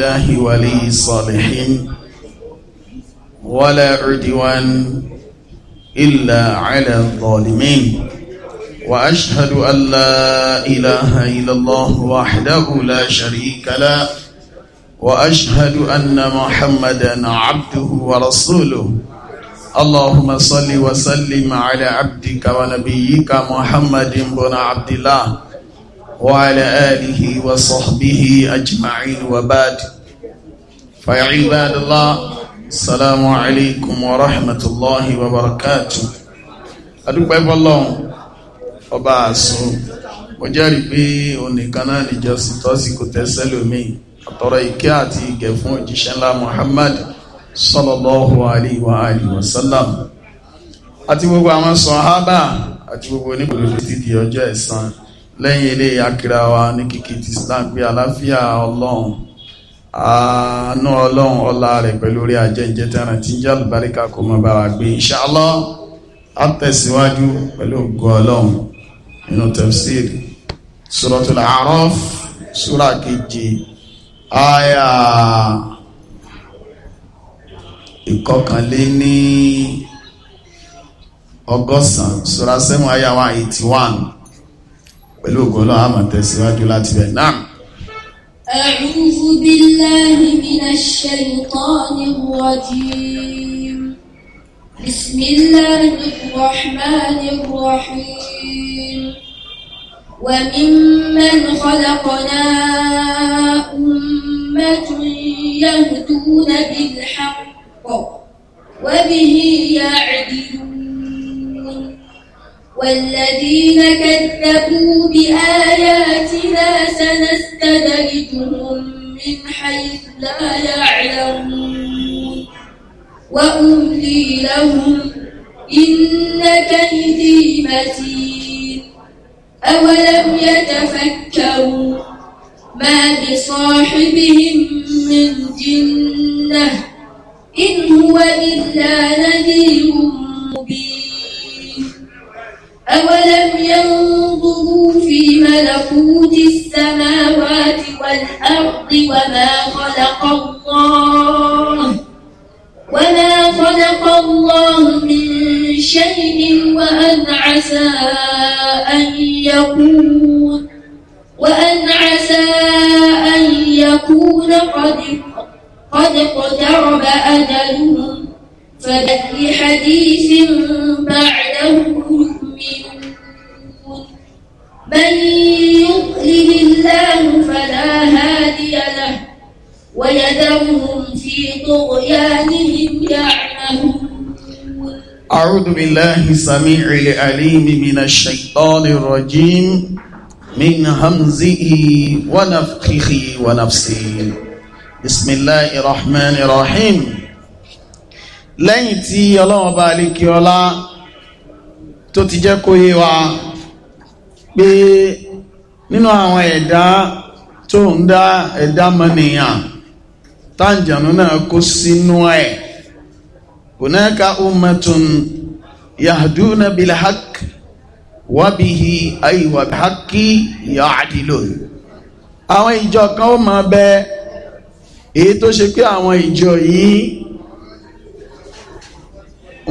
الله ولي الصالحين ولا عدوان إلا على الظالمين وأشهد أن لا إله إلا الله وحده لا شريك له وأشهد أن محمدا عبده ورسوله اللهم صل وسلم على عبدك ونبيك محمد بن عبد الله وعلى آله وصحبه أجمعين وبعد فيا عباد الله السلام عليكم ورحمة الله وبركاته adúpẹ́ fọ́lọ́run ọba àsùn ó jẹ́rìí pé onìkan náà níjọsìn tọ́sí kò tẹ́sẹ́ lómi àtọrọ ìkẹ́ àti ìgẹ̀ fún òjíṣẹ́ ńlá Muhammad sallallahu alaihi wa alihi wa sallam àti gbogbo àwọn sọ̀hábà àti gbogbo onígbòlódé ti di ọjọ́ ẹ̀san lẹ́yìn ilé akira wa ní kìkì ti islam pé àlàáfíà ọlọ́run àánú ọlọ́run ọlá rẹ̀ pẹ̀lú orí ajẹ́jẹ́ tẹ́ràn tí jẹ́ àlùbáríkà kò mọ́ bá wa gbé inshallah a tẹ̀síwájú pẹ̀lú ògo ọlọ́run nínú tafsir suratul A'raf sura kejì aya ìkọkànlé ní ọgọ́sàn sura 7 aya 181 pẹ̀lú ògùn ọlọ́run àmọ̀ tẹ̀síwájú láti bẹ̀ náà. أعوذ بالله من الشيطان الرجيم بسم الله الرحمن الرحيم وممن خلقنا أمة يهدون بالحق وبه يعدلون والذين كذبوا بآياتنا سنستدرجهم من حيث لا يعلمون وأملي لهم إن كيدي متين أولم يتفكروا ما بصاحبهم من جنة إن هو إلا نذير مبين أولم ينظروا في ملكوت السماوات والأرض وما خلق الله وما خلق الله من شيء وأن عسى أن يكون وأن عسى أن يكون قد قد اقترب أجلهم فبأي حديث بعده ويذرهم في طغيانهم يعمهون أعوذ بالله السميع العليم من الشيطان الرجيم من همزه ونفخه ونفسه بسم الله الرحمن الرحيم lẹ́yìn tí ọlọ́run bá alékè ọlá tó ti jẹ́ kó yé wa pé nínú àwọn ẹ̀dá tó ń dá ẹ̀dá mọ́nìyàn táǹjànú náà kó sínú ẹ̀ hunaka ummatun yahduna bilhaq wabihi ayiwa bilhaqi yaadilun àwọn ìjọ kan ó máa bẹ èyí tó ṣe pé àwọn ìjọ yìí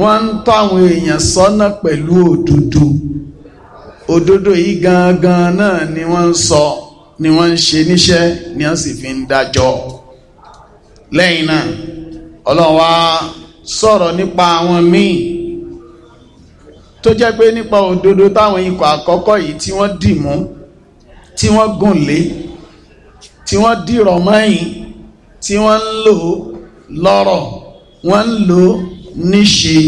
wọ́n ń tọ́ àwọn èèyàn sọ́nà pẹ̀lú òdodo òdodo yìí gangan náà ni wọ́n ń sọ ni wọn ń ṣe níṣẹ́ ni wọ́n sì fi ń dájọ́. lẹ́yìn náà ọlọ́run wá sọ̀rọ̀ nípa àwọn míì tó jẹ́ pé nípa òdodo táwọn ikọ̀ àkọ́kọ́ yìí tí wọ́n dì mú tí wọ́n gùn lé tí wọ́n dìrọ̀ mọ́yìn tí wọ́n ń lò lọ́rọ̀ wọ́n ń lò níṣe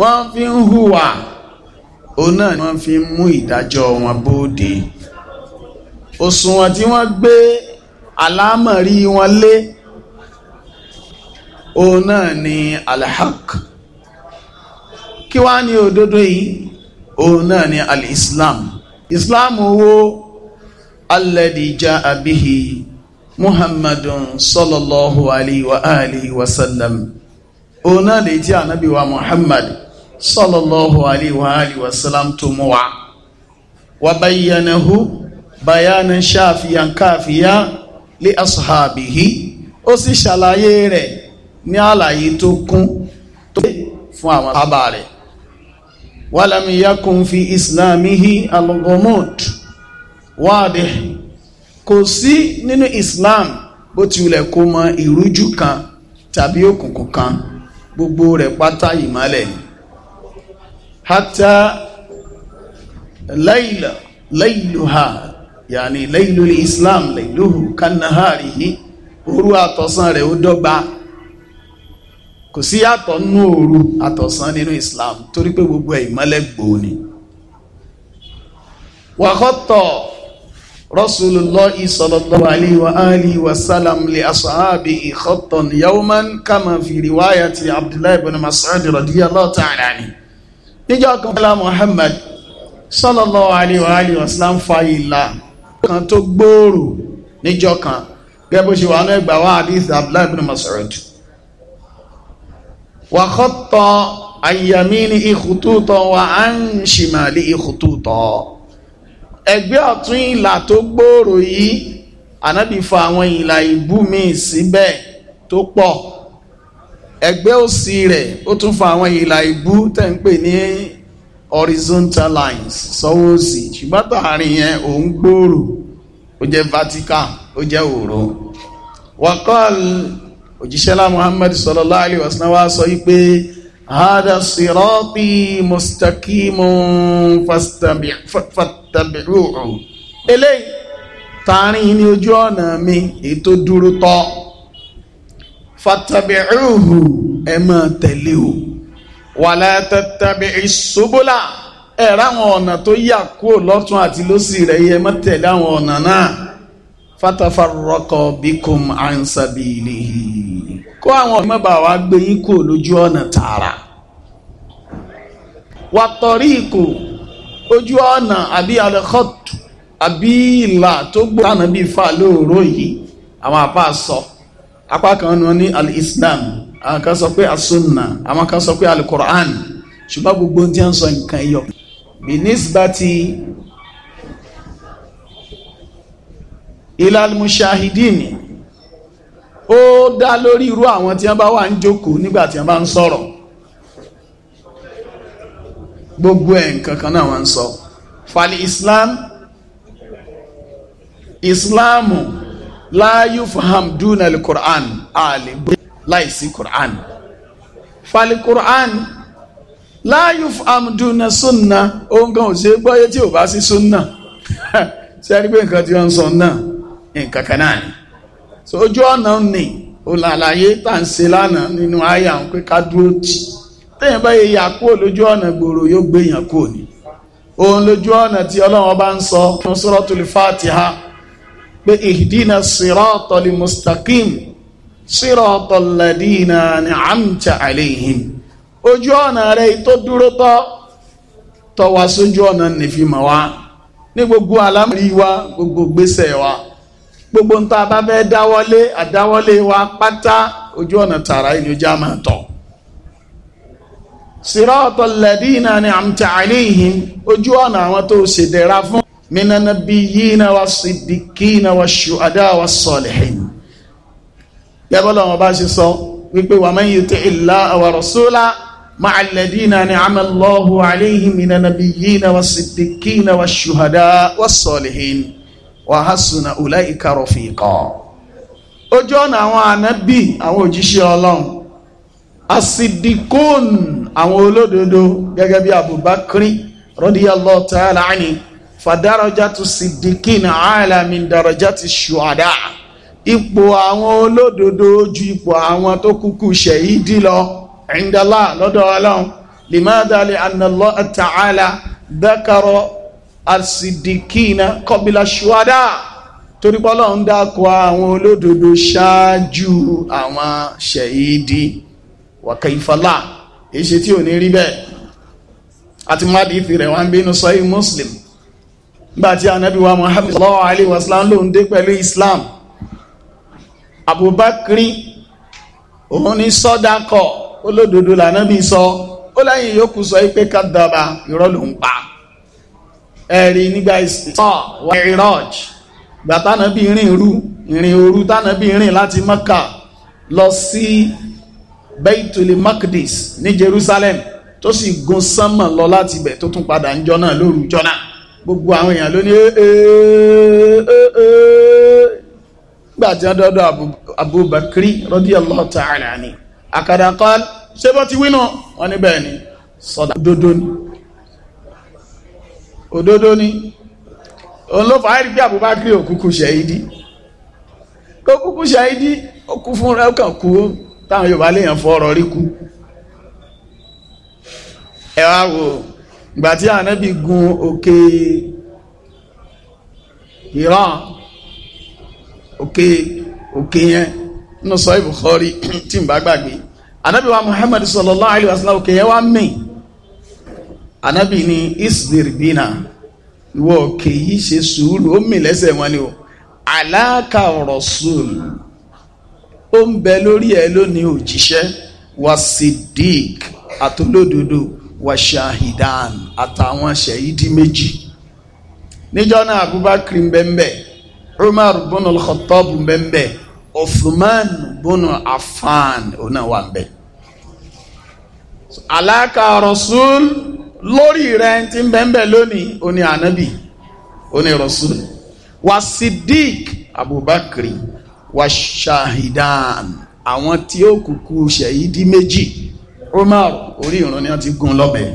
wọ́n fi ń hùwà òun náà ni wọ́n fi ń mú ìdájọ́ wọn bóde òṣùwọ̀n tí wọ́n gbé alámọ̀rí wọn lé òun náà ni alhaq kí wá ní òdodo yìí òun náà ni alislam islam wo alladhi ja'a bihi muhammadun sallallahu alayhi wa alihi wa sallam òun náà lè jẹ́ ànábì wa muhammad sallallahu alayhi wa alihi wa sallam tó mú wa wa bayyanahu bayanan shafiyan kafiya lé ashabihi ó sì ṣàlàyé rẹ̀ ní àlàyé tó kún tó lé fún àwọn bàbá rẹ̀ walam yakun fi islamihi al-ghumud wadih kò sí nínú islam bó ti wulẹ̀ kó mọ ìrújú kan tàbí òkùnkùn kan gbogbo rẹ̀ pátá ìmọ́lẹ̀ ni hatta layla yàní laylul islam layluhu kanaharihi òru àtọ̀sán rẹ̀ ó dọ́gba kò sí yàtọ̀ nínú òru àtọ̀sán nínú islam torí pé gbogbo ẹ̀ ìmọ́lẹ̀ gbòó ni wàhọ́tọ̀ rasulullah sallallahu alayhi wa alihi wa salam li ashabi khattan yawman kama fi riwayati abdullahi ibn mas'ud radiyallahu ta'ala anhu níjọ́ kan muhammad sallallahu wa alihi wa salam fa ìlà kan tó gbòòrò níjọ́ kan gẹ́gẹ́ bó ṣe wà ní ẹgbàá wa hadith abdullahi bin Mas'ud wa khatta ayyamini ikhututa wa an shimali ikhututa ẹgbẹ́ ọ̀tún ìlà tó gbòòrò yìí ànábì fa àwọn ìlà ìbú mi síbẹ̀ tó pọ̀ ẹgbẹ́ òsì rẹ̀ ó tún fa àwọn ìlà ìbú tẹ̀ ń pè ní horizontal lines sọ́wọ́ òsì ṣùgbọ́n tààrin yẹn òun gbòòrò ó jẹ́ vertical ó jẹ́ òòró wakọ́l òjíṣẹ́lá muhammad sallallahu alaihi wasallam wá sọ wípé hada sirati mustaqimun fattabi'uhu eléyìí tààrin ní ojú ọ̀nà mi ètò dúró tọ́ fattabi'uhu ẹ máa tẹ̀lé o wàlẹ́ tẹ́tẹ́bi ìṣubúlà ẹ̀rá àwọn ọ̀nà tó yà kúrò lọ́tún àti lọ́sì rẹ̀ yẹ má tẹ̀lé àwọn ọ̀nà náà fatafarọ́kọ bíkùn ànsàbìlì kó àwọn ọ̀nà mẹ́bàá wa gbé yín kúrò lójú ọ̀nà tààrà wàtọ̀rí ìkò ojú ọ̀nà àbí alẹ́kọ̀tù àbí ìlà tó gbó ànábì fà lóòró yìí àwọn apá sọ apá kan ní wọn ní alìsílámù àwọn kan sọ pé asunna àwọn kan sọ pé alukur'an ṣùgbọ́n gbogbo tí a ń sọ nǹkan yọ. binisbati ilal mushahidini ó dá lórí irú àwọn tí wọ́n bá wà ń jókòó nígbà tí wọ́n bá ń sọ̀rọ̀ gbogbo ẹ̀ nǹkan kan náà wọ́n ń sọ fali islam islamu láyú faham dúnà alukur'an àlè gbé láìsí quran fali quran láàyò amduna sunna ohun kan ò ṣe é gbọ́yé tí ò bá sí sunna ṣe é rí pé nǹkan tí wọ́n ń sọ náà nǹkan kan náà ni so ojú ọ̀nà ni olàlàyé tá à ń ṣe lánàá nínú àyà ń pé ká dúró tì téèyàn bá yẹ yà kúrò lójú ọ̀nà gbòòrò yóò gbéyàn kúrò ni òun lójú ọ̀nà tí ọlọ́run bá ń sọ fún suratul Fatiha pé ihdina siratal mustaqim sírọ̀tọ̀ lẹ́dínà ní àmìtà àléhìn ojú ọ̀nà rẹ̀ tó dúró tọ́ tọ́wa sójú ọ̀nà nìfimọ̀ wa ní gbogbo alámọ̀rí wa gbogbo gbésẹ̀ wa gbogbo ń ta bá fẹ́ dáwọ́lé àdáwọ́lé wa pátá ojú ọ̀nà tààrà ìní ojú àmà tọ̀ sírọ̀tọ̀ lẹ́dínà ní àmìtà àléhìn ojú ọ̀nà àwọn tó ṣèdẹ̀ra fún minanabi yìí na wa sidikí na wa ṣùadá wa sọ̀lẹ̀hìn gẹ́gẹ́ lọ́wọ́ bá ṣe sọ wípé wa man yuti' illaha wa rasulahu ma'a alladhina ni'ama Allahu alayhim mina nabiyyina wa siddiqina wa shuhada wa salihin wa hasuna ulaika rafiqa. ojú ọ̀nà àwọn ànábì àwọn òjíṣẹ́ ọlọ́run asidikun àwọn olódodo gẹ́gẹ́ bí abubakar radiyallahu ta'ala anhu fadarajatu siddiqina a'la min darajati shuhada ipò àwọn olódodo ju ipò àwọn tó kúkú ṣẹ̀yídì lọ ẹ̀ńdálà lọ́dọ̀ ọlọ́run limadali anallah ta'ala dákàrọ̀ asidikina kọbílà ṣuadá torí pọ́lọ́ ń dákọ̀ àwọn olódodo ṣáájú àwọn ṣẹ̀yídì wàkà ìfàlà èṣe tí ò ní rí bẹ́ẹ̀ àti mádìí fi rẹ̀ wá bínú sọ́yí muslim nígbà tí anábíwá sallallahu alaihi wasallam ló ń dé pẹ̀lú islam àbúbákírí òun ní sọ́dákọ̀ olódodo lànàbí sọ ó lẹ́yìn yòókù sọ pé kádàbà irọ́ ló ń pa ẹ̀rí nígbà ìsọ̀ wà ìrọ́j gbà tánàbí rìn rú ìrìn òru tánàbí rìn láti Mẹ́kà lọ sí Baitul Maqdis ní Jerusalem tó sì gun sánmà lọ láti ibẹ̀ tó tún padà ń jọ náà lóru jọ náà gbogbo àwọn èèyàn ló ní ẹ́ẹ́ẹ́ẹ́ gbà tí wọ́n dọ́dọ̀ abubakri radiyallahu ta'ala ni àkàdàkọ́ ṣé bọ́ ti wínà wọ́n ní bẹ́ẹ̀ ni sọ́dà òdodo ni òdodo ni òun ló fàárí bí abubakri òkúkú ṣẹ̀yìdí òkúkú ṣẹ̀yìdí ó kú fún rẹ̀ kàn kú táwọn Yorùbá léèyàn fọ́ọ̀rọ̀ rí kú ẹ wá wò ìgbà ànábì gun òkè Iran òkè òkè yẹn nínú sọ Bukhari tí n bá gbàgbé anabi wa Muhammadu sallallahu alayhi wa sallam òkè yẹn wá mí anabi ni isdir bina ìwọ òkè yìí ṣe sùúrù ó mì lẹ́sẹ̀ wọn ni o aláka rasul ó ń bẹ lórí ẹ lónìí òjíṣẹ́ wa siddiq àtolódodo wa shahidan àtàwọn ṣẹyídí méjì níjọ́ náà Abubakar ń bẹ ń bẹ umar bọ́nà al-khattab bẹ́ẹ̀ Uthman bọ́nà Affan ọ̀nà wà bẹ́ẹ̀. alaka rasul lórí rẹ̀ ti ń bẹ́ẹ̀ lónìí ó ní anabi ó ní rasul wa siddiq abubakar wa shahidan àwọn tí ó kúkú ṣèyídí méjì umar orí ìrun ni wọ́n ti gún lọ́bẹ̀ẹ́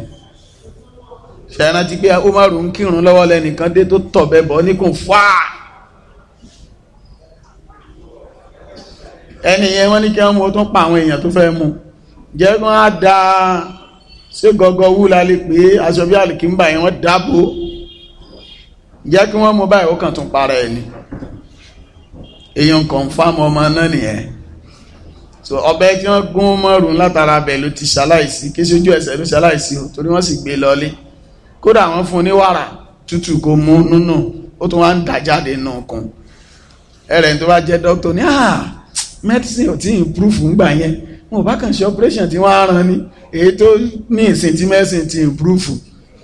ṣe é rántí pé umar ń kírun lọ́wọ́ lẹ́nìkan dé tó tọ̀bẹ̀ bọ́ níkùn fáà. ẹni yẹn wọ́n ní kí wọ́n mú ó tún pa àwọn èèyàn tó fẹ́ mú jẹ́ kí wọ́n á da ṣé gọ́gọ́ wú la lè pé aṣọ bí àlìkínbà yẹn wọ́n dáàbò jẹ́ kí wọ́n mú báyìí ó kàn tún para ẹ̀ ni èèyàn kọ̀ǹfàmù ọmọ náà nìyẹn so ọbẹ̀ tí wọ́n gún mọ́rùn látara abẹ̀ ló ti ṣaláìsí kí sójú ẹsẹ̀ ló ṣaláìsí o torí wọ́n sì gbé lọlé kódà wọ́n fún un ní wàrà tútù kó mú nínú ó tún wá ń dà jáde nù kún ẹ̀rẹ̀ tó bá jẹ́ dókítà ní àá ah, medicine ò tí improve ń gbà yẹn wọn ò bá kàn ṣe operation tí wọ́n á ran ni èyí tó ní ìsìn tí medicine ti improve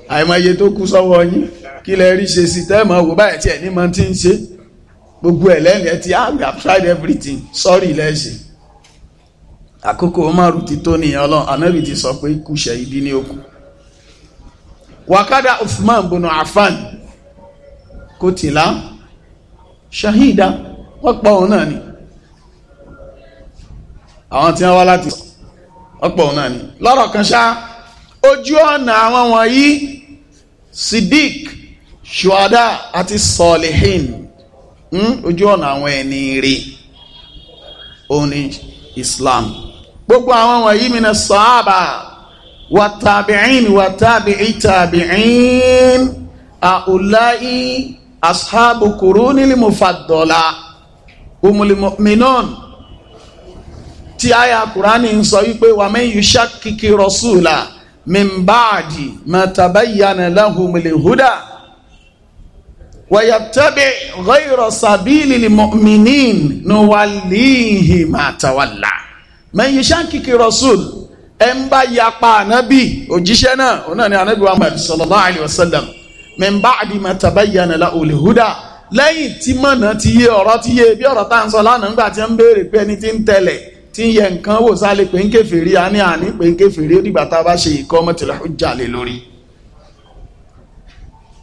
àìmọye tó kú sọ́wọ́ yín kí lẹ rí ṣe sí tẹ́ẹ̀mọ̀ wò báyìí tí ẹ̀ ní mọ tí ń ṣe gbogbo ẹ̀ lẹ́nu ẹ ti ah have tried everything sorry lẹ́ṣẹ̀ àkókò Umaru ti tó nìyẹn ọlọ́run anábì ti sọ pé kùṣẹ̀ ìdí ní okùn wakada Uthman bin Affan kò tìlá ṣahida pa òun náà ni àwọn tí wọ́n wá láti ọ̀pọ̀ náà ni lọ́rọ̀ kan ṣá ojú ọ̀nà àwọn wọ̀nyí siddiq shuada àti solihin hmm? ojú ọ̀nà àwọn ẹni rè oní islam gbogbo àwọn wọ̀nyí mi na sọ́ọ́bà wàtàbíìn wàtàbíì tàbíìn àùláì ashabu kurunil mufaddala humul tí àyà kùránì ń sọ wípé wà man yushakkiki rasula min ba'di ma tabayyana lahumul huda wa yattabi ghayra sabilil mu'minin nuwallihi ma tawalla man yushakkiki rasul ẹ ń bá yapa ànábì òjíṣẹ́ náà òun náà ni ànábì wa sallam min ba'di ma tabayyana lahul huda lẹ́yìn tí mọ̀nà ti yé ọ̀rọ̀ ti yé bí ọ̀rọ̀ tá à ń sọ lánàá nígbà tí wọ́n ń béèrè pé ẹni tí ń tẹ̀lẹ̀ tí ń yẹ nǹkan wò sálé pé ń kèfèrí a ní àní pé ń kèfèrí ó dìgbà tá a bá ṣe iqamatul hujja lé lórí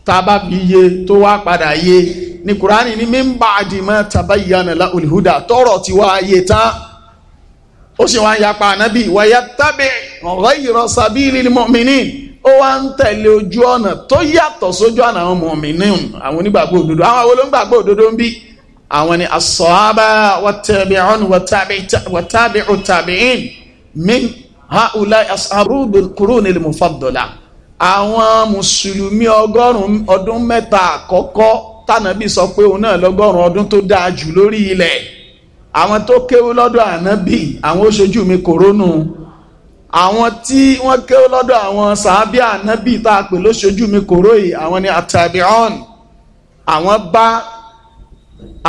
tá a bá fi yé tó wá padà yé ní kùránì ní mímbà àdìmọ́ tabayyana lahul huda tọrọ ti wá yé tán ó sì wá yapa ànábì wa yattabi ghayra sabilil mu'minin ó wá ń tẹ̀lé ojú ọ̀nà tó yàtọ̀ sójú ọ̀nà àwọn mu'minin àwọn onígbàgbọ́ òdodo àwọn àwọn òdodo ń bí àwọn ni asọ́ábà wàtàbíọ́n wàtàbíọ́ tàbíìn min haula asarubul kurun il mufaddala àwọn mùsùlùmí ọgọ́rùn-ún ọdún mẹ́ta àkọ́kọ́ tànàbí sọ pé òun náà lọ́gọ́rùn-ún ọdún tó dáa jù lórí ilẹ̀ àwọn tó kéwú lọ́dọ̀ ànábì àwọn oṣojú mi kòrónù àwọn tí wọ́n kéwú lọ́dọ̀ àwọn sàábì ànábì tá a pè lóṣojú mi kòró yìí àwọn ni àtàbíọ́n àwọn bá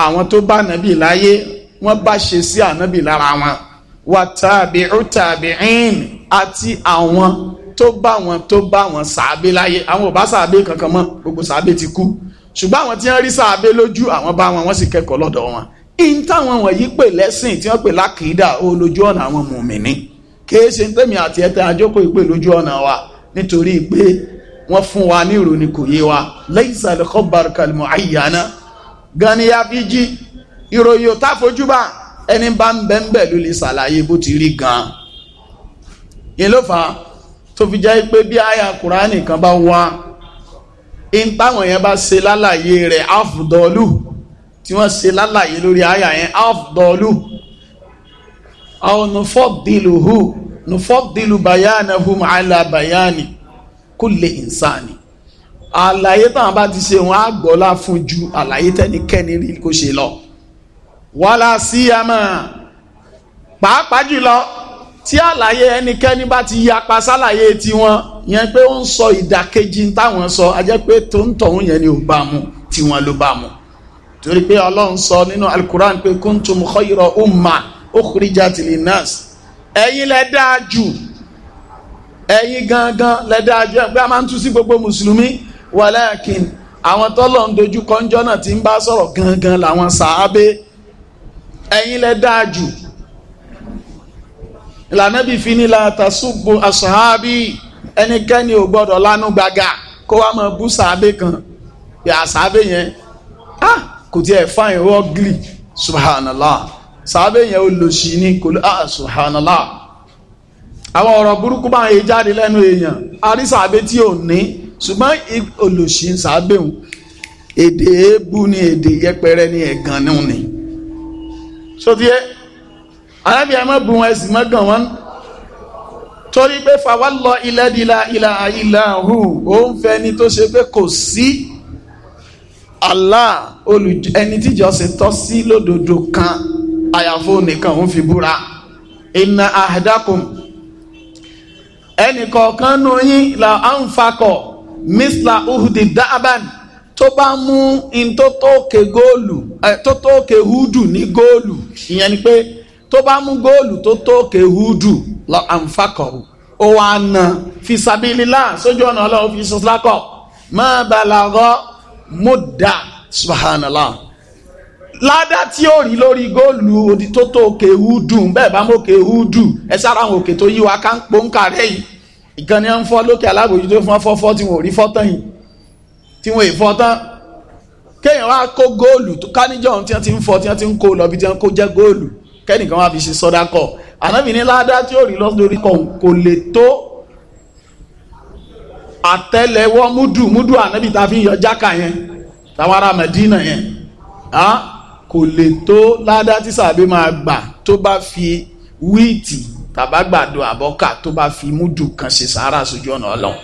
àwọn tó bá ànábì láyé wọ́n bá ṣe sí ànábì lára wọn wà tàbí'u tàbí'in àti àwọn tó bá wọn tó bá wọn sàábé láyé àwọn ò bá sàábé kankan mọ́ gbogbo sàábé ti kú ṣùgbọ́n àwọn tí wọ́n rí sàábé lójú àwọn bá wọn wọ́n sì kẹ́kọ̀ọ́ lọ́dọ̀ wọn in táwọn wọ̀nyí pè lẹ́sìn tí wọ́n pè lákìídà ó lójú ọ̀nà àwọn mùmìnì kìí ṣe tẹ́mi àti ẹ̀tẹ́ àjókò ìpè lójú ọ̀nà wa nítorí pé wọ́n fún wa ní ìròyìn kò yé wa laysa al-khabar kal-mu'ayyana Gani ni ya fi jí ìròyìn ò táfojúbà ẹni bá ń bẹ́ ń bẹ̀ ló lè ṣàlàyé bó ti rí gan yìí ló fà á tó fi jẹ́ pé bí àyà kùránì kan bá wá in táwọn yẹn bá ṣe lálàyé rẹ̀ áfùdọ́ọ̀lù tí wọ́n ṣe lálàyé lórí àyà yẹn áfùdọ́ọ̀lù àwọn nufọ́dìlù hù nufọ́dìlù bayanahu ala bayani kulli insani àlàyé táwọn bá ti ṣe wọn á gbọ́lá fún ju àlàyé tẹ́nikẹ́ni rí kó ṣe lọ wàhálà sí àmà pàápàá jùlọ tí àlàyé ẹnikẹ́ni bá ti yapa sálàyé tiwọn yẹn pé ó ń sọ ìdàkejì táwọn sọ a jẹ́ pé tó yẹn ni ò bá mu tiwọn ló bá mu torí pé ọlọ́run sọ nínú alukuran pé kuntum khayra umma ukhrijat linnas ẹ̀yin lẹ dáa jù ẹ̀yin gangan lẹ dáa jù ẹ̀ pé a máa ń tú sí gbogbo mùsùlùmí wàláàkìn àwọn tọ́lọ̀ ń dojú kọ́njọ́ náà ti ń bá sọ̀rọ̀ gangan làwọn sàábé ẹ̀yin lẹ dáa jù lànàbí finila tasugbo asọ̀hábì ẹnikẹ́ni ò gbọ́dọ̀ lánú gbaga kó wá máa bú sàábé kan yà sàábé yẹn ah kò tiẹ̀ fáyìn ọ́gìlì subhanallah sàábé yẹn ó lò sí ní kò ah subhanallah àwọn ọ̀rọ̀ burúkú bá ń jáde lẹ́nu èèyàn àrísàábé tí ò ní ṣùgbọ́n olùsí ń sábẹ́hùn èdè èébú ni èdè yẹpẹrẹ ni ẹ̀gàn nù ni sotie arábìá má bu wọn ẹsìn má gàn wọn torí pé fàwa lọ ilẹ̀ di la ilà ilà hù ó ń fẹ́ ni tó ṣe pé kò sí Allah olù ẹni tíjọ́sìn tọ́ sí lódodo kan àyàfó nìkan òun fi búra inna ahdakum ẹnì kọ̀ọ̀kan nù yín là á ń fakọ̀ misla uhudi da'aban tó bá mú in tó tóòkè góòlù tó tóòkè húdù ní góòlù ìyẹn ni pé tó bá mú góòlù tó tóòkè húdù lọ ànfàkọ̀rù ó wàá nà fi sabilillah sójú ọ̀nà ọlọ́run fi sọ́sọ́lákọ̀ má balagọ́ mudda subhanallah ládá tí ó rí lórí góòlù odi tó tóòkè húdù bẹ́ẹ̀ bá mú òkè húdù ẹ sára àwọn òkè tó yí wa ká ń pọ́nkà rẹ̀ yìí ìkànnì à ń fọ́ lókè alábòjútó fún afọ́fọ́ tí wọ́n rí fọ́tán yìí tí wọ́n èèfọ́ tán kéèyàn wá kó góòlù tó káníjọ́ ohun tí wọ́n ti ń fọ́ tí wọ́n ti ń kó lọ bí tí wọ́n kó jẹ́ góòlù kẹ́nìkan wá fi ṣe sọ́dá kọ̀ ànábì ní ládá tí ó rí lọ́dọ̀rí kọ̀ kò lè tó àtẹ́lẹwọ́ múdù múdù ànábì tá a fi ń yọ jáka yẹn táwọn ará Mẹdínà yẹn kò lè tó ládá tí sàbí máa gbà tó bá fi wíìtì tàbá gbàdo àbọ́kà tó bá fi múdù kan ṣe sàárà sójú ọ̀nà ọlọ́run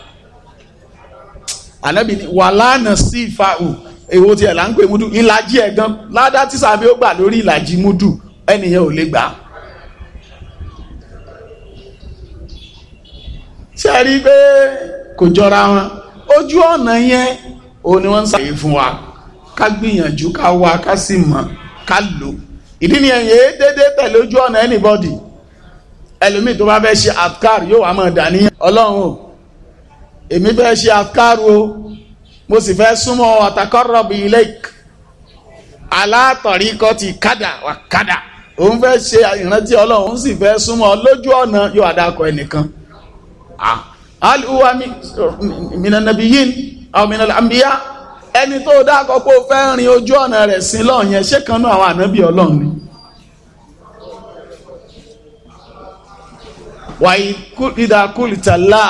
ànábì ni wàhálà sí ìfàhù èwo tiẹ̀ là ń pè múdù ìlàjì ẹ̀ gan ládá tí sàbí ó gbà lórí ìlàjì múdù ẹnìyẹn ò lè gbà á. ṣe rí i pé kò jọra wọn ojú ọ̀nà yẹn ò ní wọ́n ń sàyè fún wa ká gbìyànjú ká wá ká sì mọ̀ ká lò ìdí nìyẹn yéé déédéé tẹ̀lé ojú ọ̀nà anybody ẹlòmíì tó bá fẹ́ ṣe afkar yóò wá máa dàníyàn ọlọ́run o èmi fẹ́ ṣe afkar o mo sì fẹ́ súnmọ́ àtàkọ́rọ̀bù ilẹ̀k alátọ̀ríkọ́ ti kádà wà kádà òun fẹ́ ṣe ìrántí ọlọ́run òun sì fẹ́ súnmọ́ lójú ọ̀nà yóò àdàkọ ẹnìkan alùwà mìnànàbí yín àwọn ẹni tó dákọ̀ pé fẹ́ rin ojú ọ̀nà rẹ̀ sí lọ́ọ̀yẹn ṣé kan àwọn ànábì ọlọ́run ni. wàyí ìdàkùlìtàlá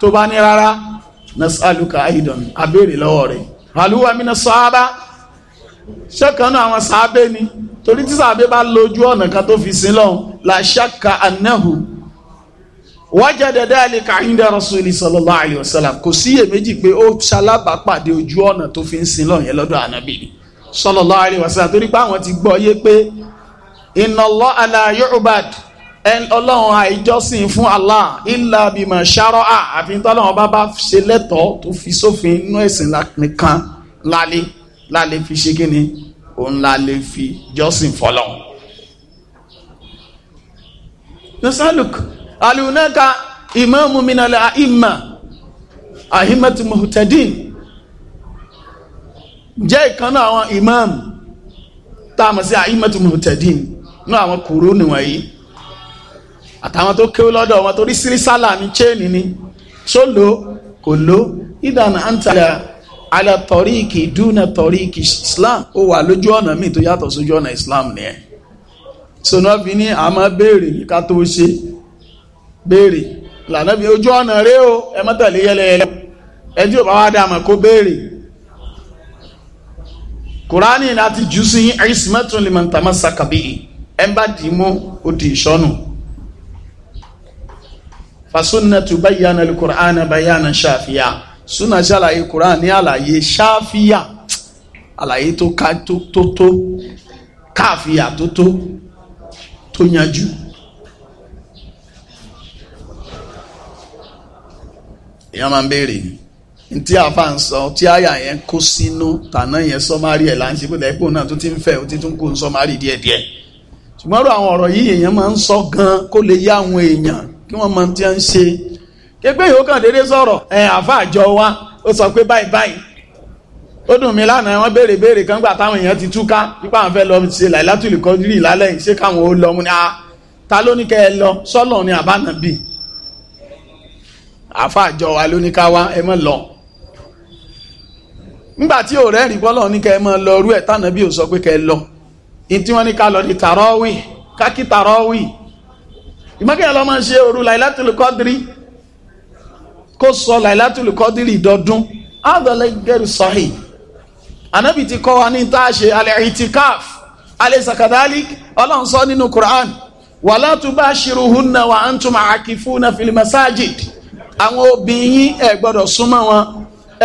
tó bá ní rárá nasaluka aidan abéèrè lọ́wọ́ rẹ̀ àlúwà mi náà sọ́ábà ṣẹ́kànnà àwọn sàábẹ́ ni torí tí sàábẹ́ bá lójú ọ̀nà kan tó fi sin lọ́hùn la ṣàkà anahu wajada dhalika inda rasuli sallallahu alayhi wa sallam kò sí iyèméjì pé ó ṣalábàápàdé ojú ọ̀nà tó fi ń sin lọ́hùn yẹn lọ́dọ̀ ànábì ni sallallahu torí pé àwọn ti gbọ́ yé pé inna Allah la yu'bad ọlọ́run àìjọ́sìn fún Allah illa bima shara'a àfi tọ́lọ́run bá bá ṣe lẹ́tọ̀ọ́ tó fi sófin inú ẹ̀sìn nìkan lálé lálé fi ṣe kíni òun lálé fi jọ́sìn fọlọ́run. nasaluk alunaka imamu minale ahima ahimatu muhtadin jẹ́ ìkànnà àwọn imam tá a mọ̀ sí ahimatu muhtadin náà àwọn kúrò nìwọ̀nyí àtàwọn tó kéwú lọ́dọ̀ wọn torí sírísálà ní chéènì ni sólò kò ló ìdáná àǹtàlà alẹ́ tọ́ríìkì dúnà tọ́ríìkì islam ó wà lójú ọ̀nà míì tó yàtọ̀ sójú ọ̀nà islam nìyẹn sọ̀nà fi ní àmọ́ béèrè ká tó ṣe béèrè lànà bí ojú ọ̀nà rẹ o ẹ má tẹ̀lé yẹlẹyẹlẹ ẹni tí ò bá wá dá àmọ́ kó béèrè kùránì láti jù sí ismatun liman tamasaka bihi ẹ̀ ń bá dì í mú ó di ìṣọ́nù fasunna tu bayyana alukur'ana bayyana ṣáfíà sunna ṣàlàyé quran ní àlàyé ṣáfíà àlàyé tó ká tó tó káfíà tó tó tó yanjú. èèyàn máa ń béèrè ní tí àfa ń sọ tí àyà yẹn kó sínú tànà yẹn sọmárì ẹ̀ là ń ṣe náà tó ti ń fẹ́ ó ti tún kó sọmárì díẹ̀díẹ̀ ṣùgbọ́n àwọn ọ̀rọ̀ yìí èèyàn máa ń sọ gan kó lè yá àwọn èèyàn kí wọ́n mọ tí wọ́n ń ṣe kékeré yòó kàn déédéé sọ̀rọ̀ ẹ̀ àfa àjọ wa ó sọ pé báyìí báyìí ó dùn mí lánàá wọ́n béèrè béèrè kan gbà táwọn èèyàn ti túká nípa àwọn fẹ́ lọ ṣe làìlátùlù kọ́dírì lálẹ́ yìí ṣé káwọn ó lọ mú ni ta ló ní kẹ́ ẹ lọ sọ́lọ̀ ni àbánàbì àfa àjọ wa ló ní ká wá ẹ mọ́ lọ nígbà tí ò rẹ́rìn bọ́lọ̀ ní kẹ́ ẹ mọ́ lọ rú ẹ̀ tànàbí ò sọ pé kẹ́ ẹ lọ ní tí wọ́n ní ká lọ ní tàrọ́wì kákí tàrọ́wì ìmọ̀kẹ́yà lọ́mọ ṣe òru lailatul qadri kó sọ lailatul qadri ìdọ́dún adọ́lẹ̀ gẹ́rù sahih anábì ti kọ́ wa ní tá a ṣe al-i'tikaf alaysa kadhalik ọlọ́run sọ nínú Qur'an wala tubashiruhunna wa antum akifuna fil masajid àwọn obìnrin ẹ gbọ́dọ̀ súnmọ́ wọn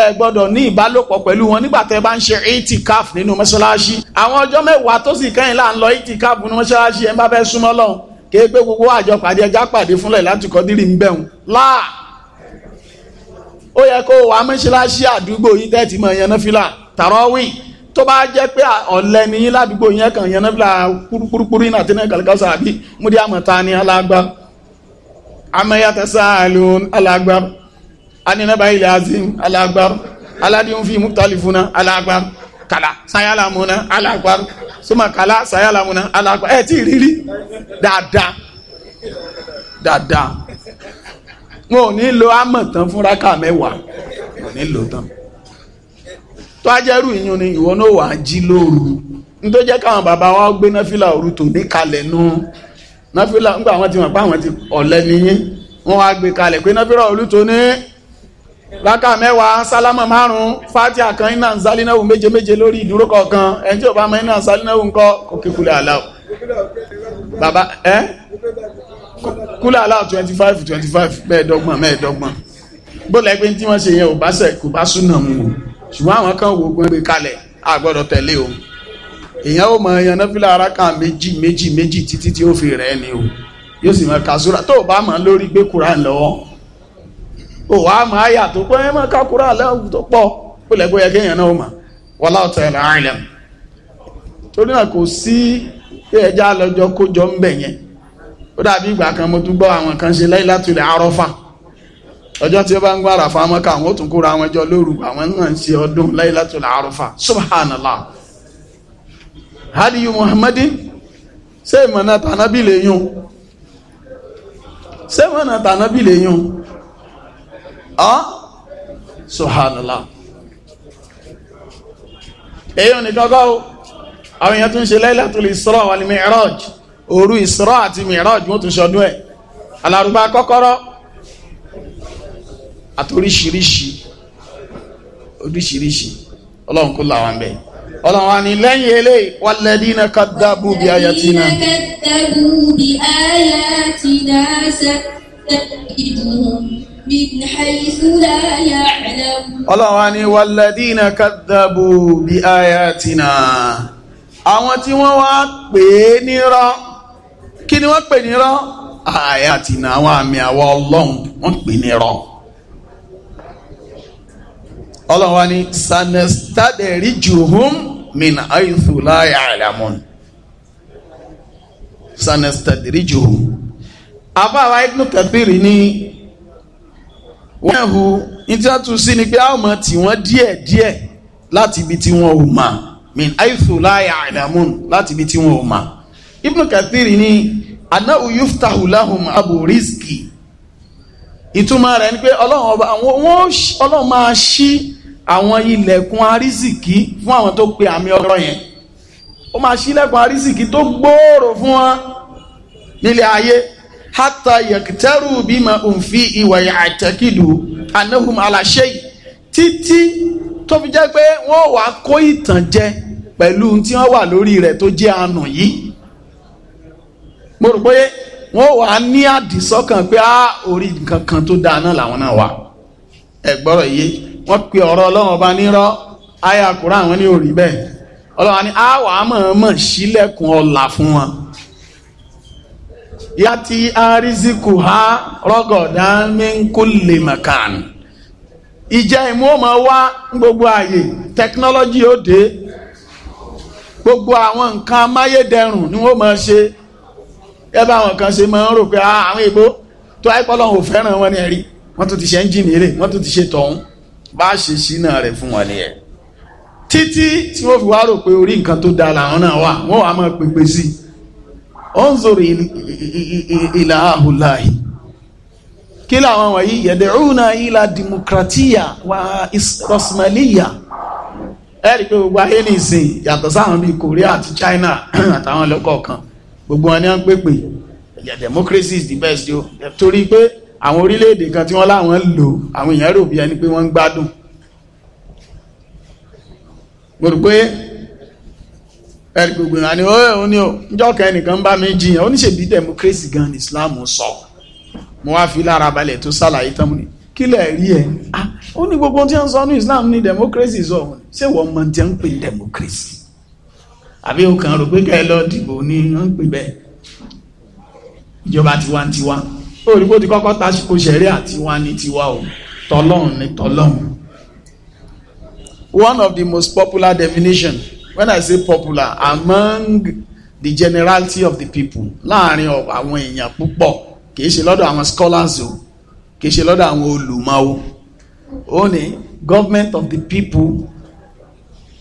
ẹ gbọ́dọ̀ ní ìbálòpọ̀ pẹ̀lú wọn nígbà tẹ́ bá ń ṣe itikaf nínú mọ́ṣáláṣí àwọn ọjọ́ mẹ́wàá tó sì kẹ́yìn là ń lọ itikaf nínú mọ́ṣáláṣí ẹ bá fẹ́ súnmọ́ lọ́hùn kéé pé gbogbo àjọ pàdé ẹja pàdé fúnlẹ̀ láti kọ́dírì ń bẹ̀rùn láà ó yẹ kó wàá mọ́ṣáláṣí àdúgbò yìí tẹ́tí mọ̀ yẹn náfìlà tàrọ́wì tó bá jẹ́ pé ọ̀lẹ́ ni yín ládùúgbò yẹn kàn yẹn náfìlà kúrúkúrú iná àti náà kàlùkàṣà àbí múdí àmọ̀ta ni alágbá amẹ́yàtẹ̀ sáàlù alágbá anínábàá ilẹ̀ azim alágbá aládìhùn fi mú tálífúnà alágbá. kàlà sayalamuna alagbaru suma kàlà sayalamuna dada, ẹ ti rírí dáadáa dáadáa ò ní lo amọ̀tán fúnra ká mẹ́wàá wọn ò ní lo tán tó ajẹ́rù ìyún ni ìwọ náà wàá jí lóru tó jẹ́ káwọn bàbá wa gbé náfìlà òru tó ní kalẹ̀ nù náfìlà ńgbà wọn ti àwọn ti nìyí wọn wá gbé kalẹ̀ pé náfìlà òru tó ní rákà mẹ́wàá sálámà márùn-ún fátíà kan iná sálínáwù méje méje lórí ìdúró kọ̀ọ̀kan ẹni tí ò bá mọ iná sálínáwù ńkọ́ kò kí kúlẹ̀ aláwọ̀ bàbá ẹ́ kúlẹ̀ aláwọ̀ twenty five twenty five mẹ́ẹ̀ẹ́dọ́gbọ̀n mẹ́ẹ̀ẹ́dọ́gbọ̀n bólẹ̀ pé tí wọ́n ṣe yẹn ò bá ṣe kò bá súnà mu o ṣùgbọ́n àwọn kan wo gbọ́n kalẹ̀ a gbọ́dọ̀ tẹ̀lé o èèyàn ò mọ èèyàn náfìlà rákà méjì méjì méjì títí tí ó fi rẹ̀ ni o yóò sì mọ kàṣúrà tó o bá mọ lórí gbé kúrà lọ́wọ́ ò wá máa yà tó pé ẹ máa ka Kùránì aláwọ̀ tó pọ̀ ó lẹ́gbẹ́ yẹ kéèyàn náà mà wallahu ta'ala a'lam torí náà kò sí ẹja lọ́jọ́ kójọ ń bẹ̀ yẹn ó dàbí ìgbà kan mo tún gbọ́ àwọn kan ṣe Laylatul Arafa ọjọ́ tí ó bá ń gbọ́ àràfà mọ́ká àwọn ó tún kóra àwọn ẹjọ́ lóru àwọn náà ń ṣe ọdún subhanallah hadiyu muhammadin subhanallah èyí ò ní kọ́kọ́ o àwọn èèyàn tún ṣe Laylatul Isra wal Mi'raj òru Isra àti Mi'raj wọ́n tún ṣọdún ẹ̀ alárùbá kọ́kọ́rọ́ àtoríṣiríṣi oríṣiríṣi ọlọ́run kó làwọn bẹ́ẹ̀ ọlọ́run wa ní lẹ́yìn ilé walladina kaddabu bi ayatina. kaddabu bi ayatina sẹ́tẹ̀ ìdùnnú. من حيث لا يعلم Ọlọ́run wa ni كذبوا بآياتنا àwọn tí wọ́n wá pè é nírọ́ kí ni wọ́n pè nírọ́ àyàtìnà àwọn àmì àwọn ọlọ́run wọ́n pè nírọ́ ọlọ́run wa ni sanestaderi juhum min aithu la ya'lamun sanestaderi juhum àbáwá ibnu kathiri ni wọ́n yẹn hu ní tí wọ́n tún sí ni pé àwọn ọmọ tí wọ́n díẹ̀ láti ibi tí wọ́n ò mà min aithu la ya'lamun láti ibi tí wọ́n ò mà Ibn Kathir ni ana yuftahu lahum abu rizki ìtumọ̀ rẹ̀ ni pé ọlọ́run ọba àwọn ọlọ́run máa ṣí àwọn ilẹ̀kùn arísìkí fún àwọn tó pe àmì ọ̀rọ̀ yẹn ó máa ṣí ilẹ̀kùn arísìkí tó gbòòrò fún wọn nílé ayé hata yakitaru bima nfi ìwà àtẹkìlù anahum aláṣẹ yìí títí tó fi jẹ́ pé wọ́n wàá kó ìtànjẹ pẹ̀lú tí wọ́n wà lórí rẹ̀ tó jẹ́ àánú yìí mo rò pé wọ́n wàá ní àdìsọ́kàn pé á orí nǹkan kan tó dáa náà làwọn náà wà ẹ̀gbọ́rọ̀ yìí wọ́n pe ọ̀rọ̀ ọlọ́run ọba nírọ́ ayé àkùrọ̀ àwọn ní òrí bẹ́ẹ̀ ọlọ́run á wàá mọ̀ ọ́n mọ̀ sílẹ̀kùn ọ̀la fún wọn. yati ariziku ha rọgọdà minkulli makan ìjẹ ìmú ọmọ wa gbogbo ààyè tẹkinọlọjì ó gbogbo àwọn nǹkan amáyédẹrùn ni wọn máa ṣe ẹ bá àwọn kan ṣe máa ń rò pé ah, àwọn èèbó tó àìpọlọ ò fẹ́ràn wọn ni wọn tún ti ṣe ẹńjìnì wọn tún ti ṣe bá a ṣe ṣínà fún wọn títí tí wọn fi wá rò انظر ilà ahùláhì kí làwọn wọ̀nyí yẹ̀dẹ̀rúnà ilà dìmọ̀kìrátíyà wà rọ̀sùmẹ̀lìyà ẹ̀rí pé gbogbo ayé nìsín yàtọ̀ sáwọn bíi Korea àti China àtàwọn lọ́kọ̀ọ̀kan gbogbo wọn ni wọ́n pèpè yẹ democracy is the best yo torí pé àwọn orílẹ̀-èdè kan tí wọ́n láwọn ń lò àwọn èèyàn rò bí ẹni pé wọ́n ń gbádùn mo rò pé ẹ̀rí gbogbo ìrìn àní òun ni o níjọ́ kan ẹnìkan bá mi jiyàn oníṣèbí democracy gan Islam sọ mo wá fi lára balẹ̀ tó ṣàlàyé tán mo ní kílẹ̀ rí ẹ̀ ah, ó ní gbogbo tí wọ́n sọ ní Islam ní democracy sọ òun ṣé wọ́n mọ tí wọ́n ń pè democracy àbí o kàn rò pé kẹ́ ẹ lọ dìbò ni wọ́n ń pè bẹ́ẹ̀ ìjọba tiwantiwa olùkó ti kọ́kọ́ tásìkò ṣẹ̀ríà tiwa ní tiwa o tọlọ́run ní tọlọ́run one of the most popular definition when I say popular among the generality of the people láàrin àwọn èèyàn púpọ̀ kì í ṣe lọ́dọ̀ àwọn scholars o kì í ṣe lọ́dọ̀ àwọn olùmọ̀ o ní government of the people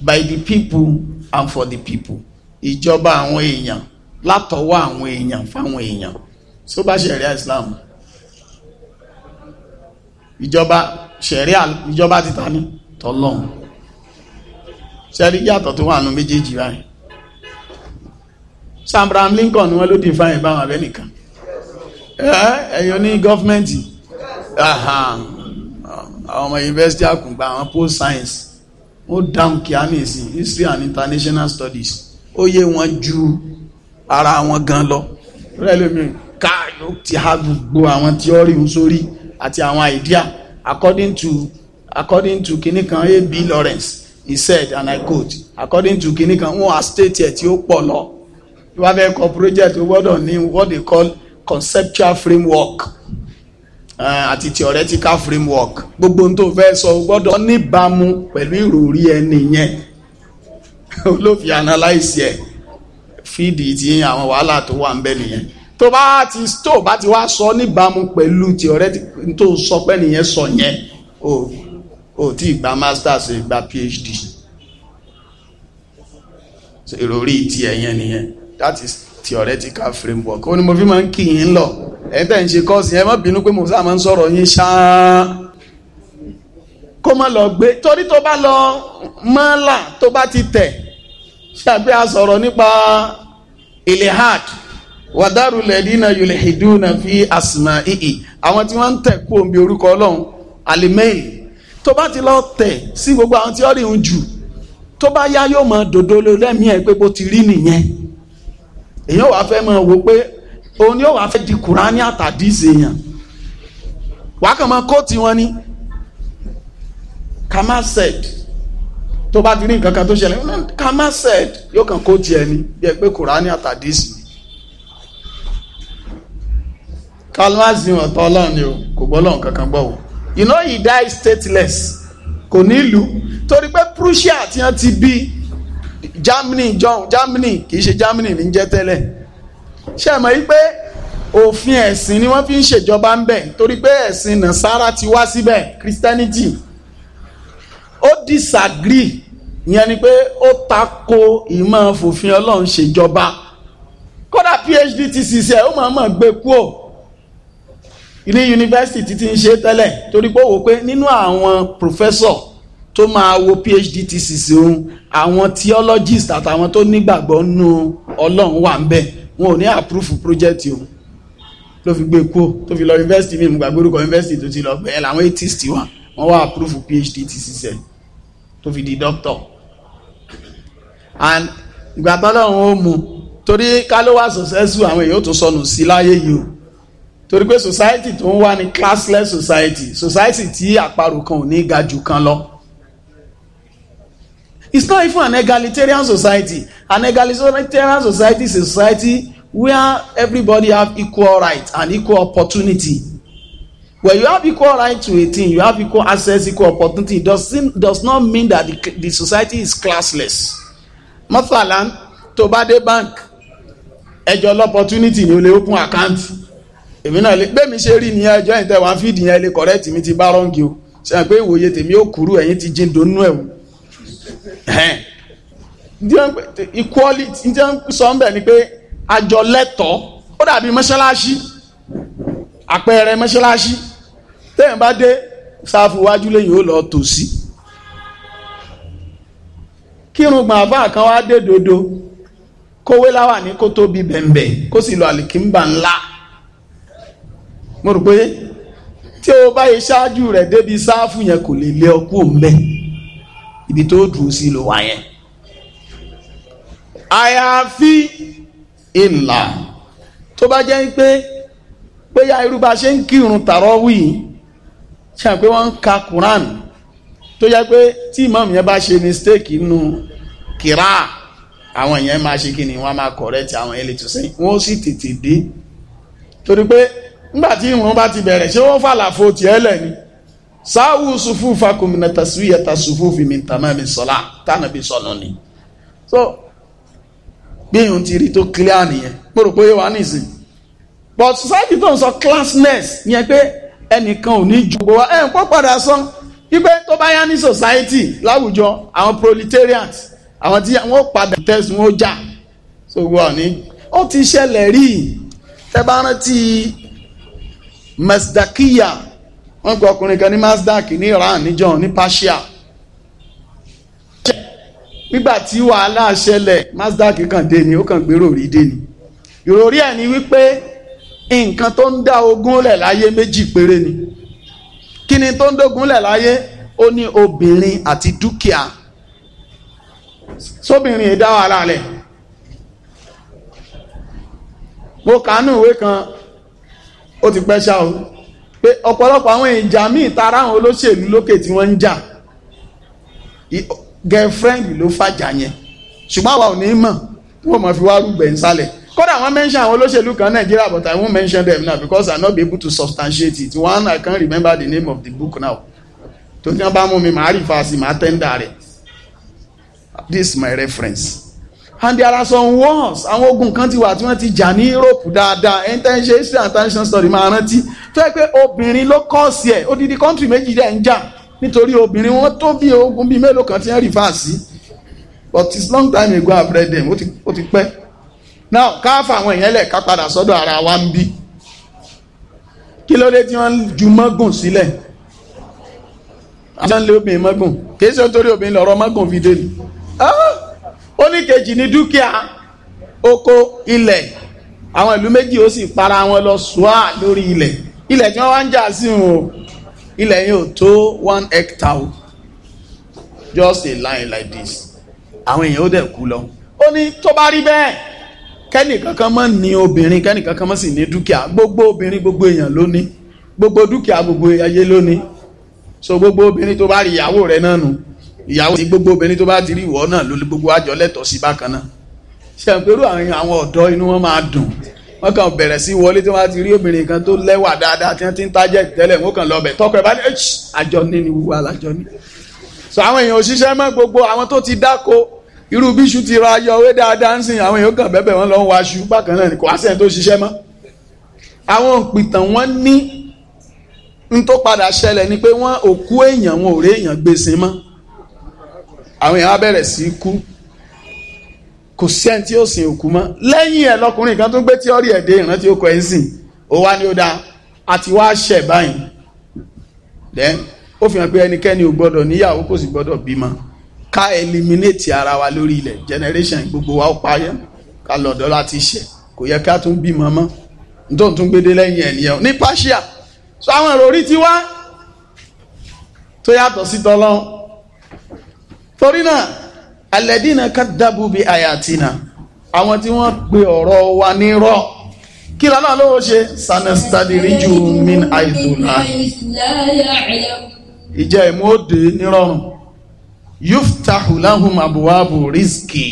by the people and for the people ìjọba àwọn èèyàn látọwọ́ àwọn èèyàn fáwọn èèyàn tó bá ṣẹ̀ríà Islam ìjọba ṣẹ̀ríà ìjọba ti ta ni tọ́lọ́hún ṣẹ́rí yàtọ̀ tó wà nù méjèèjì Sam Brown Lincoln ni wọ́n ló dì fáyìn báwọn abẹ́ nìkan ẹ̀yọ́ ní gọ́fmẹ̀ntì ọmọ yunifásitì àkùngbà àwọn post science ó dáhùn kíá ní ìsìn history and international studies ó yé wọn ju ara wọn gan lọ rẹ lómi ká ló ti há gbogbo àwọn tíọ́rì ń sórí àti àwọn àìdíà according to according to kìnnìkan A.B. Lawrence he said and i quote according to kinní kan wọn á state ẹ̀ tí ó pọ̀ lọ tí wọ́n kọ project ó gbọ́dọ̀ ní what they call conceptual framework eh, àti uh, theoretical framework gbogbo ohun tó fẹ́ sọ ó gbọ́dọ̀ níbàámu pẹ̀lú ìròrí ẹni yẹn olófin analyse ẹ̀ fídì tí àwọn wàhálà tó wà ń bẹ nìyẹn tó bá ti tó bá ti wá sọ níbàámu pẹ̀lú theoretical tó sọ pé nìyẹn sọ yẹn o o tí ìgbà masters ìgbà phd ìròrí ti ẹ̀yẹn nìyẹn that is theoretical framework ó ní mo fi máa ń kì í ń lọ ẹ̀yin tẹ̀ ń ṣe kọ́ọ̀sì ẹ má bínú pé mo sáà máa ń sọ̀rọ̀ yín ṣáá kó má lọ gbé torí tó bá lọ mọ́là tó bá ti tẹ̀ ṣàgbé a sọ̀rọ̀ nípa ilehad wàdárùlẹ̀dínà yòlẹ̀hìdúnà fi àsìmá ìhì àwọn tí wọ́n ń tẹ̀ kú òǹbi orúkọ ọlọ́run alimẹ́yìn tó bá ti lọ tẹ̀ sí gbogbo àwọn tí ó rí ń jù tó bá yá yóò mọ dòdò lẹ́mìí ẹ̀ pé bó ti rí nìyẹn èyàn wàá fẹ́ mọ wò pé òun ni ó wàá fẹ́ di kùránì àtàdísì èèyàn wàá kàn mọ kóòtù wọn ni kama said tó bá ti rí nǹkan kan tó ṣẹlẹ̀ kama said yóò kàn kóòtù ẹni bí pé kùránì àtàdísì ni kalmazin ọ̀tọ̀ ọlọ́run ni o kò gbọ́ ọlọ́run kankan gbọ́ o you know he died stateless kò nílùú torí pé Prussia tí wọ́n ti bí Germany john Germany kì í ṣe Germany ní jẹ́ tẹ́lẹ̀ ṣe mọ̀ yí pé òfin ẹ̀sìn ni wọ́n fi ń ṣèjọba ń bẹ̀ torí pé ẹ̀sìn Nàsárà ti wá síbẹ̀ Christianity ó disagree ìyẹn ni pé ó tako ìmọ̀ fòfin Ọlọ́run ṣèjọba kódà PhD ti ṣiṣẹ́ ó mọ̀ọ́mọ̀ gbé kúò ní yunifásitì títí ń ṣe tẹ́lẹ̀ torí pé wò pé nínú àwọn professor tó máa wo phd thesis òun àwọn theologist àtàwọn tó nígbàgbọ́ nù ọlọ́run wà ń bẹ̀ wọn ò ní approve project òun ló fi gbé e kó tó fi lọ yunifásitì mi ìmùgbàgbé orúkọ yunifásitì tó ti lọ bẹ́ẹ̀ làwọn atheist wà wọ́n wá approve phd thesis ẹ̀ tó fi di doctor and ìgbà tọ́lọ́run ó mú torí ká ló wà successful àwọn èèyàn ó sọnù sí láyé yìí o torí pé society tó ń wá ní classless society society tí àparò kan ò ní ga jù kan lọ it's not even an egalitarian society an egalitarian society is a society where everybody have equal right and equal opportunity when you have equal right to a thing you have equal access equal opportunity does, does not mean that the, the society is classless mathalan tó bá dé bank ẹjọ lọ opportunity ni o lè open account èmi náà lè bẹ́ẹ̀ mi ṣe rí ní ẹjọ́ yìí tẹ́ wọ́n fi ìdìyàn ilé correct mi ti bá rọ́ǹgì o ṣe hàn pé ìwòye tèmi ó kúrú ẹ̀yìn ti jí ndonú ẹ̀ o equality njẹ́ sọ ń bẹ̀ ni pé àjọ lẹ́tọ̀ọ́ ó dàbí mọ́ṣáláṣí àpẹẹrẹ mọ́ṣáláṣí téèyàn bá dé sáfù wájú lẹ́yìn ó lọ tòsí kírùngbọ̀n àfáà kan wá dé dodo kówé láwà ní kó tóbi bẹ̀m̀bẹ̀ kó sì lọ àlìkínbà ńlá mo rò pé tí o bá yẹ ṣáájú rẹ̀ débi sáfù yẹn kò lè lé ọkú òǹbẹ ibi tó dùn sí ló wà yẹn àyàfi ìlà tó bá jẹ́ pé bóyá irú bá ṣe ń kírun tàrọ́wì ṣe à pé wọ́n ń ka Quran tó jẹ́ pé tí ìmáàmù yẹn bá ṣe mistake nínú kíra àwọn èèyàn máa ṣe kí ni wọ́n máa correct àwọn elétòsí wọ́n sì tètè dé torí pé nígbà tí ìrun bá ti bẹ̀rẹ̀ ṣé wọ́n fàlàfo tiẹ̀ lẹ̀ ni sáwù sùfù fakùnmìnà tàṣíwìyàtà sùfù fìmí tàmámi sọlá tànàbí sọnà ni so gbéyàn ti rí tó clear nìyẹn mo rò pé yóò wá nísìn but society tó ń sọ classness yẹn pé ẹnìkan ò ní ju gbogbo wa ẹ̀ ń pọ́ padà sọ wípé tó bá yá ní society láwùjọ àwọn proletariat àwọn tí wọ́n padà tẹ̀sùn wọn jà so wọ́n ní ó ti ṣẹlẹ̀ rí tẹ́ bá rántí masdakiya wọ́n gba ọkùnrin kan ní masdak ní iran níjọ́ ní Persia nígbà tí wàhálà ṣẹlẹ̀ masdak kan dé ni ó kàn gbèrò rí dé ni ìròrí ẹ̀ ni wípé nǹkan tó ń dá ogún lẹ̀ láyé méjì péré ni kí ni tó ń dógun lẹ̀ láyé ó ní obìnrin àti dúkìá sóbìnrin ìdá wàhálà lẹ̀ mo kàánú ìwé kan ó ti pẹ́ ṣá o pé ọ̀pọ̀lọpọ̀ àwọn ìjà míì tara àwọn olóṣèlú lókè tí wọ́n ń jà girlfriend ló fàjà yẹn ṣùgbọ́n àwa ò ní mọ̀ wọ́n mọ̀ fi wá rúgbẹ̀ ń sálẹ̀ kódà wọ́n mention àwọn olóṣèlú kan nàìjíríà but i won't mention them now because i no be able to substantiate it one i can't remember the name of the book now tó ní wọ́n bá mú mi màá rí fàásì màá tẹ́ńdà rẹ̀ this is my reference and there are some wars àwọn ogun kan ti wà tí wọ́n ti jà ní Europe dáadáa intention history and tension story máa rántí tó yẹ pé obìnrin ló kọ́ọ̀sì ẹ̀ odidi country méjì dẹ̀ ń jà nítorí obìnrin wọn tó bí ogun bíi mélòó kan ti ń rìfà sí but it's long time ago I read them ó ti pẹ́ now ká fà àwọn èèyàn lẹ̀ ká padà sọ́dọ̀ ara wa ń bí kí ló dé tí wọ́n ju mọ́gùn sílẹ̀ àwọn ìṣẹ́ ń lé obìnrin mọ́gùn kì í ṣe nítorí obìnrin lọ́rọ̀ mọ́gùn fi dé ni. Ah! ó ní kejì dúkìá oko ilẹ̀ àwọn ìlú méjì ó sì para wọn lọ sùá lórí ilẹ̀ ilẹ̀ tí wọ́n wá ń jà sí wọn ilẹ̀ yẹn ò tó one hectare just a line like this àwọn èèyàn ó dẹ̀ kú lọ ó ní tó bá rí bẹ́ẹ̀ kẹ́nìkankan mọ́ ní obìnrin kẹ́nìkankan mọ́ sì ní dúkìá gbogbo obìnrin gbogbo èèyàn ló ní gbogbo dúkìá gbogbo ayé ló ní so gbogbo obìnrin tó bá rí ìyàwó rẹ̀ náà nù ìyàwó ti gbogbo obìnrin tó bá ti rí ìwọ náà ló lé gbogbo àjọ lẹ́tọ̀ọ́ sí bákan náà ṣe ń pẹ̀lú àwọn ọ̀dọ́ inú wọn máa dùn wọ́n kàn bẹ̀rẹ̀ sí wọlé tí wọ́n ti rí obìnrin kan tó lẹ́wà dáadáa tí wọ́n ti ń tájẹ̀ tẹ́lẹ̀ wọ́n kàn lọ́bẹ̀ tọkọ̀ ẹ̀ bá ní àjọ ní ni wúwo alájọ ní. sọ àwọn èèyàn òṣìṣẹ́ mọ́ gbogbo àwọn tó ti dáko irú bíṣu ti ra ayọ̀ owó dáadáa ń sìn àwọn èèyàn kàn bẹ́bẹ̀ wọ́n lọ ń waṣu bákan náà ni kò wáṣẹ́ tó ṣiṣẹ́ mọ́. àwọn òpìtàn wọn ní n tó padà ṣẹlẹ̀ ni pé wọ́n òkú èèyàn wọn ò rí èèyàn gbèsè mọ́ àwọn èèyàn á bẹ̀rẹ̀ sí í kú kò sẹ́ni tí ó sin òkú mọ́ lẹ́yìn ẹ̀ lọkùnrin kan tó gbé tíọ́rì ẹ̀dẹ́ ìrántí ó kọ ẹ̀ ń sìn ó wá ní ó dáa àti wá ṣẹ̀ báyìí then ó fi hàn pé ẹnikẹ́ni ò gbọ́dọ̀ níyàwó kò sì gbọ́dọ̀ bímọ ká eliminate ara wa lórí ilẹ̀ generation gbogbo wa ó payẹ́ ká lọ́dọ̀ láti ṣẹ̀ kò yẹ ká tún bímọ mọ́ nítorí tún gbédé lẹ́yìn ẹ̀nìyàn ní pàṣíà so àwọn èrò orí ti wá tó yàtọ̀ sí tọ́lọ́run torí náà alẹ́dínà kadabu bi ayatina àwọn tí wọ́n pe ọ̀rọ̀ wa ní rọ́ kí lọ́nà ló ṣe sanastadiriju min aizula ìjẹ́ ìmú òde nírọ̀rùn yuftahu lahum abuwabu rizki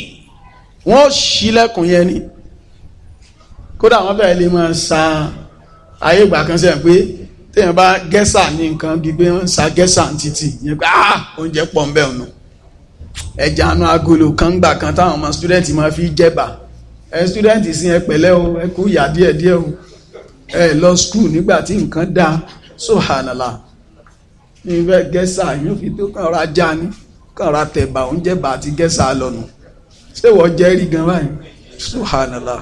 wọ́n ṣílẹ̀kùn yẹn ni kódà wọ́n bẹ̀rẹ̀ lè máa sa ayé ìgbà kan sẹ́yìn pé téèyàn bá gẹ́sà ní nǹkan gbígbé ń sa gẹ́sà títì yẹn pé ah oúnjẹ pọ̀ ń bẹ̀ ọ̀nà ẹja anú agolo kan gbà kan táwọn ọmọ student máa fi jẹba ẹ student sí ẹ pẹ̀lẹ́ o ẹ kú ìyà díẹ̀díẹ̀ o ẹ lọ school nígbà tí nǹkan dáa sóhànàlà ní ìfẹ́ gẹ́sà yóò fi tó kàn ra já ní kàn ra tẹ̀bà oúnjẹ bá àti gẹ́sà lọ́nu ṣé wọ́n jẹ́ rí gan báyìí sóhànàlà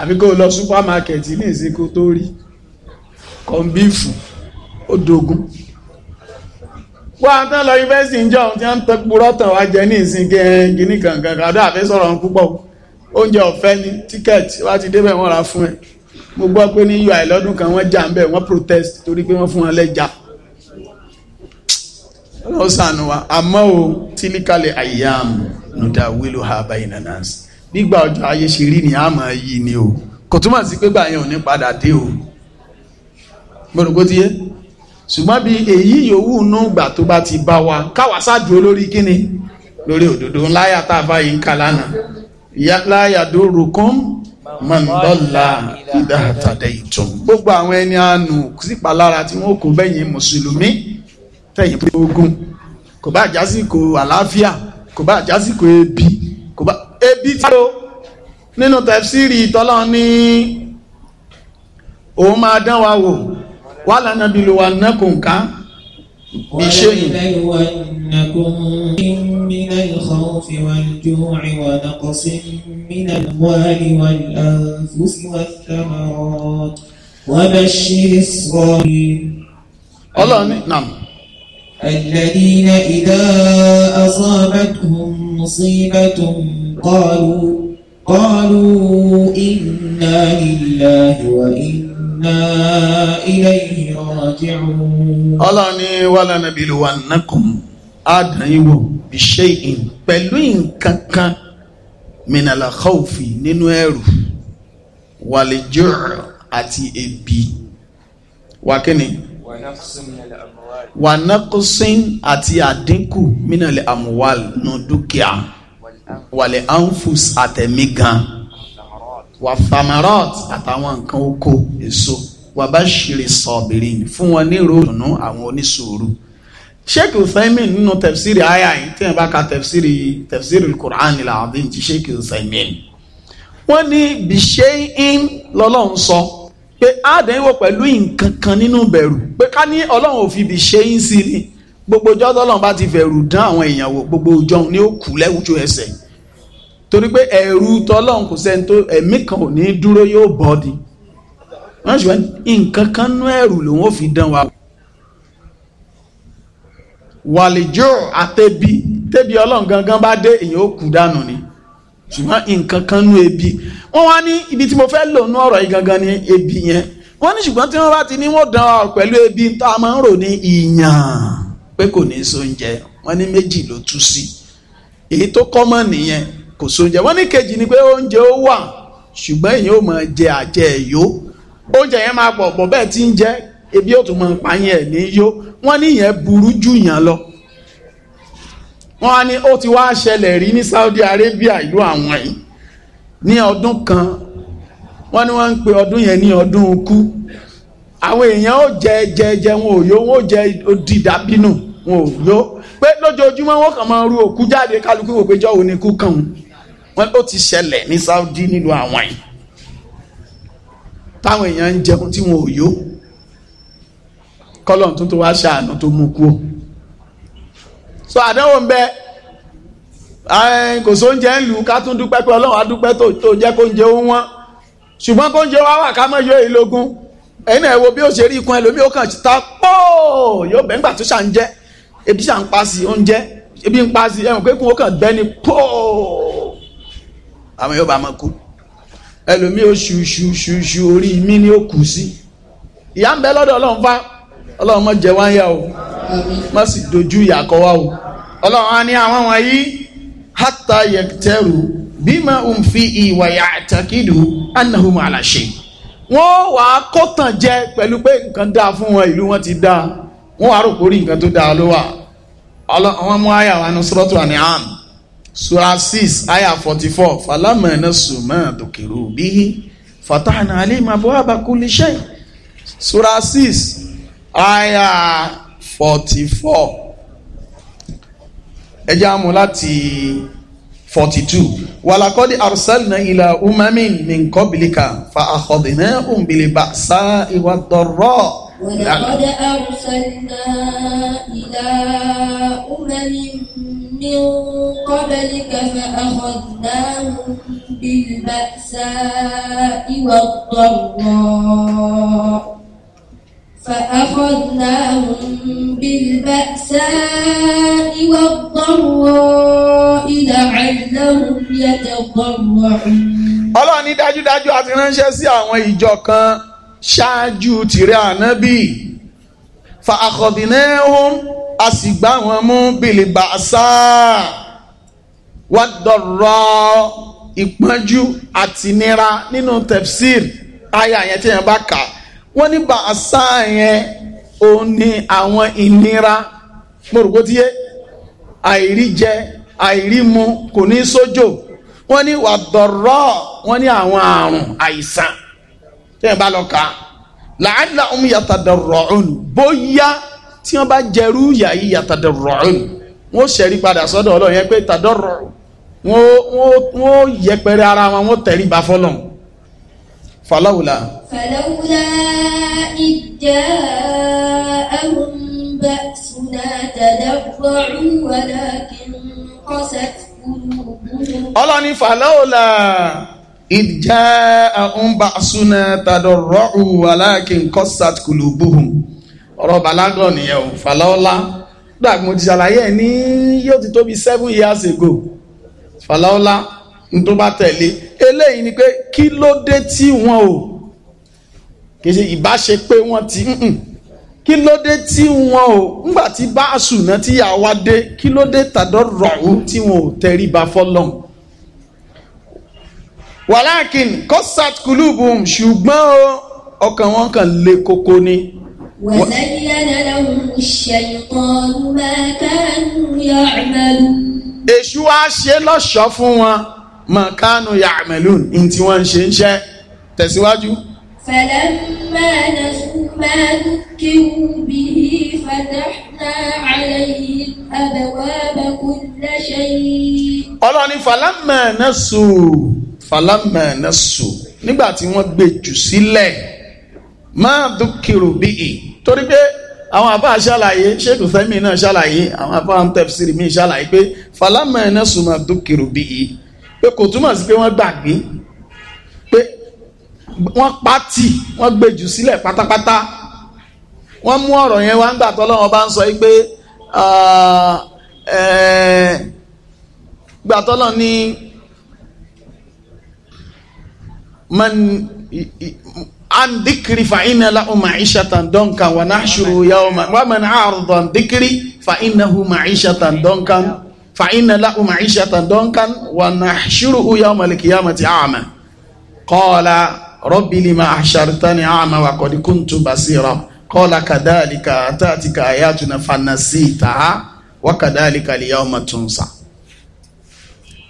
àfi kó lọ supermarket ní ìsìnkú tó rí kọ̀ǹbífù ó dogun wá tán lọ yúnfẹ́sì ń jọ tí wọ́n ń tọpùrọ́ tàn wá jẹ ní ìsìn gẹ̀ẹ́gìní kankan kàdá àfẹ́ sọ̀rọ̀ púpọ̀ oúnjẹ ọ̀fẹ́ ní tíkẹ́ẹ̀tì wá ti débẹ̀ wọ́n ra fún ẹ mo gbọ́ pé ní ui lọ́dún kan wọ́n jà ń bẹ̀ wọ́n protest torí pé wọ́n fún wọn lẹ́jà lọ́wọ́ sànù wa àmọ́ o tílíkalẹ̀ àyàm nùdà wílò ha báyìí nànàs nígbà ọjọ́ ayé ṣe rí ni àmọ́ yìí ni o kò túmọ̀ sí pé gbà yẹn ò ní padà ṣùgbọ́n bí èyí yòówù nú gbà tó bá ti bá wa káwa ṣáàjú olórí kíni lórí òdodo láyà tá a bá yìí ń kà lánàá láyà dóró kún mọ̀ndọ́là ìdá àtàdẹ ìtùn. gbogbo àwọn ẹni àánú sípalára tí wọ́n kó bẹ́yìn mùsùlùmí tẹ̀yìn pé ogun kò bá jásìkò àlàáfíà kò bá jásìkò ebi kò bá ebi tí ó nínú tẹ̀síìrì ìtọ́lọ́ ní òun máa dán wa wò wàhálà nàbí ló wà nàkùn ká bí ṣe yìí. ọlọ́run ní nàm. الذين إذا أصابتهم مصيبة قالوا قالوا إنا لله وإنا ilayhi raji'un. ọlọ́run ní wàlá nabluwannakum àdáyéwò bi shay'in pẹ̀lú nǹkan kan minala khawfi nínú ẹ̀rù wàlejò àti ebi wákìnnì wànákùsín àti àdínkù mínàlẹ̀ àmúwàl nù dúkìá wàlẹ̀ anfus àtẹ̀mí gan wà famarot àtàwọn nǹkan oko èso wà bá ṣeré sọ̀bìrín fún wọn ní ìrònú àwọn oníṣòro sheikh usaimin nínú tẹfsiri aya yìí tí wọn bá ka tẹfsiri tẹfsiri qur'an al-azim ti sheikh usaimin wọn ní bishayin lọ́lọ́run sọ pé àdéhùn wò pẹ̀lú nǹkan kan nínú bẹ̀rù pé ká ní ọlọ́run ò fi bishayin sí ni gbogbo ọjọ́ tọ́lọ́run bá ti fẹ̀rù dán àwọn èèyàn wò gbogbo ọjọ́ ni ó kú lẹ́wùjọ ẹsẹ̀ yìí torí pé ẹ̀rù tọ́lọ́run kò sẹ́ni tó ẹ̀mí kan ò ní dúró yóò bọ́ di wọ́n ṣùgbọ́n nǹkan kan nú ẹ̀rù lòun ò fi dán wa. wàlejò àtẹ̀bí tẹ̀bí ọlọ́run gangan bá dé èyí ó kú dànù ni ṣùgbọ́n nǹkan kan nú ebi wọ́n wá ní ibi tí mo fẹ́ lò nú ọ̀rọ̀ yìí gangan ni ebi yẹn wọ́n ní ṣùgbọ́n tí wọ́n bá ti ní wọ́n dán ọ pẹ̀lú ebi tá a máa ń rò ní ìyàn pé kò ní so oúnjẹ wọ́n ní méjì ló tú sí èyí tó kọ́mọ̀ nìyẹn kò sóúnjẹ wọ́n ní kejì ni pé oúnjẹ ó wà ṣùgbọ́n èyí ò máa jẹ àjẹ ẹ̀yó oúnjẹ yẹn máa pọ̀ pọ̀ bẹ́ẹ̀ tí ń jẹ ebi ó tún máa pa yẹn ní yó wọ́n ní yẹn burú jù yàn lọ wọ́n á ní ó ti wá ṣẹlẹ̀ rí ní Saudi Arabia ìlú àwọn yìí ní ọdún kan wọ́n ní wọ́n ń pe ọdún yẹn ní ọdún kú àwọn èèyàn ó jẹ jẹ jẹ wọn ò yó wọn ó jẹ dídàbínú wọn ò yó pé lójoojúmọ́ wọ́n kàn máa ru òkú jáde kálukú wò pé jọ́wọ́ ni kú kàn wọ́n wọ́n ó ti ṣẹlẹ̀ ní Saudi nílùú àwọn yìí táwọn èèyàn ń jẹun tí wọn ò yó kọ́lọ̀ tó tó wá ṣàánú tó mú kú o so àdánwò ń bẹ kò sóúnjẹ ń lù ká tún dúpẹ́ pé ọlọ́run á dúpẹ́ tó jẹ́ kó ń jẹ ó wọ́n ṣùgbọ́n kó ń jẹ wá wà ká mọ̀ yóò ìlógún ẹ̀yin náà wo bí ó ṣe rí ikun ẹlòmíì ó kàn ta pọ́ọ̀ yóò bẹ́ẹ̀ ńgbà tó ṣà ń jẹ ebi ṣà ń pa sí oúnjẹ ebi ń pa sí ẹ̀wọ̀n pé ó kàn bẹ́ ni pọ́ọ̀ àwọn yóò bá máa kú ẹlòmíì ó ṣu ṣu ṣu ṣu orí mi ni ó kù sí ìyá ń bẹ lọ́dọ̀ ọlọ́run fa ọlọ́run má jẹ wáyà o má sì dojú ìyà kọ wá o ọlọ́run á ní àwọn wọ̀nyí hátà yẹtẹrù bímọ òǹfi ìwà àtàkìdù anahum aláṣẹ wọ́n wà á kó tàn jẹ pẹ̀lú pé nǹkan dáa fún wọn ìlú wọn ti dáa wọ́n wà á rò kórìí nǹkan tó dáa ló wà ọlọ́run mú àyà wa ní sọ́tò àníhàn sura six aya forty four falama na suma dokiru bihi fatahana alim abuaba kuli shay sura six aya forty four ẹjẹ amú láti forty two walakodi arsalna ila umamin min kọbilika fa akọdina umbili basa iwa dọrọ. walakodi arsalna ila umamin. من قبلك فأخذناهم بالبأساء والضراء فأخذناهم بالبأساء والضراء لعلهم يتضرعون Ọlọ́run ní dájúdájú a ti ránṣẹ́ sí àwọn ìjọ kan ṣáájú tìrẹ ànábì fa àkọ̀dínẹ́hùn a sì gbá wọn mú bìlìbà sáà wà dọ̀rọ̀ ìpọ́njú àtìnira nínú tefsir aya yẹn tí yẹn bá kà wọ́n ní bàásà yẹn òun ni àwọn ìnira mo rò kó tiye àìríjẹ àìrímu kò ní sójò wọ́n ní wà dọ̀rọ̀ wọ́n ní àwọn àrùn àìsàn tí yẹn bá lọ kà làálàá òun um yàtọ̀ dọ̀rọ̀ òun bóyá tí wọ́n bá jẹrú ìyà yìí yàtàdọ̀ rọ̀rùn wọ́n ṣẹ̀rí padà sọ́dọ̀ ọlọ́run yẹn pé tàdọ̀ wọ́n yẹpẹrẹ ara wọn wọ́n tẹ̀rí ba fọ́lọ̀ falawula. falawula ìjà ahùn bá sùnà tàdà rọ̀rùn kí n kọ́sẹ̀ kúrú. ọlọ́ni falawula ìjà ahùn bá sùnà tàdà rọ̀rùn kí n kọ́sẹ̀ kúrú ọ̀rọ̀ balagọ̀ nìyẹn o fàlọ́lá dàgbà mo ti ṣàlàyé ẹ̀ ní yóò ti tó seven years ago fàlọ́lá ní tó bá tẹ̀lé eléyìí ni pé kí ló dé tí wọn ò kì í ṣe ìbáṣe pé wọ́n ti kí ló dé tí wọn ò ńgbà tí báàsù náà tí yà wá dé kí ló dé tàdọ́ rọ̀hún tí wọn ò tẹríba fọ́lọ́hún wàlákin kọ́sàt kùlùbùm ṣùgbọ́n ọkàn wọn kàn le koko ni وزين لهم الشيطان ما كانوا يعملون èṣù á ṣe lọ́ṣọ̀ọ́ fún wọn mọ̀kánù ya'malun ní wọ́n ń ṣe ń ṣe tẹ̀síwájú. فلما نسوا ما ذكروا به فتحنا عليهم أبواب كل شيء. ọlọ́ni فلما نسوا فلما نسوا nígbà tí wọ́n gbé jù sílẹ̀ máa dúkìrò bíi torí pé àwọn àbá ṣàlàyé sheikh fẹ́mi náà ṣàlàyé àwọn àbá ń mi ṣàlàyé pé falama ẹ̀ náà sùnmọ̀ dúkìrù bí i pé kò túmọ̀ sí pé wọ́n gbàgbé pé wọ́n pátì wọ́n gbèjù sílẹ̀ pátápátá wọ́n mú ọ̀rọ̀ yẹn wá ń gbà tọ́lọ́wọ́n bá ń sọ pé gbà tọ́lọ́ ní man an dikiri fa inna la umma ishatan donkan wa nahshuru yawma wa man a'rada an dikiri fa innahu ma'ishatan donkan fa inna la umma ishatan donkan wa nahshuru yawma al-qiyamati a'ma qala rabbi lima ahshartani a'ma wa qad kuntu basira qala kadhalika atatika ayatuna fanasitaha wa kadhalika al-yawma tunsa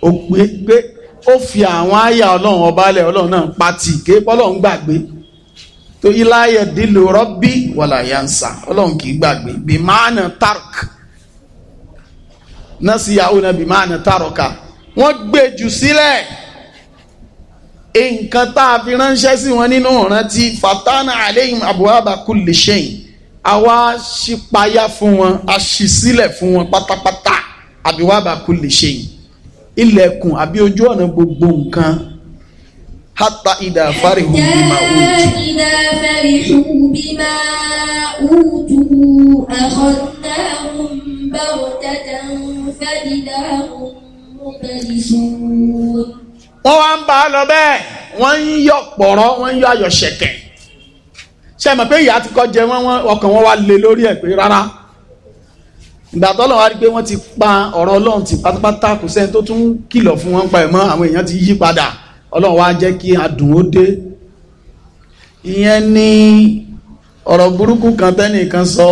ó pé pé ó fi àwọn àyà ọlọ́run ọba alẹ́ ọlọ́run náà pa tì ké pọ́lọ́run tó iláyẹ̀ dìlò rọ́bí wàlà yansa ọlọ́run kì í gbàgbé bí tark nọ́ọ̀sì yahoo náà bí taroka tarọ̀ka wọ́n gbé jù sílẹ̀ nǹkan tá a fi ránṣẹ́ sí wọn nínú ìrántí fatana aleyhim abuhaba kulli shay àwa ṣípayá fún wọn a ṣì sílẹ̀ fún wọn pátápátá abuhaba kulli shay ilẹ̀kùn àbí ojú ọ̀nà gbogbo nǹkan hátà ìdá fárihu bímá òtù. hátà ìdá fárihu bímá wọ́n wá ń bá a lọ bẹ́ẹ̀ wọ́n ń yọ pọ̀rọ́ wọ́n ń yọ ayọ̀ ṣẹ̀kẹ̀ ṣe mọ̀ pé ìyá ti kọ́ jẹ wọ́n ọkàn wọn wá lé lórí ẹ̀ pé rárá ìgbà tọ́lọ́run wá rí pé wọ́n ti pa ọ̀rọ̀ ọlọ́run ti pátápátá kò sẹ́ni tó tún kìlọ̀ fún wọn pa ẹ̀ mọ́ àwọn èèyàn ti yí padà ọlọ́run wá jẹ́ kí adùn ó dé ìyẹn ni ọ̀rọ̀ burúkú kan tẹ́nìkan sọ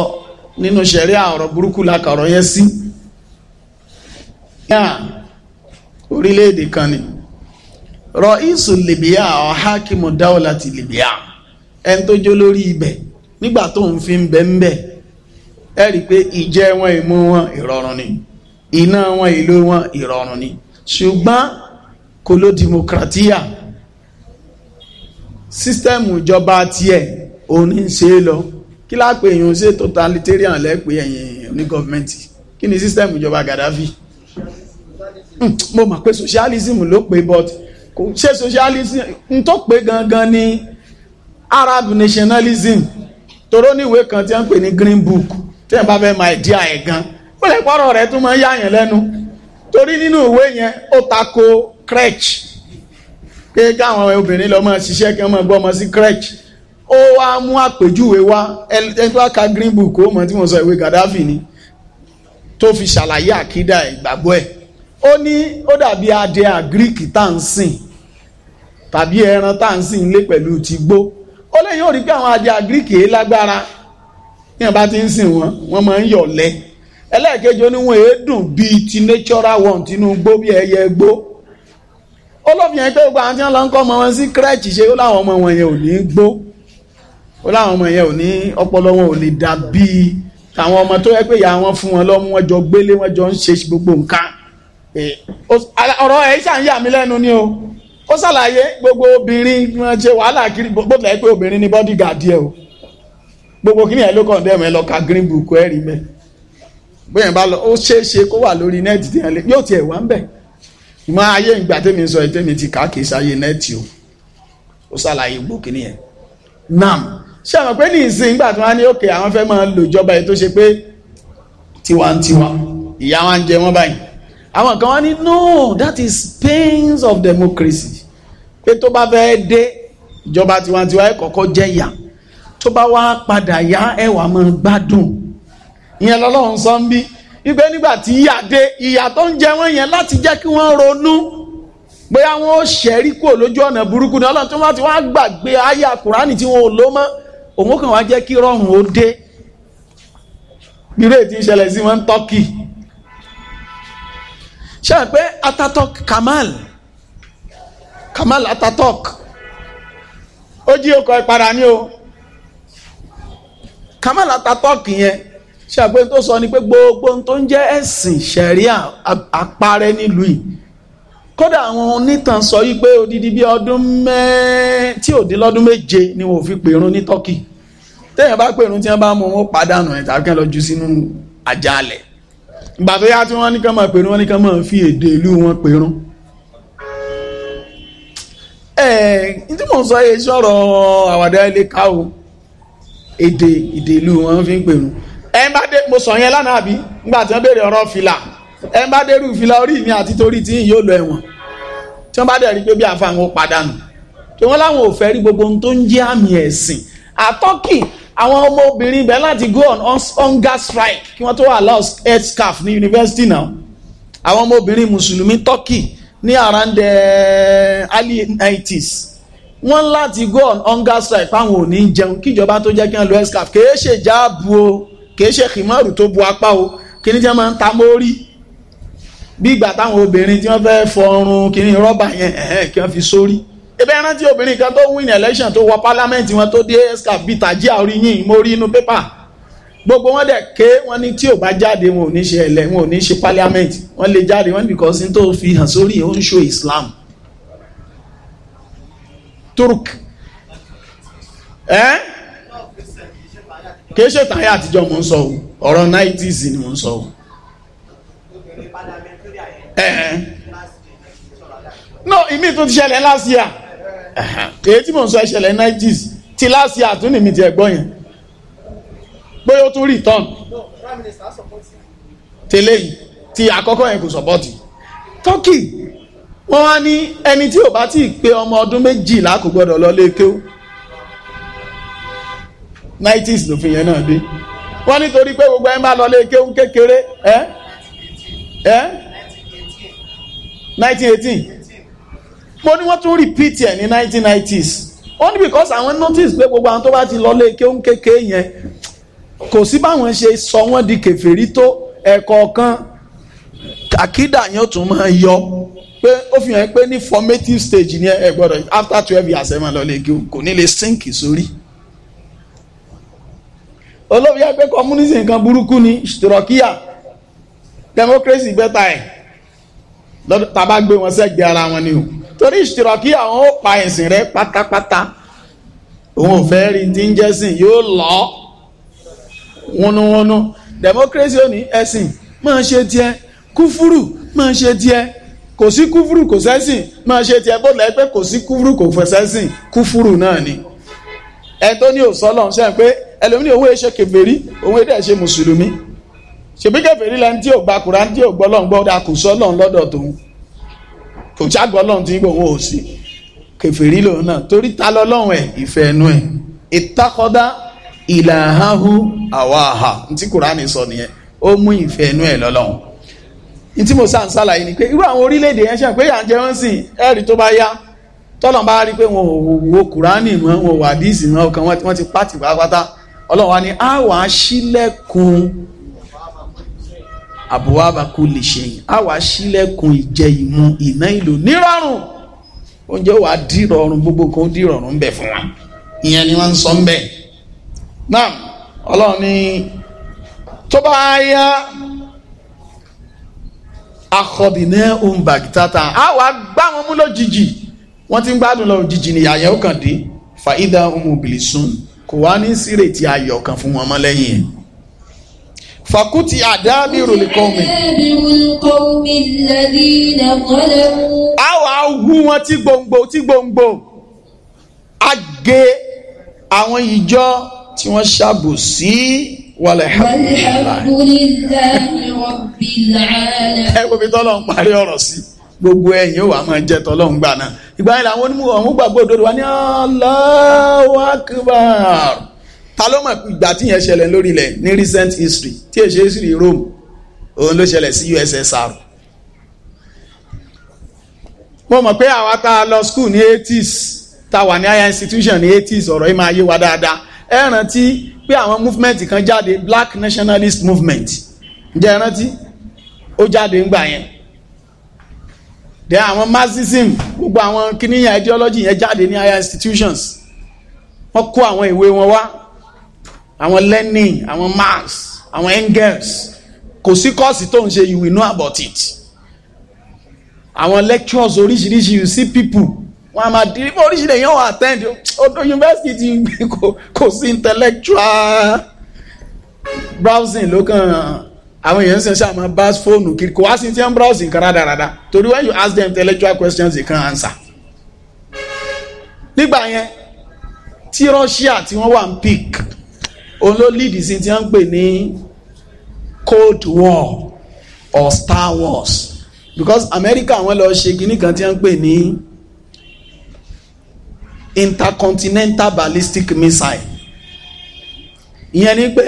nínú ṣẹ̀ríà ọ̀rọ̀ burúkú la kọ̀rọ̀ yẹn sí orílẹ̀-èdè kan ni rọ́ìsù libya ọ̀hákìmù dáwọ́lá ti libya ẹni tó jó lórí ibẹ̀ nígbà tó ń fi ń bẹ́ ń bẹ́ ẹ rí i pé ìjẹ wọn ìmú wọn ìrọ̀rùn ni iná wọn ìlú wọn ìrọ̀rùn ni ṣùgbọ́n kolodimokratia sísítẹ́ẹ̀mù ìjọba tiẹ̀ òun ní ṣe é lọ kí lápè èèyàn ṣe totalitarian lẹ́pẹ́ ẹ̀yìn ní gọ́ọ̀mẹ́ntì kí ni sísítẹ́ẹ̀mù ìjọba Gaddafi hmm, mo mọ̀ pé socialism ló pé but kò ṣe socialism n tó pé gangan ni Arab nationalism toró níwèé kan tí wọ́n ń pè ní green book tí wọ́n bá fẹ́ máa díà ẹ̀ gan ó lè pọ́rọ̀ rẹ̀ tún máa ń yáyàn lẹ́nu torí nínú ìwé yẹn ó tako crèche pé káwọn obìnrin lọ máa ṣiṣẹ́ kí wọ́n máa gbọ́ ọmọ sí crèche ó wá mú àpèjúwe wá ẹni green book ó mọ̀ tí wọ́n sọ ìwé Gaddafi ni tó fi ṣàlàyé àkídà ìgbàgbọ́ ẹ̀ ó ní ó dàbí adé àgíríkì tá à ń sìn tàbí ẹran tá à ń sìn ilé pẹ̀lú ti gbó ó lẹ́yìn ó rí pé àwọn adé àgíríkì yìí lágbára ní ọba tí ń sìn wọn wọ́n máa ń yọ̀lẹ́ ẹlẹ́ẹ̀kejì oníwọ̀n èédùn bíi ti natural one tinú gbó bí ẹyẹ gbó olófin yẹn pé gbogbo àwọn tí wọ́n lọ ń kọ́ ọmọ wọn sí crèche ṣe ó láwọn ọmọ wọn yẹn ò ní gbó ó láwọn ọmọ yẹn ò ní ọpọlọ wọn ò lè dà bíi àwọn ọmọ tó yẹ pé ìyá wọn fún wọn lọ́mú wọn jọ gbélé wọn jọ ń ṣe gbogbo nǹkan ọ̀rọ̀ ẹ̀ ṣàǹyà mí lẹ́nu ni o ó ṣàlàyé gbogbo obìnrin wọn ṣe wàhálà kiri bó tilẹ̀ pé obìnrin ní bodyguard yẹ o gbogbo kí ni ẹ̀ ló kàn dé ẹ̀mẹ́ lọ ka green book ẹ̀rí mẹ́ bóyá bá lọ ó ṣeéṣe kó wà lórí nẹ́ẹ̀tì tí yẹn lé yóò tiẹ̀ wá ń bẹ̀ ìmọ̀ ayé ìgbà tèmi sọ ẹ̀ tèmi ti kà kìí sáyé nẹ́ẹ̀tì o ó ṣàlàyé gbòkè nìyẹn nam ṣé àwọn pé ní ìsìn ìgbà tí wọ́n ní òkè àwọn fẹ́ máa lò ìjọba yìí tó ṣe pé tiwantiwa ìyá wa ń jẹ wọ́n báyìí àwọn kan wá ní no that is pains of democracy pé tó bá fẹ́ dé ìjọba tiwantiwa ẹ̀ kọ́kọ́ jẹ́ ìyà tó bá wá padà yá ẹ̀ wà máa gbádùn ìyẹn lọ́lọ́run sọ ń bí ibẹ̀ nígbà tí ìyà dé ìyà tó ń jẹ wọ́n yẹn láti jẹ́ kí wọ́n ronú bóyá wọn ó ṣẹ́rí kúrò lójú ọ̀nà burúkú ni ọlọ́run tó wá ti wá gbàgbé àyà kùránì tí wọn ò lò mọ́ òun kàn wá jẹ́ kí rọrùn ó dé irú ètí ìṣẹ̀lẹ̀ sí wọn ń tọ́kì ṣe pé Ataturk Kamal Kamal Ataturk ó jí okọ̀ ìpara ní o Kamal Ataturk yẹn ṣàpẹ́ tó sọ ni pé gbogbo tó ń jẹ́ ẹ̀sìn ṣẹ̀ríà àparẹ́ nílùú yìí kódà àwọn onítàn sọ yìí pé odidi bíi ọdún mẹ́ẹ́ tí ò dín lọ́dún méje ni wọ́n fi pèrún ní Tọ́kì téèyàn bá pèrún tí wọ́n bá mú wọn pàdánù ẹ̀ tàbí kẹ́ lọ jù sínú àjàalẹ̀ ìgbà tó yá tí wọ́n ní kán máa pèrún wọ́n ní kán máa fi èdè ìlú wọn pèrún. ẹ ẹ tí mò ń sọ yìí sọ̀rọ̀ àwàdà ilé ká o èdè ìdè ìlú wọn fi ń pèrún ẹ bá dé mo sọ yẹn lánàá bí nígbà tí wọ́n béèrè ọ̀rọ̀ fìlà ẹ bá dérú fìlà orí mi àti torí tí yìí yóò lọ ẹ̀wọ̀n tí wọ́n bá dẹ̀ rí pé bí àfa àwọn padànù tí wọ́n láwọn ò fẹ́ rí gbogbo ohun tó ń jẹ́ àmì ẹ̀sìn àtọ́kì àwọn ọmọ obìnrin láti go on hunger strike kí wọ́n tó wà lọ́s headscarf ní yunifásitì náà àwọn ọmọ obìnrin mùsùlùmí tọ́kì ní around the eh, early 90s wọ́n láti go on hunger strike fáwọn ò ní jẹun kíjọba tó jẹ́ kí wọ́n lo headscarf kì í ṣèjáàbù o kì í ṣe kìmọ́rù tó bu apá o kí ni jẹ́ máa ń ta mórí bí ìgbà táwọn obìnrin tí wọ́n fẹ́ fọrun kí ni rọ́bà yẹn ẹ̀hẹ́n kí wọ́n fi sórí ebe rántí obìnrin kan tó win election tó wọ parliament wọn tó dé escap bíi tàjí àorí yìn mórí inú pépà gbogbo wọn dẹ̀ ké wọn ní tí ò bá jáde wọn ò ní ṣe ẹlẹ wọn ò ní ṣe parliament wọn lè jáde wọn because tó fi hàn sórí ó ń ṣó Islam Turk eh? kìí ṣe tàyà àtijọ́ mò ń sọ o ọ̀rọ̀ 90 ni mò ń sọ o. no ìmí tún ti ṣẹlẹ̀ last year èyí tí mò ń sọ ìṣẹ̀lẹ̀ 90s ti last year tún nìmí ti ẹ̀gbọ́n yẹn pé ó tún return tẹ́lẹ̀ yìí ti àkọ́kọ́ yẹn kò sọ̀pọ̀tì Turkey wọ́n wá ní ẹni tí ò bá tí ì ọmọ ọdún méjìlá kò gbọ́dọ̀ lọ lé kéwú nineties lòfin yẹn náà dé wọ́n nítorí pé gbogbo ẹ̀ ń bá lọ lé kéwú kékeré ẹ́ ẹ́ nineteen eighteen mo ní wọ́n tún repeat ẹ̀ ní nineteen nineties only because àwọn notice pé gbogbo àwọn tó bá ti lọ lé kéwú kékeré yẹn kò sí báwọn ṣe sọ wọ́n di kèfèrí tó ẹ̀kọ̀ọ̀kan àkídà yẹn tún máa yọ pé ó fi hàn pé ní formative stage ni ẹ gbọ́dọ̀ after twelve years ẹ máa lọ lé kéwú kò ní lè sink sórí. So olóbi yá pé communism nǹkan burúkú ni ṣtìrọ̀kíyà democracy bẹ́tà ẹ̀ lọ́dọ̀ tàbá gbé wọn sẹ́gbẹ̀ẹ́ ara wọn ni o torí ṣtìrọ̀kíyà wọn ó pa ẹ̀sìn rẹ pátápátá òun ò fẹ́ rí ti ń jẹ́sìn yóò lọ́ wọnúwọnú democracy ò ní ẹ̀sìn máa ṣe tiẹ̀ kúfúrù máa ṣe tiẹ̀ kò sí kúfúrù kò sẹ́sìn máa ṣe tiẹ̀ bó lẹ́ pé kò sí kúfúrù kò fẹsẹ̀sìn kúfúrù náà ni ẹ tó ní òsọ́lọ́ ṣe pé ẹlòmíì owó ẹ̀ṣẹ̀ kèfèrí owó ẹ̀dẹ̀ ṣe mùsùlùmí ṣèbí kèfèrí lẹni tí ò gba kùrán tí ò gbọ́ lọ́n gbọ́ dà kò sọ lọ́n lọ́dọ̀ tòun kò ṣàgbọ́ lọ́n tí gbòòwò ò sí kèfèrí lòun náà torí ta lọ́lọ́run ẹ̀ ìfẹ́ ẹnu ẹ̀ ìtakọ́dá ìlàháhù àwàhà ntí kùránì sọ nìyẹn ó mú ìfẹ́ ẹnu ẹ̀ lọ́lọ́run ntí mo sàn sàlàyé ni pé irú àwọn orílẹ̀-èdè yẹn ṣe pé yà ń jẹ wọ́n sìn ẹ̀rí tó bá yá tọ́lọ̀ bá rí pé wọn ò wo kùránì mọ́ wọn ò wà díìsì mọ́ ọkàn wọn ti pàtì pátápátá ọlọ́run wa ni a wà á ṣílẹ̀kùn àbúwábà kò lè ṣẹ̀yìn a wà á ṣílẹ̀kùn ìjẹ ìmu ìná ìlò nírọ̀rùn oúnjẹ wà á dìrọ̀rùn gbogbo kan dìrọ̀rùn ń bẹ fún wa ìyẹn ni wọ́n ń sọ ń bẹ̀ náà ọlọ́run ni tó bá yá akọbìnrin ohun bàgítàtà a wà á gbá wọn mú lójijì wọ́n ti ń gbádùn lọ òjijì nìyà yẹn ó kàn dé fàídà ohun òbílẹ̀ sùn kò wá ní sírètí ayọ̀ kan fún wọn mọ́ lẹ́yìn ẹ̀ fakuti àdáàbí rolicomi. a wà á wú wọn tí gbòǹgbò tí gbòǹgbò a gé àwọn ìjọ tí wọ́n ṣàbòsí walhamdulillahi rabbil alamin. ẹ wo bí tọ́lọ̀ ń parí ọ̀rọ̀ sí i gbogbo ẹ̀yìn ó wà máa jẹ́ tọ́lọ́run gbà náà ìgbà yẹn làwọn onímọ̀ ọ̀hún gbàgbọ́ òdodo wa ní Allahu Akbar ta ló mọ̀ ìgbà tí yẹn ṣẹlẹ̀ lórí ilẹ̀ ní recent history tí èṣe history Rome òun ló ṣẹlẹ̀ sí USSR mo mọ̀ pé àwa tá a lọ school ní eighties tá a wà ní higher institution ní eighties ọ̀rọ̀ yìí máa yé wa dáadáa ẹ rántí pé àwọn movement kan jáde Black Nationalist Movement ǹjẹ́ ẹ rántí ó jáde ńgbà yẹn then àwọn marxism gbogbo àwọn kìnìyàn ideology yẹn jáde ní higher institutions wọ́n kó àwọn ìwé wọn wá àwọn Lenin àwọn Marx àwọn Engels kò sí kọ́ọ̀sì tó ń ṣe you will know about it àwọn lectures oríṣiríṣi you see people wọ́n a máa di oríṣiríṣi èèyàn wà attend odò yunifásitì kò sí intellectual browsing ló àwọn èèyàn ṣe ṣe àmọ́ bá fóònù kiri kò wá sí ti ń browse nǹkan rádaràda torí when you ask them intellectual questions they can answer. nígbà yẹn tí Russia tí wọ́n wà ń pick òun ló lead sí ti ń pè ní Cold War or Star Wars because America wọ́n lọ ṣe kinní kan tí wọ́n ń pè ní intercontinental ballistic missile ìyẹn ni pé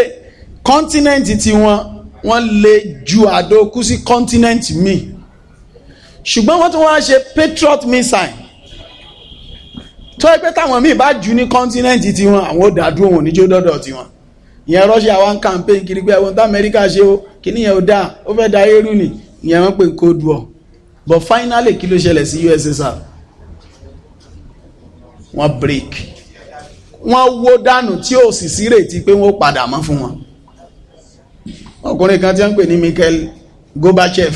kọ́ńtínẹ́ǹtì tiwọn wọ́n lè ju àdókù sí continent míì ṣùgbọ́n wọ́n tún wá ṣe patriot missile tó ẹgbẹ́ táwọn míì bá jù ní continent tiwọn àwọn ò dádúró wọn níjó dọ́dọ̀ tiwọn ìyẹn Russia wá ń campaign kiri pé ẹ̀wọ̀n tó Amẹ́ríkà ṣe ó kíní yẹn ó dáa ó fẹ́ da eérú ni ìyẹn wọ́n pè Cold War but finally kí ló ṣẹlẹ̀ sí USSR wọ́n break wọ́n wó dànù tí ò sì sírètí pé wọ́n padà mọ́ fún wọn ọkùnrin kan tí wọ́n ń pè ní Mikhail Gorbachev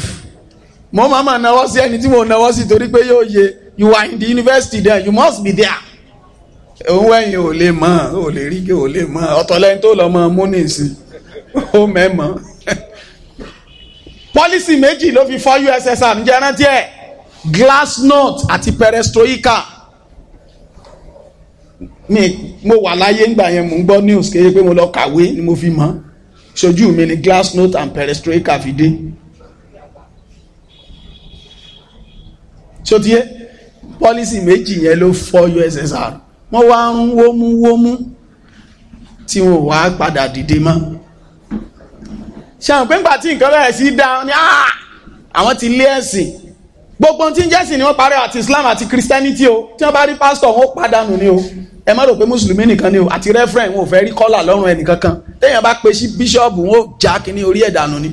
mo máa ma nawọ́ sí ẹni tí mo nawọ́ sí torí pé yóò yẹ you are in the university there you must be there òun wẹ̀yìn ò lè mọ̀ ò lè rí kí ò lè mọ̀ ọ̀tọ̀lẹ́yìn tó lọ́mọ múnisì ó mẹ́mọ́ pọ́lísì méjì ló fi fọ́ USSR ń jẹ́ rántí glasnost àti perestroika mi mo wà láyé ńgbà yẹn mò ń gbọ́ news kéye pé mo lọ kàwé ni mo fi mọ̀ ṣojú mi ni glasnost and perestroika fi dé ṣòtíyé pọ́lísì méjì yẹn ló fọ́ USSR wọ́n wá ń wómú wómú tí wọ́n wá padà dìde mọ́ ṣe àwọn pé ńgbà tí nǹkan bẹ̀rẹ̀ sí dáa ni ah! àwọn ti lé ẹ̀sìn gbogbo tí ń jẹ́sìn ni wọ́n parẹ́ àti Islam àti Christianity o tí wọ́n bá rí pásítọ̀ wọn ó pàdánù ni o ẹ má rò pé mùsùlùmí nìkan ni o àti reverend wọn ò fẹ́ rí kọ́là lọ́rùn ẹnìkankan téèyàn bá pe sí bíṣọ́ọ̀bù wọn ò já kínní orí ẹ̀dànù ni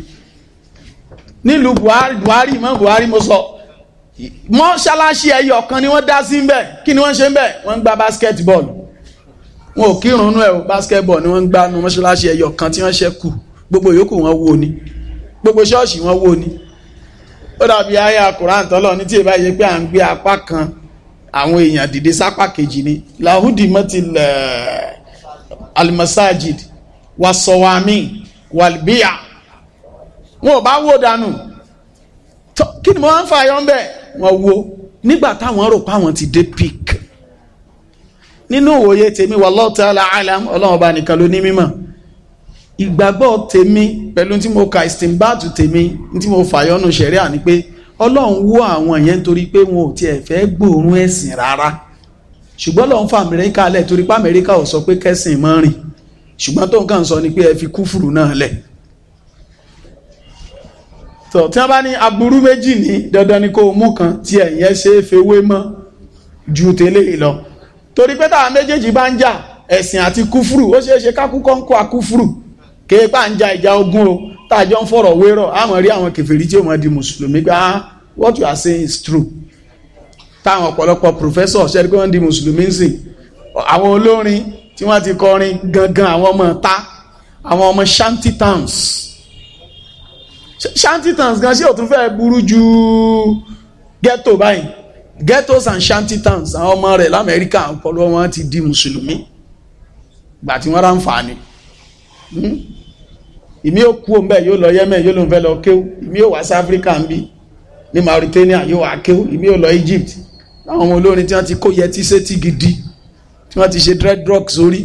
nílùú Buhari Buhari mọ́ Buhari mo sọ mọ́ṣáláṣí ẹyọ ọ̀kan ni wọ́n dá sí ńbẹ̀ kí ni wọ́n ṣe ńbẹ̀ wọ́n ń gba basketball wọn ò kírun ẹ̀ o basketball ni wọ́n ń gbá nu mọ́ṣáláṣí ẹyọ ọ̀kan tí wọ́n ṣẹ́kù gbogbo yòókù wọn wó ni gbogbo ṣọ́ọ̀ṣì wọn wó ni ó dàbí àyà Kùránì tọ́lọ̀ ní tí èbá yẹ pé à ń gbé apá kan àwọn èèyàn dìde sápá kejì ni lahudi matil almasajid wasowami walbiya wọn ò bá wó dànù kí ni mo máa ń fa ayọ́ ń bẹ̀ wọ́n wo nígbà táwọn rò páwọn ti dé pik nínú òwòye tèmi wallahu ta'ala alam ọlọ́run ọba nìkan ló ní mímọ̀ ìgbàgbọ́ tèmi pẹ̀lú tí mo ka ìsìnbáàtù tèmi tí mo fàyọ́nù ṣẹ̀rí à ní pé ọlọ́run wó àwọn yẹn torí pé wọn ò tiẹ̀ fẹ́ gbòòrùn ẹ̀sìn rárá ṣùgbọ́n lọ́n fa amẹ́ríkà lẹ̀ torí pé amẹ́ríkà ò sọ pé kẹ́sìn mọ́ rìn ṣùgbọ́n tó nǹkan sọ ni pé ẹ fi kúfùrù náà lẹ̀ tọ̀ tí wọ́n bá ní aburú méjì ní dandan ni kó mú kan tí ẹ̀yẹ ṣe é fewé mọ́ ju tẹ́lẹ̀ lọ torí pé táwọn méjèèjì bá ń jà ẹ̀sìn àti kúfùrù ó ṣeé ṣe kákúkọ́ ń kó akúfùrù kéèpà ń ja ìjà ogun o tàjọ ń fọ̀rọ̀ wérọ̀ àmọ́ rí àwọn kèfèrí tí ó mọ̀ di mùsùlùmí pé ah what you are saying is true táwọn ọ̀pọ̀lọpọ̀ professor ṣẹ́ni pé wọ́n di mùsùlùmí ń sìn àwọn olórin tí wọ́n ti kọrin gangan àwọn ọmọ ta àwọn ọmọ shanty towns shanty towns gan ṣé ò tún fẹ́ burú ju ghetto báyìí ghettos and shanty towns àwọn ọmọ rẹ̀ lamẹ́ríkà ọ̀pọ̀lọpọ̀ wọn ti di mùsùlùmí gbà tí wọ́n rà ń fà á ni ìmí ò kú òǹbẹ yóò lọ Yemen yóò lóun fẹ́ lọ kéwú ìmí ò wá sí Áfíríkà ń bí ní Mauritania yóò wá kéwú ìmí ò lọ Egypt láwọn ọmọ olórin tí wọ́n ti kó yẹtí sétí gidi tí wọ́n ti ṣe dreadlock sórí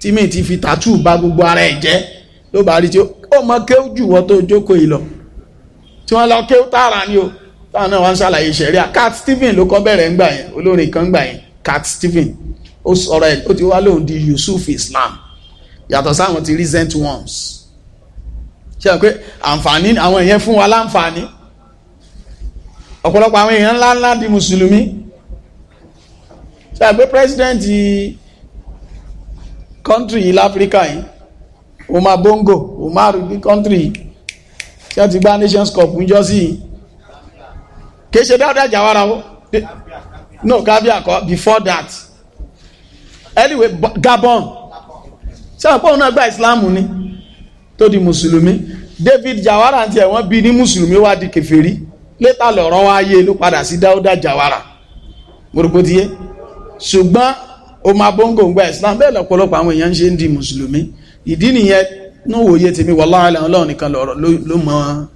tí mi ti fi tàtú bá gbogbo ara ẹ̀ jẹ́ ló bá rí tí ó mọ kéwú jù wọ́n tó jókòó yìí lọ tí wọ́n lọ kéwú tààrà ni o táwọn náà wọ́n ṣàlàyé ìṣẹ̀rí à Cat Stephen ló kọ́ bẹ̀rẹ̀ ńgbà yẹn olórin kan gbà yẹn Cat Stephen ó sọ̀rọ̀ ẹ̀ ó ti wá lóun di Yusuf Islam yàtọ̀ sáwọn ti recent ones ṣe pé àǹfààní àwọn èèyàn fún wa láǹfààní ọ̀pọ̀lọpọ̀ àwọn èèyàn ńláńlá di mùsùlùmí ṣe pé president country yìí láfíríkà yìí Omar Bongo Omar bí country ṣe ti gba Nations Cup ń jọ sí i kì ṣe dáadáa jàwára o no kábíà kọ before that anyway Gabon ṣe àpò òun náà gba Islam ni tó di mùsùlùmí David Jawara ti ẹ̀ wọ́n bí ní mùsùlùmí wá di kèfèrí létà lọ́rọ́ wá yé ló padà sí Dáúdà Jawara gbogbo ti yé ṣùgbọ́n o máa bóńgò ń gba Islam bẹ́ẹ̀ lọ́pọ̀lọpọ̀ àwọn èèyàn ń ṣe ń di mùsùlùmí ìdí nìyẹn ní òye tèmi wallahi Ọlọ́run nìkan ló mọ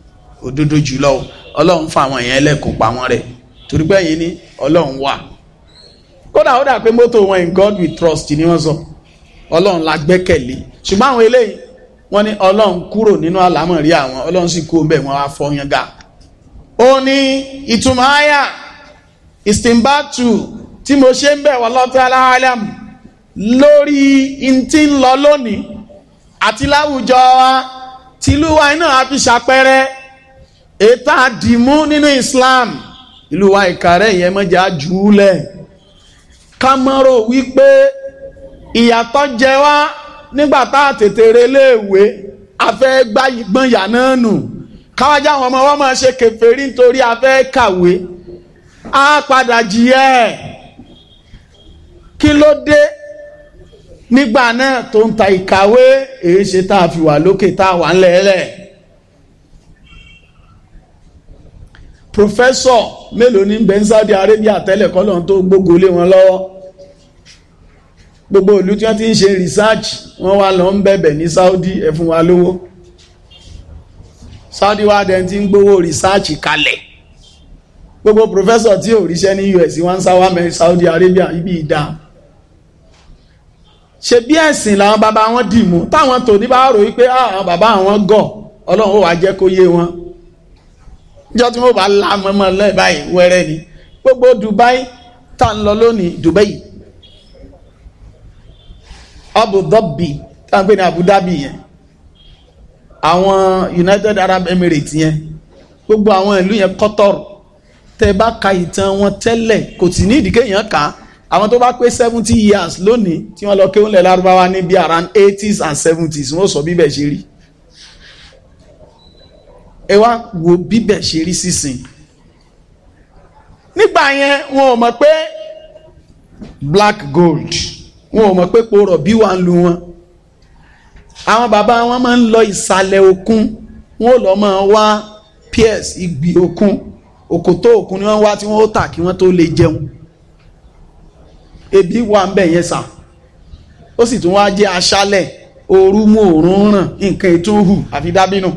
òdodo jùlọ Ọlọ́run fa àwọn èèyàn ẹlẹ́kùn pa wọn rẹ̀ torí pé ẹ̀yin ní wà kódà ó dà pé mọ́tò wọn in God we trust ni wọ́n sọ Ọlọ́run la gbẹ́kẹ̀lé ṣùgbọ́n àwọn eléyìí wọ́n ní ọlọ́run kúrò nínú àlámọ̀rí àwọn ọlọ́run sì kú ọbẹ̀ wọn afọyanga ó ní ìtumọ̀ àyà ìsìnbàtù tí mo ṣe ń bẹ̀ wọ́n lọ́tọ́ aláhàlám lórí ntí ń lọ lónìí àti láwùjọ wa tìlú wa iná àfi ṣàpẹrẹ ètò àdìmú nínú Islam ìlú wa ìkàrẹ́ ìyẹn mọ́jà jùúlẹ̀ kámọ́rò wípé ìyàtọ̀ jẹ wá nígbà tá a tètè reléèwé afẹ́ gbọ́nyà náà nù káwájà àwọn ọmọ wọn máa ṣe kèfèrí nítorí afẹ́ kàwé á padà jìyà ẹ̀ kí ló dé nígbà náà tó ń ta ìkàwé èyí ṣe tá a fi wà lókè tá a wà ńlẹ̀ẹ́lẹ̀. pòfẹ́sọ̀ mélòó ní bẹ́ńsáàdì arábíà tẹ́lẹ̀ kọ́ lóun tó gbógun lé wọn lọ́wọ́ gbogbo ìlú tí wọ́n ti ń ṣe research wọ́n wá lọ ń bẹ̀bẹ̀ ní Saudi ẹ fún wa lówó Saudi wá dẹ̀ ti ń gbowó research kalẹ̀ gbogbo professor tí ò ríṣẹ́ ní US wọ́n ń sáwá mẹ́ Saudi Arabia ibi ìdá ṣe bí ẹ̀sìn làwọn bàbá wọn dì mú táwọn tòní bá rò wípé ah, àwọn bàbá àwọn gọ̀ Ọlọ́run ó wàá jẹ́ kó yé wọn níjọ́ tí wọ́n bá lá mọ́mọ́ wẹ́rẹ́ ni gbogbo Dubai tá ń lọ lónìí Dubai Abu Dhabi táwọn pè ní Abu Dhabi yẹn àwọn United Arab Emirates yẹn gbogbo àwọn ìlú yẹn Qatar tẹ bá ka ìtàn wọn tẹ́lẹ̀ kò sì ní ìdíkẹ́ yẹn kà àwọn tó bá pé seventy years lónìí tí wọ́n lọ kí wọ́n lẹ̀ lárúbáwá ní bí around eighties and seventies wọ́n sọ bíbẹ̀ ṣe rí ẹ wá wo bíbẹ̀ ṣe rí sísìn nígbà yẹn wọn ò mọ̀ pé black gold wọn ò mọ̀ pé po rọ̀bí wà ń lu wọn àwọn bàbá wọn máa ń lọ ìsàlẹ̀ òkun wọn ò lọ máa wá piers ìgbì òkun òkòtó òkun ni wọ́n wá tí wọ́n ó tà kí wọ́n tó lè jẹun ebi wà ń bẹ̀ yẹn sà ó sì tún wá jẹ́ aṣálẹ̀ ooru mú òórùn ràn nǹkan ètò hù àfi dábínú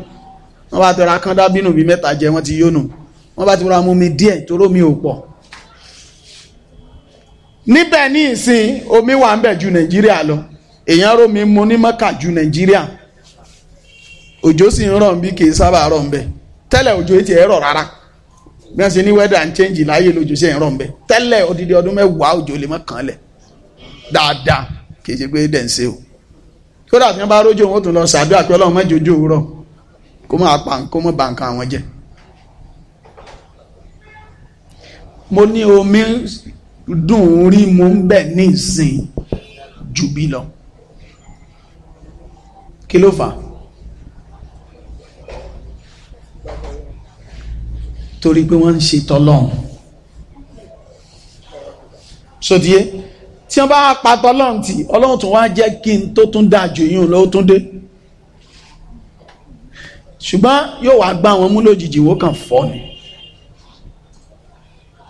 wọ́n bá tọrọ akán dábínú bíi mẹ́ta jẹ wọ́n ti yónú wọ́n bá ti rọra mú mi díẹ̀ toró ò pọ̀ níbẹ̀ ní ìsìn omi wà ń bẹ̀ ju nàìjíríà lọ èèyàn romi mu ní ju nàìjíríà òjò sì ń rọ̀ bí kì í sábà rọ̀ ń bẹ̀ tẹ́lẹ̀ òjò etí ẹ̀ rọ̀ rárá bí ní weather and change láyé lójò sí ẹ̀ rọ̀ ń bẹ̀ tẹ́lẹ̀ odidi ọdún mẹ́wàá òjò lè mọ́ kàn lẹ̀ dáadáa kì o kódà tí wọ́n bá rójò wọn tún lọ ọlọ́run òwúrọ̀ kó má pa omi dùn rí mo ń bẹ̀ ní ìsìn jù bí lọ kí ló fà torí pé wọ́n ń ṣe tọlọ́run sódíé tí wọ́n bá pa tọlọ́run tì ọlọ́run tún wá jẹ́ kí n tó tún dáa jù yín lọ ó dé ṣùgbọ́n yóò wá gbá wọn mú lójijì wó kàn fọ́ ni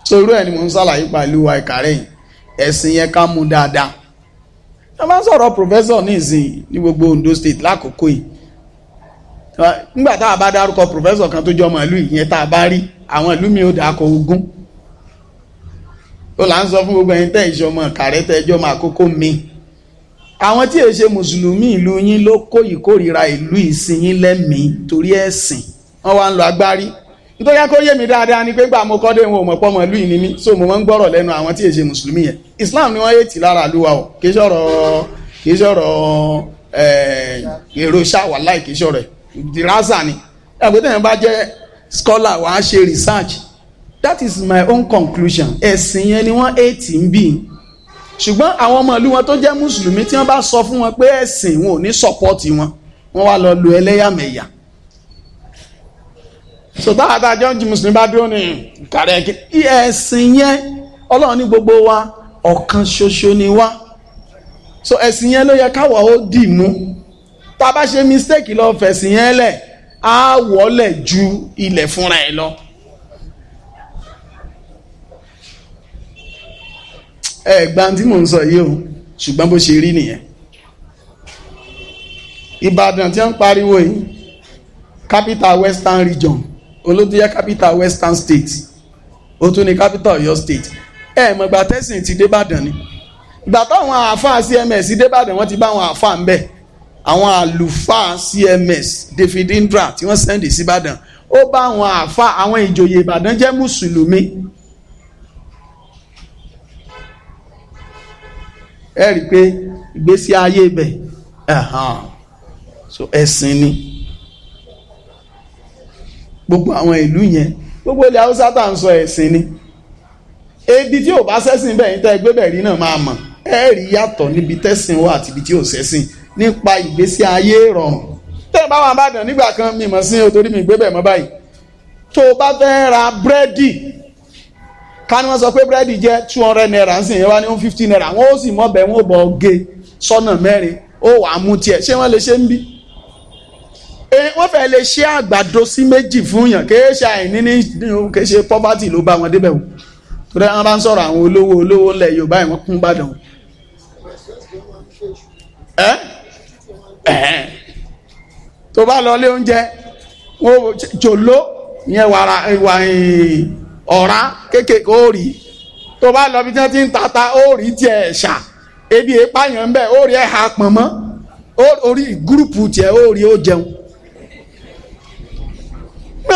sórí ẹ̀ ni mò ń ṣàlàyé pẹ̀lú wa ìkàrẹ́ yìí ẹ̀sìn yẹn ká mú dáadáa ẹ máa ń sọ̀rọ̀ professor ní ìsìn ní gbogbo Ondo state lákòókò yìí nígbà tá a bá dárúkọ professor kan tó jọ ọmọ ìlú ìyẹn tá a bá rí àwọn ìlú mi ò dà kọ ogún ó là ń sọ fún gbogbo ẹ̀yin tẹ́ ìṣọmọ ìkàrẹ́ tẹ́ ẹjọ́ máa kókó mi àwọn tí èṣe mùsùlùmí ìlú yín ló kó ìkórìíra ìlú ìsìn yín lẹ́mìí torí ẹ̀sìn wọ́n wá ń lo agbárí nítorí kó yé mi dáadáa ni pé gbà mo kọ́ dé wọn ò mọ̀ pọ́ mọ̀ ìlú yìí ni mí so mo máa ń gbọ́rọ̀ lẹ́nu àwọn tí èṣe mùsùlùmí yẹn Islam ni wọ́n yé tì lára àlúwa o kì í sọ̀rọ̀ kì í sọ̀rọ̀ eh, èrò ṣàwà kì í sọ̀rọ̀ dirasa ni ẹ̀gbọ́n yẹn bá jẹ́ scholar wàá ṣe research that is my own conclusion ẹ̀sìn yẹn ni wọ́n yé tì ń bì í ṣùgbọ́n àwọn ọmọ ìlú wọn tó jẹ́ mùsùlùmí tí wọ́n bá sọ fún wọn pé ẹ̀sìn wọn ò ní support wọn wọ́n wá lọ lo ẹlẹ́yàmẹ̀yà so táwọn àtàjọ ń jí mùsùlùmí bá dúró ní kàrẹ́ kí ẹ̀sìn yẹn ọlọ́run ní gbogbo wa ọ̀kan ṣoṣo ni wa. so ẹ̀sìn yẹn ló yẹ káwọ̀ ó dì mú tá a bá ṣe mistake lọ fẹ̀sìn yẹn lẹ̀ á wọ́lẹ̀ ju ilẹ̀ fúnra ẹ̀ lọ. ẹ gbà tí mò ń sọ yìí o ṣùgbọ́n bó ṣe rí nìyẹn Ìbàdàn tí wọ́n ń pariwo yìí capital Western Region olótúyẹ capital western state ó tún ní capital Ọ̀yọ́ state ẹ mọ̀ gbà tẹ́sìn ti débàdàn ni gbà táwọn àáfàá cms débàdàn wọ́n ti bá àwọn àáfàá ń bẹ̀ àwọn àlùfáà cms davidindra tí wọ́n sẹ́ndì síbàdàn ó bá àwọn àáfàá àwọn ìjòyè ìbàdàn jẹ́ mùsùlùmí. ẹ rí i pé ìgbésí ayé ibẹ̀ ẹ̀hán so ẹ̀sìn ni gbogbo àwọn ìlú yẹn gbogbo ilẹ̀ haúsá tá à ń sọ ẹ̀sìn ni ebi tí ò bá sẹ́sìn bẹ́ẹ̀ ní tẹ́ ẹgbẹ́ bẹ̀rí náà máa mọ̀ ẹ rí yàtọ̀ níbi tẹ́sìn wà àti ibi tí ò sẹ́sìn nípa ìgbésí ayé rọrùn tẹ́lẹ̀ bá wà bá nígbà kan mi mọ̀ sí o torí mi gbé bẹ̀ mọ́ báyìí tó o bá fẹ́ ra búrẹ́dì ká ní wọ́n sọ pé búrẹ́dì jẹ́ two hundred naira ń sìn yẹn wá ní fifty naira wọ́n ó sì mọ̀ bẹ́ẹ̀ wọ́n ó bọ̀ ọ́ gé sọ́nà mẹ́rin ó wàá mú tiẹ̀ ṣé wọ́n lè ṣe ń bí Eh, wọ́n fẹ́ lè ṣe àgbàdo sí méjì fún yàn kéé ṣe àìní ní kéé ṣe poverty ló bá wọn débẹ̀ o torí wọn bá ń sọ̀rọ̀ àwọn olówó olówó ńlẹ̀ Yorùbá yìí wọ́n kún Ìbàdàn. ẹ tó bá lọ lé oúnjẹ wọn ò jòló yẹn wàrà ìwà ọ̀rá kéékèèké ó rí tó bá lọ bí tí wọ́n ti ń tata ó rí tiẹ̀ ṣà ebi èèpààyàn ń bẹ̀ ó rí ẹ̀ ha pọ̀nmọ́ ó rí gúrùpù tiẹ̀ ó rí ó jẹun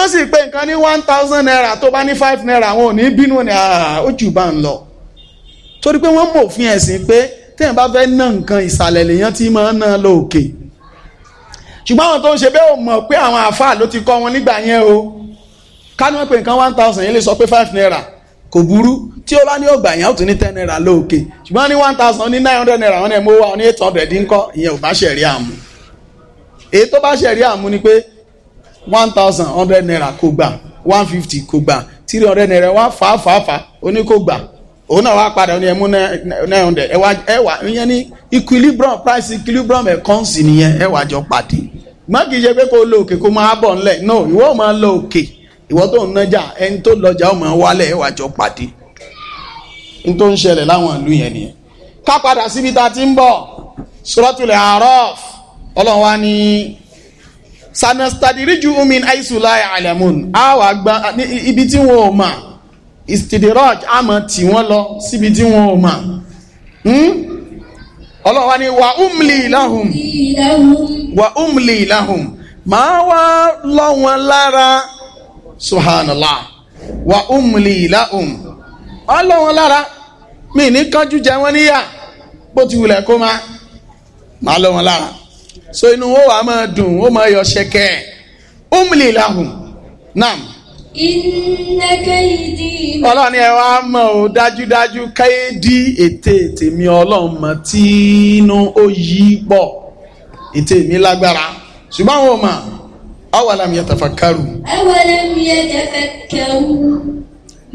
ó sì pé nǹkan ní one thousand naira tó bá ní five naira wọn ò ní bínú ni ó jù bá ń lọ torí pé wọ́n mọ̀ òfin ẹ̀sìn pé téèyàn bá fẹ́ ná nǹkan ìsàlẹ̀ lèèyàn ti máa ń ná lóòkè ṣùgbọ́n àwọn tó ń ṣe bẹ́ẹ̀ ò mọ̀ pé àwọn àáfàá ló ti kọ́ wọn nígbà yẹn o ká ní wọ́n pé nǹkan one thousand yẹn lè sọ pé five naira kò burú tí ó bá ní ọgbà yẹn ó tún ní ten naira lóòkè ṣùgbọ́n ní one thousand ní nine hundred naira wọn ẹ̀ mọ́ wa ní eight hundred ńkọ́ ìyẹn ò bá ṣẹ̀rí àmú èyí tó bá ṣẹ̀rí àmú ni pé one thousand hundred naira kò gbà one fifty kò gbà three hundred naira wá fà á fà á fà á oní kò gbà òun náà wá padà ní ẹmú nine hundred ẹwà ẹwà ìyẹn ní equilibrium price equilibrium ẹ̀kan sì nìyẹn ẹwà jọ pàdé má kì í ṣe pé kó lọ òkè kó máa bọ̀ ńlẹ̀ no ìwọ ò máa lọ òkè ìwọ tó ń nájà ẹni tó lọjà ò máa wálẹ̀ ẹwà jọ pàdé ní tó ń ṣẹlẹ̀ láwọn ìlú yẹn nìyẹn ká padà síbi tá a ti ń bọ̀ suratul Araf ọlọ́run wa sanastadiriju umin aisulaya alamun a wà gba ibi tí wọn ò mà istidiraj àmọ́ tí wọ́n lọ síbi tí wọn ò mà hmm? ọlọ́wà ni wà umli lahum wà umli lahum máa wá lọ wọn lára subhanallah wà umli lahum wà lọ wọn lára mi ní kánjú jẹ wọn níyà bó ti wulẹ̀ kó má máa lọ lára so inú wọn wà á máa dùn ó máa yọ ṣẹkẹ umli lahum nam. iná kéèdì. ọlọ́run ẹ wá mọ̀ ọ́ dájúdájú kéèdì ètè tèmi ọlọ́run mọ̀ tí inú ó yí pọ̀ ètè mi lágbára ṣùgbọ́n àwọn ọmọ awalam yatafakkaru. awalam yatafakkaru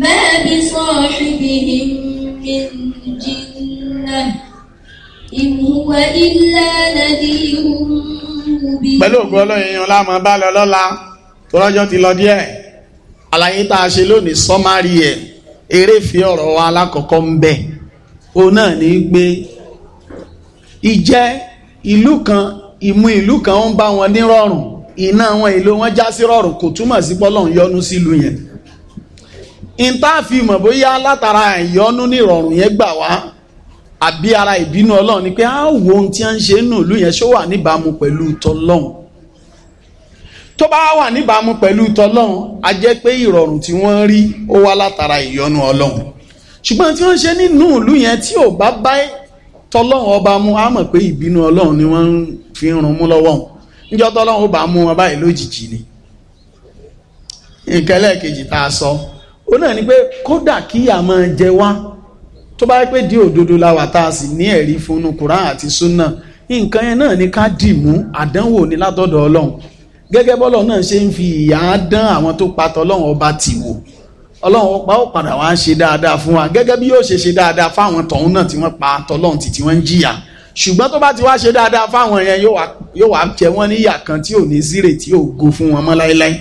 ma bi sahibihim min jinnah pẹ̀lú ògùn ọlọ́yin yan láàmú bá lọ lọ́la tọ́lọ́jọ́ ti lọ díẹ̀ àlàyé tá a ṣe lónìí sọ́márì ẹ̀ eré fi ọ̀rọ̀ wa alákọ̀ọ́kọ́ ń bẹ òun náà ní pé ìjẹ́ ìlú kan ìmú ìlú kan ń bá wọn nírọ̀rùn iná wọn ìlú wọn já sí rọ̀rùn kò túmọ̀ sí pọ́lọ́run yọ́nú sílùú yẹn ìta fi mọ̀ bóyá látara ìyọ́nú nírọ̀rùn yẹn gbà wá àbí ara ìbínú ọlọ́run ni pé á wo ohun tí a ń ṣe nù ìlú yẹn ṣó wà níbàámu pẹ̀lú tọlọ́run tó bá wà níbàámu pẹ̀lú tọlọ́run a jẹ́ pé ìrọ̀rùn tí wọ́n rí ó wá látara ìyọ́nú ọlọ́run ṣùgbọ́n tí wọ́n ṣe nínú ìlú yẹn tí ò bá bá tọlọ́run ọba mu á mọ̀ pé ìbínú ọlọ́run ni wọ́n fi ń rún mú lọ́wọ́ wọn níjọ́ tọlọ́run ó bá mú wọn báyìí lójijì ni nǹkan ẹlẹ́ẹ̀kejì tá a sọ ó náà ni pé kódà kíyà máa jẹ wá tó bá yẹ pé di òdodo la wà tá a sì ní ẹ̀rí fúnnu Quran àti Sunnah nǹkan yẹn náà ni ká dì mú àdánwò ní látọ̀dọ̀ Ọlọ́run gẹ́gẹ́ bọ́lọ̀ náà ṣe ń fi ìyà dán àwọn tó patọ́ Ọlọ́run ọba tì wò Ọlọ́run ọba ó padà wá ń ṣe dáadáa fún wa gẹ́gẹ́ bí yóò ṣe ṣe dáadáa fáwọn tọ̀hún náà tí wọ́n pa tọ́lọ́run tì tí wọ́n ń jìyà ṣùgbọ́n tó bá ti wá ṣe dáadáa fáwọn yẹn yóò wá jẹ wọ́n níyà kan tí ò ní zírè tí ò go fún wọn mọ́ láéláé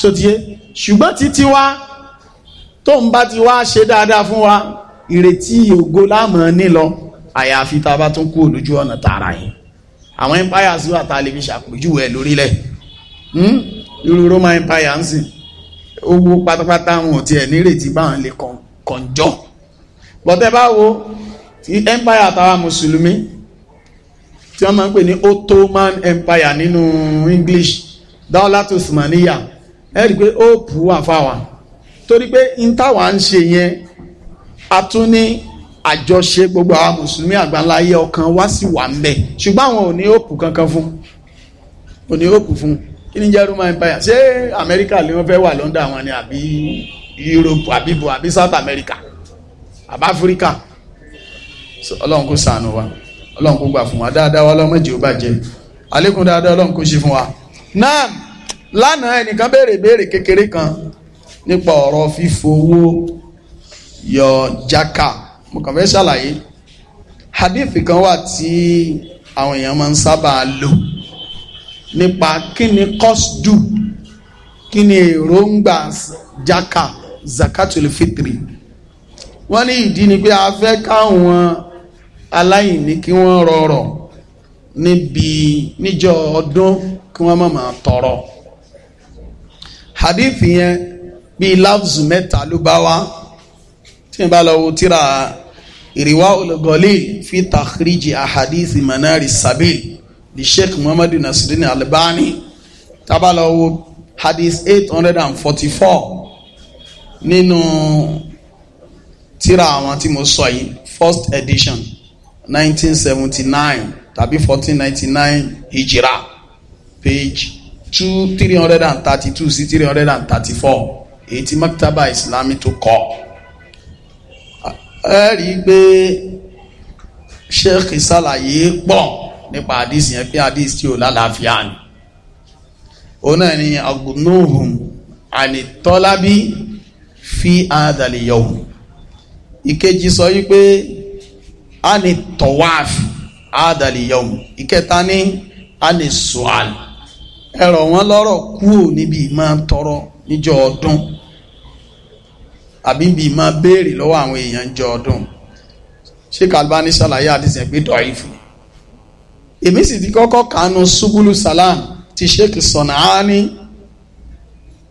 ṣùgbọ́n títí wá tóun bá ti wá ṣe dáadáa fún wa ìrètí ògo láàmú nílọ àyàfi tá a bá tún kú olójú ọ̀nà tààrà yìí àwọn empire sí wà tá a lè fi ṣàpèjúwe lórílẹ̀ hmm? irú Roman empire ń sìn owó pátápátá wọn ò tiẹ̀ nírètí báwọn lè kànjọ́ bọ́tẹ́ bá ti empire àtàwọn mùsùlùmí tí wọ́n máa ń pè ní Ottoman empire nínú English dáwọ́lá tó sùmọ̀ níyà ẹ rí i pé hope wà fáwọn torí pé n táwa ń ṣe yẹn a tún ní àjọṣe gbogbo àwọn mùsùlùmí àgbáńláyé ọkàn wá sí wà ń bẹ ṣùgbọ́n àwọn ò ní òkú kankan fún ò ní òkú fún kí ni jẹ́ Roman Empire ṣé Amẹ́ríkà ló fẹ́ wà London àwọn ni àbí Europe àbí bo àbí South America àbí Africa Ọlọ́run kò ṣàánú wa Ọlọ́run kò gbà fún wa dáadáa wa Ọlọ́run má jẹ́ ó bàjẹ́ àlékún dáadáa Ọlọ́run kò ṣe fún wa náà lánàá ẹnìkan béèrè béèrè kékeré kan nípa ọ̀rọ̀ fífowó yọ jáka mo kàn fẹ́ ṣàlàyé hadith kan wà tí àwọn èèyàn máa ń sábà lò nípa kí ni kọ́sdù kí ni èròǹgbà jáka zakatul fitri wọ́n ní ìdí ni pé a fẹ́ káwọn aláìní kí wọ́n rọrọ̀ níbi níjọ́ ọdún kí wọ́n má máa tọrọ hadith yẹn bíi láfùsù mẹ́ta ló bá wá tí n bá lọ wo tíra ìrìwá olùgọ́lé fi tàkìríjì àhàdìsì manari sabil di sheikh muhammadu nasiruddin albani tábà lọ wo hadith eight hundred and forty four nínú tíra àwọn tí mo sọ yìí first edition nineteen seventy nine tàbí fourteen ninety nine hijira page two three hundred and thirty two sí three hundred and thirty four èyí maktaba islami tó kọ ẹ rí i pé sheikh ṣàlàyé pọ̀ nípa àdìsí yẹn pé àdìsí tí ò lálàáfíà ni òun náà ni agunuhum ànitọ́lábí fi àdàlìyọ̀hù ìkejì sọ wípé ànitọ́wáàfì àdàlìyọ̀hù ìkẹta ní ànisual ẹ̀rọ wọn lọ́rọ̀ kúò níbi ìmọ̀ tọrọ níjọ́ ọdún àbí bí máa béèrè lọ́wọ́ àwọn èèyàn jọ ọdún ṣé kalbani ṣàlàyé àdìsẹ́ pé dọ̀ìfù èmi sì ti kọ́kọ́ kànú subulu salam ti sheikh sọ̀nàání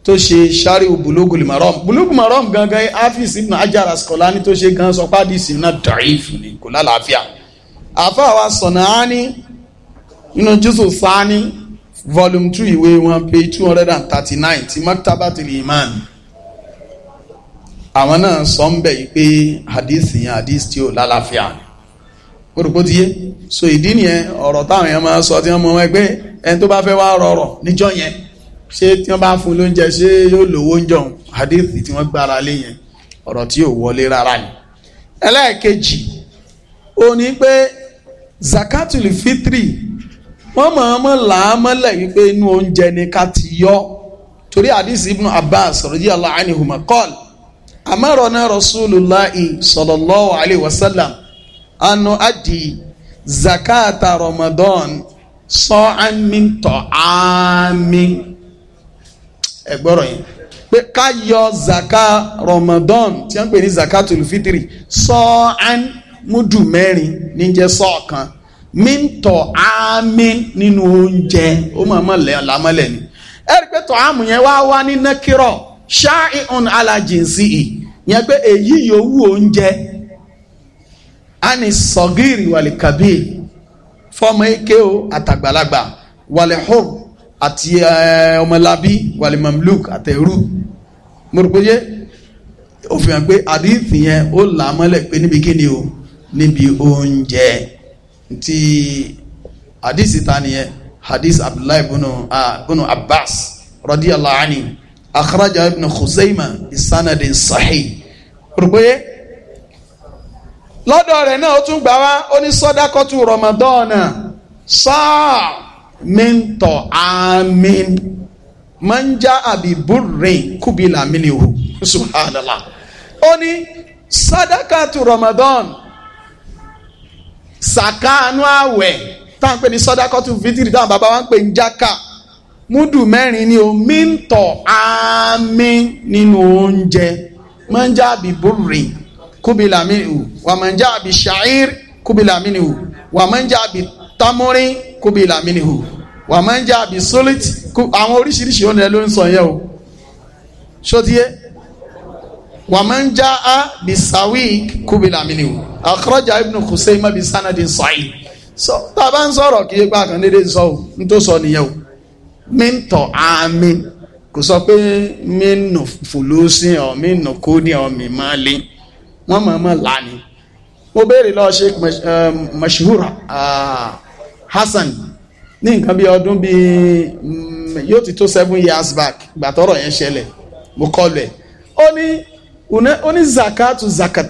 tó ṣe ṣáríù bulugul maram bulugul maram gangan hafiz ibn hajar asqalani tó ṣe gan sọpá àdìsí náà dọ̀ìfù ni kò lálàáfíà àfáà wa sọ̀nàání nínú jùsù sáání volume two ìwé wọn page two hundred and thirty nine ti maktabatul iman àwọn náà sọ ń bẹ̀ yìí pé hadith yẹn hadith tí ò lálàáfíà ni kórópó ti so ìdí nìyẹn ọ̀rọ̀ táwọn yẹn máa sọ tí wọ́n mọ wọn pé ẹni tó bá fẹ́ wá rọrọ̀ níjọ́ yẹn ṣé tí wọ́n bá fún lóúnjẹ ṣé yóò lówó ń jọun hadith tí wọ́n gbára lé yẹn ọ̀rọ̀ tí ò wọlé rárá ni ẹlẹ́ẹ̀kejì ó ní pé zakatul fitri wọ́n mọ̀ọ́mọ̀ làámọ́lẹ̀ wípé inú oúnjẹ ni ká ti yọ torí hadith ibn Abbas radiyallahu anhuma qala amarona rasulillahi sallallahu alaihi wasallam sallam anu adi zakata ramadan sọ́ọ́n mi tọ́ àmì ẹ̀gbọ́rọ̀ yẹn pé ká yọ zaka ramadan tí wọ́n pè ní zaka tulufitiri sọ́ọ́n múdù mẹ́rin ní jẹ́ sọ́ọ̀kan mi tọ́ àmì nínú oúnjẹ ó máa mọ̀ lámọ́lẹ̀ ni ẹ̀rí pé tọ́ àmù yẹn wá wá ní nàkírọ̀ ṣáà ìhùn alájìnsì yìí yẹn pé èyí yòówù oúnjẹ ani sọgírì wàlẹ kàbí fọmọ eke o àtàgbàlagbà wàlẹ hur àti ọmọlábí wàlẹ mamluk àtẹrù mọ̀rọ̀pẹ́yẹ òfin àgbé àdìsí yẹn ó là á mọ́lẹ̀ pé níbi kíni o níbi oúnjẹ ti àdìsí ta nìyẹn hadith abdullahi bunu ah, abbas akhraja ibn khuzaima bisanadin sahih rògbòye lọ́dọ̀ rẹ̀ náà ó tún gbà wá ó ní sọ́dákọ́tù rọmọdọ́ọ̀nà sáà mẹ́ńtọ̀ àmín máa ń já àbíbúrin kúbílà mílíọ̀nù subhanallah ó ní sọ́dákọ́tù rọmọdọ́ọ̀nà sàkáánú àwẹ̀ táwọn pè ní sọ́dákọ́tù fitiri táwọn bàbá wa ń pè ń jákà múdù mẹ́rin ni o míntọ̀ àmì nínú oúnjẹ mọ́njáàbí búrì kúbìlà mínú wà mọ́njáàbí ṣàír kúbìlà mínú wà mọ́njáàbí tamọ́rin kúbìlà mínú wà mọ́njáàbí solid àwọn oríṣiríṣi oúnjẹ ló ń sọ yẹn o ṣótiyé wà mọ́njáà bí sawik kúbìlà mínú àkọ́rọ́jà ibnu kùsẹ́ imábi sanadin sọ́yìn so tá a bá ń sọ̀rọ̀ kí ẹ gbà kan déédéé sọ o ń tó sọ nìyẹn o míntọ̀ àmì kò sọ pé mínú fòlósì ọ̀ mínú kóní ọ̀ mí máa lé wọ́n mọ̀ mọ̀ lánì mo béèrè lọ́ọ́ ṣe eh, mashura ah, Hassan ní nǹkan bí ọdún bíi mm, yóò ti tó seven years back ìgbà tọ́rọ̀ yẹn ṣẹlẹ̀ mo kọlu ẹ̀ ó ní ó ní zakatu zakat,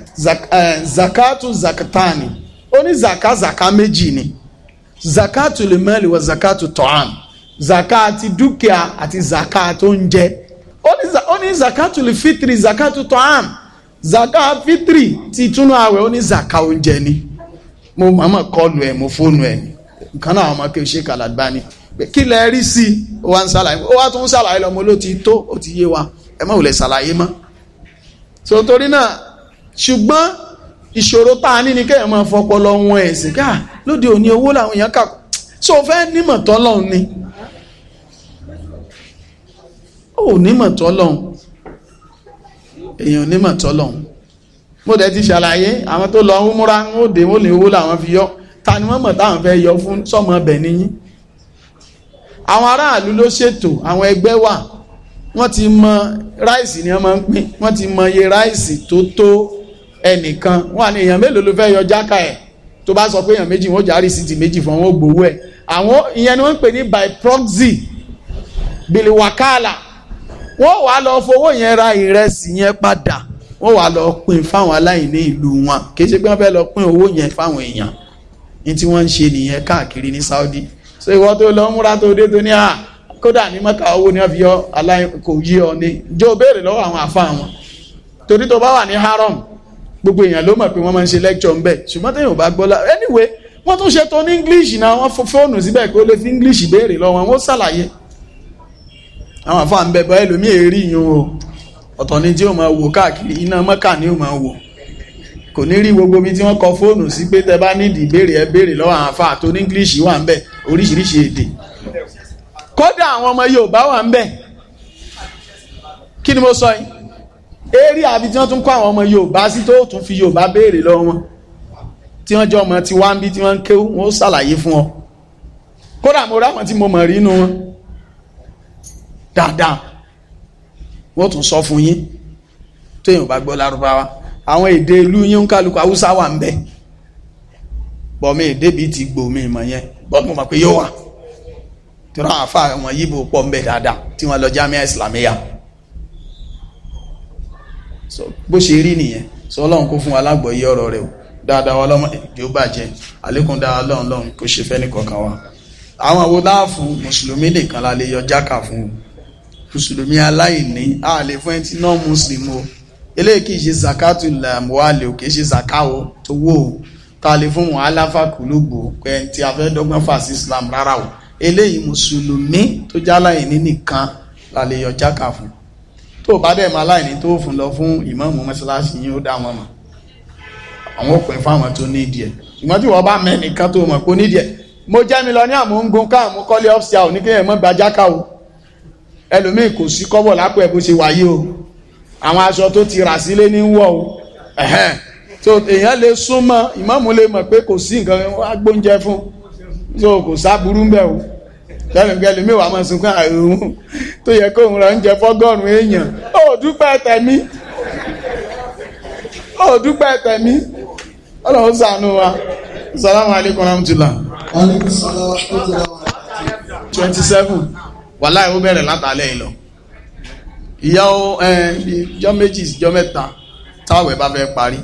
eh, zakatu zakatani ó ní zaka zaka méjì ni zakatu lè mẹ́lì wọ zakatu tọ́hánì zaka ti dúkìá àti zaka tó ń jẹ ó ní zakatul fitri zakatu to'am zaka fitri ti túnú àwẹ̀ ó ní zaka oúnjẹ ni mo màmá kọlu ẹ̀ mo fóònù ẹ̀ nǹkan náà ọmọ kí ṣe kàlàgbá ni kí lẹ rí sí i ó wá ń ṣàlàyé ó wá tún ń ṣàlàyé lọ́mọ ló ti tó ó ti yé wa ẹ má wulẹ̀ ṣàlàyé mọ́ so torí náà ṣùgbọ́n ìṣòro tá a ní ni kéèyàn máa fọpọlọ wọn ẹ̀sìn káà lóde òní owó làwọn èèyàn kà so fẹ́ nímọ̀ tọ́lọ́run ni ó nímọ̀ tọ́lọ́hún èèyàn nímọ̀ tọ́lọ́hún mo dẹ̀ ti ṣàlàyé àwọn tó lọ ń múra ń dé wọ́n lè owó làwọn fi yọ ta ni wọ́n mọ̀ táwọn fẹ́ yọ fún sọ́mọ ọbẹ̀ níyí àwọn aráàlú ló ṣètò àwọn ẹgbẹ́ wà wọ́n ti mọ ráìsì ni wọ́n máa ń pín wọ́n ti mọ iye ráìsì tó tó ẹnìkan wọ́n à ní èèyàn mélòó ló fẹ́ yọ jáka ẹ̀ tó bá sọ pé èèyàn méjì wọ́n járí sí ti méjì fún wọn gbowó ẹ̀ àwọn ìyẹn ni wọ́n ń pè ní by proxy bìlì wàkàlà wọ́n wá lọ fowó yẹn ra ìrẹsì yẹn padà wọ́n wá lọ pín fáwọn aláìní ìlú wọn kì í ṣe pé wọ́n fẹ́ lọ pín owó yẹn fáwọn èèyàn ní tí wọ́n ń ṣe nìyẹn káàkiri ní Saudi so ìwọ tó lọ múra tó dé tó ní à ah, kódà ní mọ́ta owó ni wọ́n fi yọ aláìní kò yí ọ ní jọ béèrè lọ́wọ́ àwọn àfa wọn torí tó bá wà ní haram gbogbo èèyàn ló mọ̀ pé wọ́n máa ń ṣe lecture ń bẹ̀ ṣùgbọ́n téèyàn ò bá gbọ́ la anyway wọ́n tún ṣe tó ní English náà wọ́n fóònù síbẹ̀ kó lè fi English béèrè lọ́wọ́ wọn ó ṣàlàyé àwọn àfa ń bẹ̀bẹ̀ ẹlòmíì èrí yun o ọ̀tọ̀ ni tí ó máa wò káàkiri iná mọ́kà ni ó máa wò kò ní rí gbogbo ibi tí wọ́n kọ fóònù sí pé tẹ bá nídìí ìbéèrè ẹ béèrè lọ́wọ́ àwọn àfa àti oníngílíṣì wà ń bẹ̀ oríṣiríṣi èdè kódà àwọn ọmọ Yorùbá wà ń bẹ̀ kí ni mo sọ yìí eré àbí tí wọ́n tún kọ́ àwọn ọmọ Yorùbá sí tó tún fi Yorùbá béèrè lọ wọn tí wọ́n jọ ọmọ tí wá ń bí tí wọ́n ń ké wọ́n ṣàlàyé fún ọ kódà mo ráwọn tí mo mọ̀ rí inú wọn dáadáa wọ́n tún sọ fún yín téèyàn ò bá gbọ́ lárúbáwá àwọn èdè ìlú yín ń kálukú haúsá wà ń bẹ bọ́mí èdè bíi ti gbò mí mọ̀ yẹn bọ́mí mọ̀ pé yóò wà tí wọ́n àfa àwọn yíbo pọ̀ ń bẹ dáadáa tí wọ́n lọ jámíà ìsìlámíyà bó ṣe rí nìyẹn sọ ọlọ́run kó fún wa lágbọ̀ọ́yé ọ̀rọ̀ rẹ̀ o dáadáa wa lọ́mọ èdè ó bàjẹ́ àlékún dáadáa lọ́run lọ́run kó ṣe fẹ́ nìkọ̀ọ̀kan wa àwọn àwo láàfù mùsùlùmí nìkan la lè yọ jákà fún un mùsùlùmí aláìní a lè fún ẹni tí náà mùsùlùmí o eléyìí kì í ṣe zakatu làmúhàlì ò kì í ṣe zakawo tó o ta lè fún wọn aláfàkúlùgbò pé ẹni tí a fẹ́ dọ́gbọ́n fà islam rárá o eléyìí mùsùlùmí tó jẹ́ aláìní nìkan la lè yọ jáka fún tó o bá dẹ̀ mọ aláìní tó fún lọ fún ìmáàmù mọ́ṣáláṣí yín ó dá wọn mọ̀ àwọn òpin fáwọn tó ní ìdí ẹ̀ ṣùgbọ́n tí wọ́n bá mẹ́nìkan tó mọ̀ kó ní ìdí mo jẹ́ mi lọ ní àmúngun káàmú kọ́lé ọ́fíà ò ní kéèyàn mọ́ gbajáka ẹlòmíì kò sí kọ́bọ̀ lápò bó ṣe wáyé o àwọn aṣọ tó ti rà sílé ní wọ̀ o so èèyàn lè súnmọ́ ìmọ̀mù lè mọ̀ pé kò sí nǹkan agbóúnjẹ fún so kò sáburú ń bẹ̀ o tẹ́lẹ̀mí ẹlòmíì máa sunkún àìrùn ah, tó yẹ kó òun fọ́gọ́rùn-ún èèyàn ó dúpẹ́ tẹ̀mí ó dúpẹ́ tẹ̀mí ọlọ́run wa salamu alaykum wàláì ó bẹ̀rẹ̀ látàlẹ́ ìlọ ìyá ó jọ méjì jọ mẹ́ta táwẹ̀ bá fẹ́ parí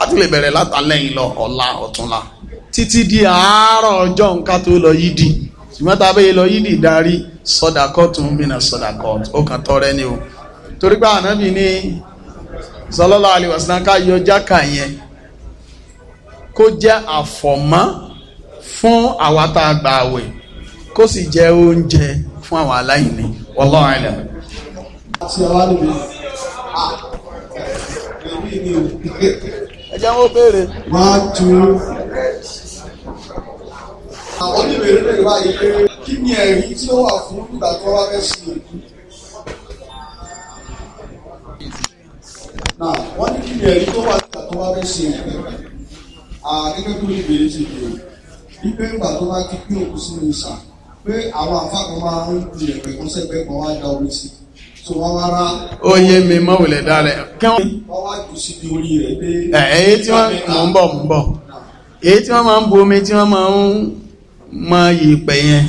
a tún lè bẹ̀rẹ̀ látàlẹ́ ìlọ ọ̀la ọ̀túnla títí di àárọ̀ ọjọ́ nǹkan tó lọ yìí di ṣùgbọ́n tá a bẹ́ẹ̀ lọ yìí di darí sọdakọ́tù mina sọdakọ́tù ó kàn tọrẹ ni o torí pé ànábì ní sallallahu alaihi ká yọ jákà yẹn kó jẹ́ àfọ̀mọ́ fún àwa tá a gbà àwẹ̀ kó sì jẹ́ oúnjẹ fún àwọn aláìní wallahu a'lam. àti àwa níbi èmi ah. ni o. ẹ jẹ́ wọ́n béèrè. one two. àwọn oníbèrè lè wáyé pé kí ni ẹ̀rí tí ó wà fún ìgbà tó wá fẹ́ sí òkú. náà wọ́n ní kí ni ẹ̀rí tó wà nígbà tó wá fẹ́ sí òkú. àgẹ́gẹ́ ah, tó ní bèrè ti dè é. ipe ìgbà tó bá kí pé òkú sínú ìsàn pé àwọn àfáàkọ́ máa ń di ẹ̀pẹ̀ kan sẹ́gbẹ́ kan wá da orí sí tó wọ́n wá rá. ó yé mi mọ́wùlẹ̀ dálẹ̀. wọ́n wá jù síbi orí rẹ̀ dé. èyí tí wọ́n mọ̀ ń bọ̀ mọ̀ ń bọ̀ èyí tí wọ́n máa ń bu omi tí wọ́n máa ń mọ ìpẹ̀ yẹn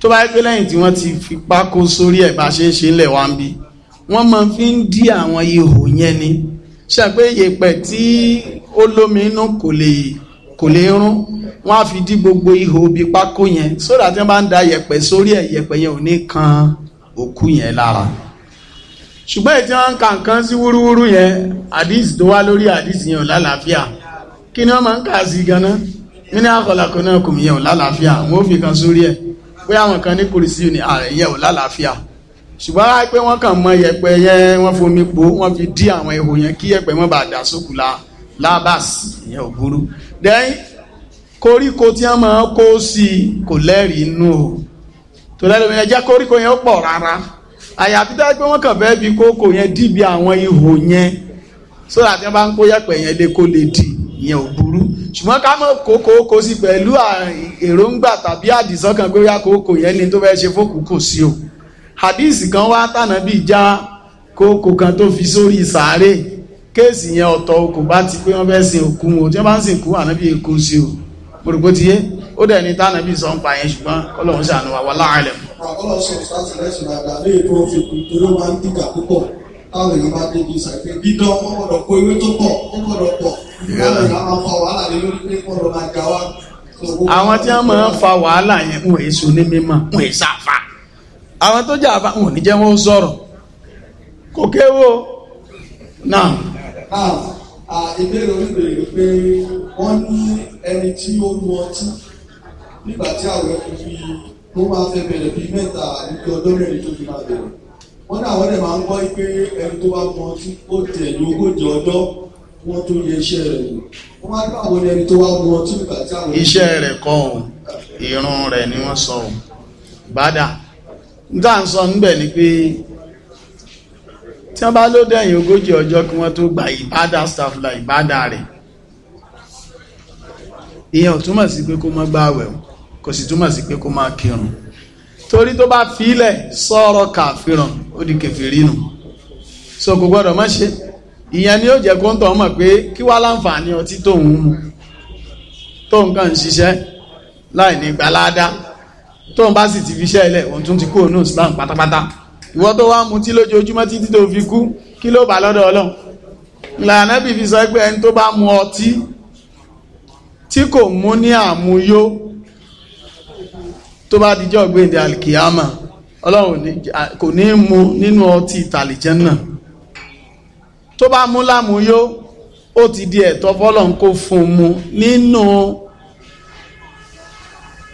tó bá pé lẹ́yìn tí wọ́n ti fi pákó sórí ẹ̀ bá ṣe ń ṣe ńlẹ̀ wá ń bí wọ́n máa fi ń dí àwọn ihò yẹn ni ṣe pé ìyẹ̀pẹ̀ tí ó lómi inú kò lè kò lè rún wọ́n á fi dí gbogbo ihò ibi pákó yẹn sódà tí wọ́n bá ń da yẹ̀pẹ̀ sórí ẹ̀ yẹ̀pẹ̀ yẹn ò ní kan òkú yẹn lára ṣùgbọ́n èyí tí wọ́n ń ka nǹkan sí wúrúwúrú yẹn àdìs tó wá lórí àdìs yẹn ò lálàáfíà kí ni wọ́n máa ń kà sí ganan nínú àkọlàkọ náà kò yẹn ò lálàáfíà wọ́n ó fi kan sórí ẹ̀ pé àwọn kan ní kùrìsì ní ààrẹ yẹn ò lálàáfíà ṣùgbọ́n á pé wọ́n kàn mọ yẹ̀pẹ̀ yẹn wọ́n fomi po wọ́n fi dí àwọn ihò yẹn kí yẹ̀pẹ̀ mọ́ bá dà sókùlà lábàs yẹn ò burú dẹ́yìn koríko tí wọ́n máa kó sí kò lẹ́rìí inú o tó lẹ́rìí omi ẹja koríko yẹn ó pọ̀ rárá àyàfi tó yẹ pé wọ́n kàn fẹ́ fi kókò yẹn dìbì àwọn ihò yẹn sódà tí wọ́n bá ń kó yẹ̀pẹ̀ yẹn lé kó lè dì ìyẹn ò burú ṣùgbọ́n ká mọ̀ kókòókò sí pẹ̀lú èròǹgbà tàbí àdìsán kan gbéra kókò yẹn ni tó fẹ́ ṣe fókù kò sí o hadith kan wá tànà bíi já kókò kan tó fi sórí sàárè kéèsì yẹn ọ̀tọ̀ okù bá ti pé wọ́n fẹ́ sin òkú o tí wọ́n bá ń sin òkú ànábì èkó sí o gbogbo ti yé ó dẹ̀ ní tánàbì sọ ń pa yẹn ṣùgbọ́n ọlọ́run ṣàánú wa wà láàrẹ̀ táwọn èèyàn bá débi ìsàgbé dídán wọn gbọ́dọ̀ kó ewé tó pọ̀ wọn gbọ́dọ̀ pọ̀ wọn lè máa fa wàhálà lé lórí pé wọn lọ máa àwọn tí wọn máa ń fa wàhálà yẹn wọn èé so ní mímọ́ wọn èé sáfà àwọn tó jẹ àfa wọn ò ní jẹ wọn ó kò kéwò náà náà ìbéèrè oníbèrè pé wọ́n ní ẹni tí ó mu ọtí nígbà tí àwọn ẹni fi tó máa fẹ́ bẹ̀rẹ̀ bíi mẹ́ta àti ọdún mẹ́rin tó fi máa bẹ̀rẹ̀ wọ́n ní àwọn ẹ̀dẹ̀ máa ń gbọ́ pé ẹni tó bá mu ọtí ó tẹ̀ ní ogójì ọjọ́ wọ́n tó yẹ iṣẹ́ rẹ̀ wò wọ́n á gbọ́ àwọn ẹni tó wá mu ọtí nígbà tí àwọn. iṣẹ́ rẹ̀ kọ́ ọ̀hún ìrun rẹ̀ ni wọ́n sọ ọ̀hún bàdà ń tí wọ́n bá ló dẹ̀yìn ogójì ọjọ́ kí wọ́n tó gba ìbádà stafla ìbádà rẹ̀ ìyẹn ò túmọ̀ sí pé kó má gbààwẹ̀ o kò sì túmọ̀ sí pé kó má kírun torí tó bá filẹ̀ sọ̀rọ̀ kàfíràn ó di kẹfìrí nù so kò gbọ́dọ̀ má ṣe ìyẹn ni ó jẹ́ kó ń tọ́ mọ̀ pé kí wá láǹfààní ọtí tóun mu tóun kàn ń ṣiṣẹ́ láì ní gbalada tóun bá sì ti fi iṣẹ́ ilẹ̀ òun tún ti kúrò ní Islam pátápátá ìwọ tó wá mutí lójoojúmọ́ títí tó fi kú kí ló bá lọ́dọ̀ ọlọ́run ìlànà bí fi sọ pé ẹni tó bá mu ọtí tí kò mú ní àmúyó tó bá dijọ́ gbèdé alkiyama ọlọ́run kò ní mu nínú ọtí ìtàlìjẹ́ náà tó bá mú lámúyó ó ti di ẹ̀tọ́ fọ́lọ́run kó fún mu nínú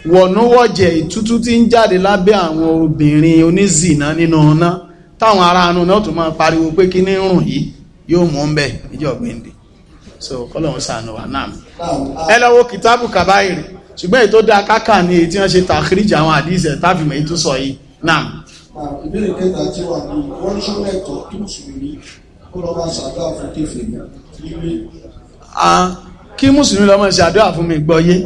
wọ̀núwọ̀jẹ̀ ìtútú tí ń jáde lábẹ́ àwọn obìnrin onízìnà nínú ọ̀nà táwọn ará anú náà tún máa pariwo pé kí ní rùn yìí yóò mú ń bẹ̀ níjọ́ gbèǹde so kọ́lọ́hún sànù wà náà ẹ lọ́wọ́ kìtàbù kàbáyìrì ṣùgbọ́n èyí tó dáa kákà ní èyí tí wọ́n ṣe tàkìrìjì àwọn àdìsẹ̀ tábìmọ̀ èyí tó sọ yìí náà. ìbéèrè kẹta tí wà ní wọ́n ń ṣọ́lẹ̀ tó tó mùsùlùmí kó lọ́ máa ṣàdúrà fún kéfì ah, kí mùsùlùmí lọ́ máa ṣàdúrà fún mi gbọ́ yé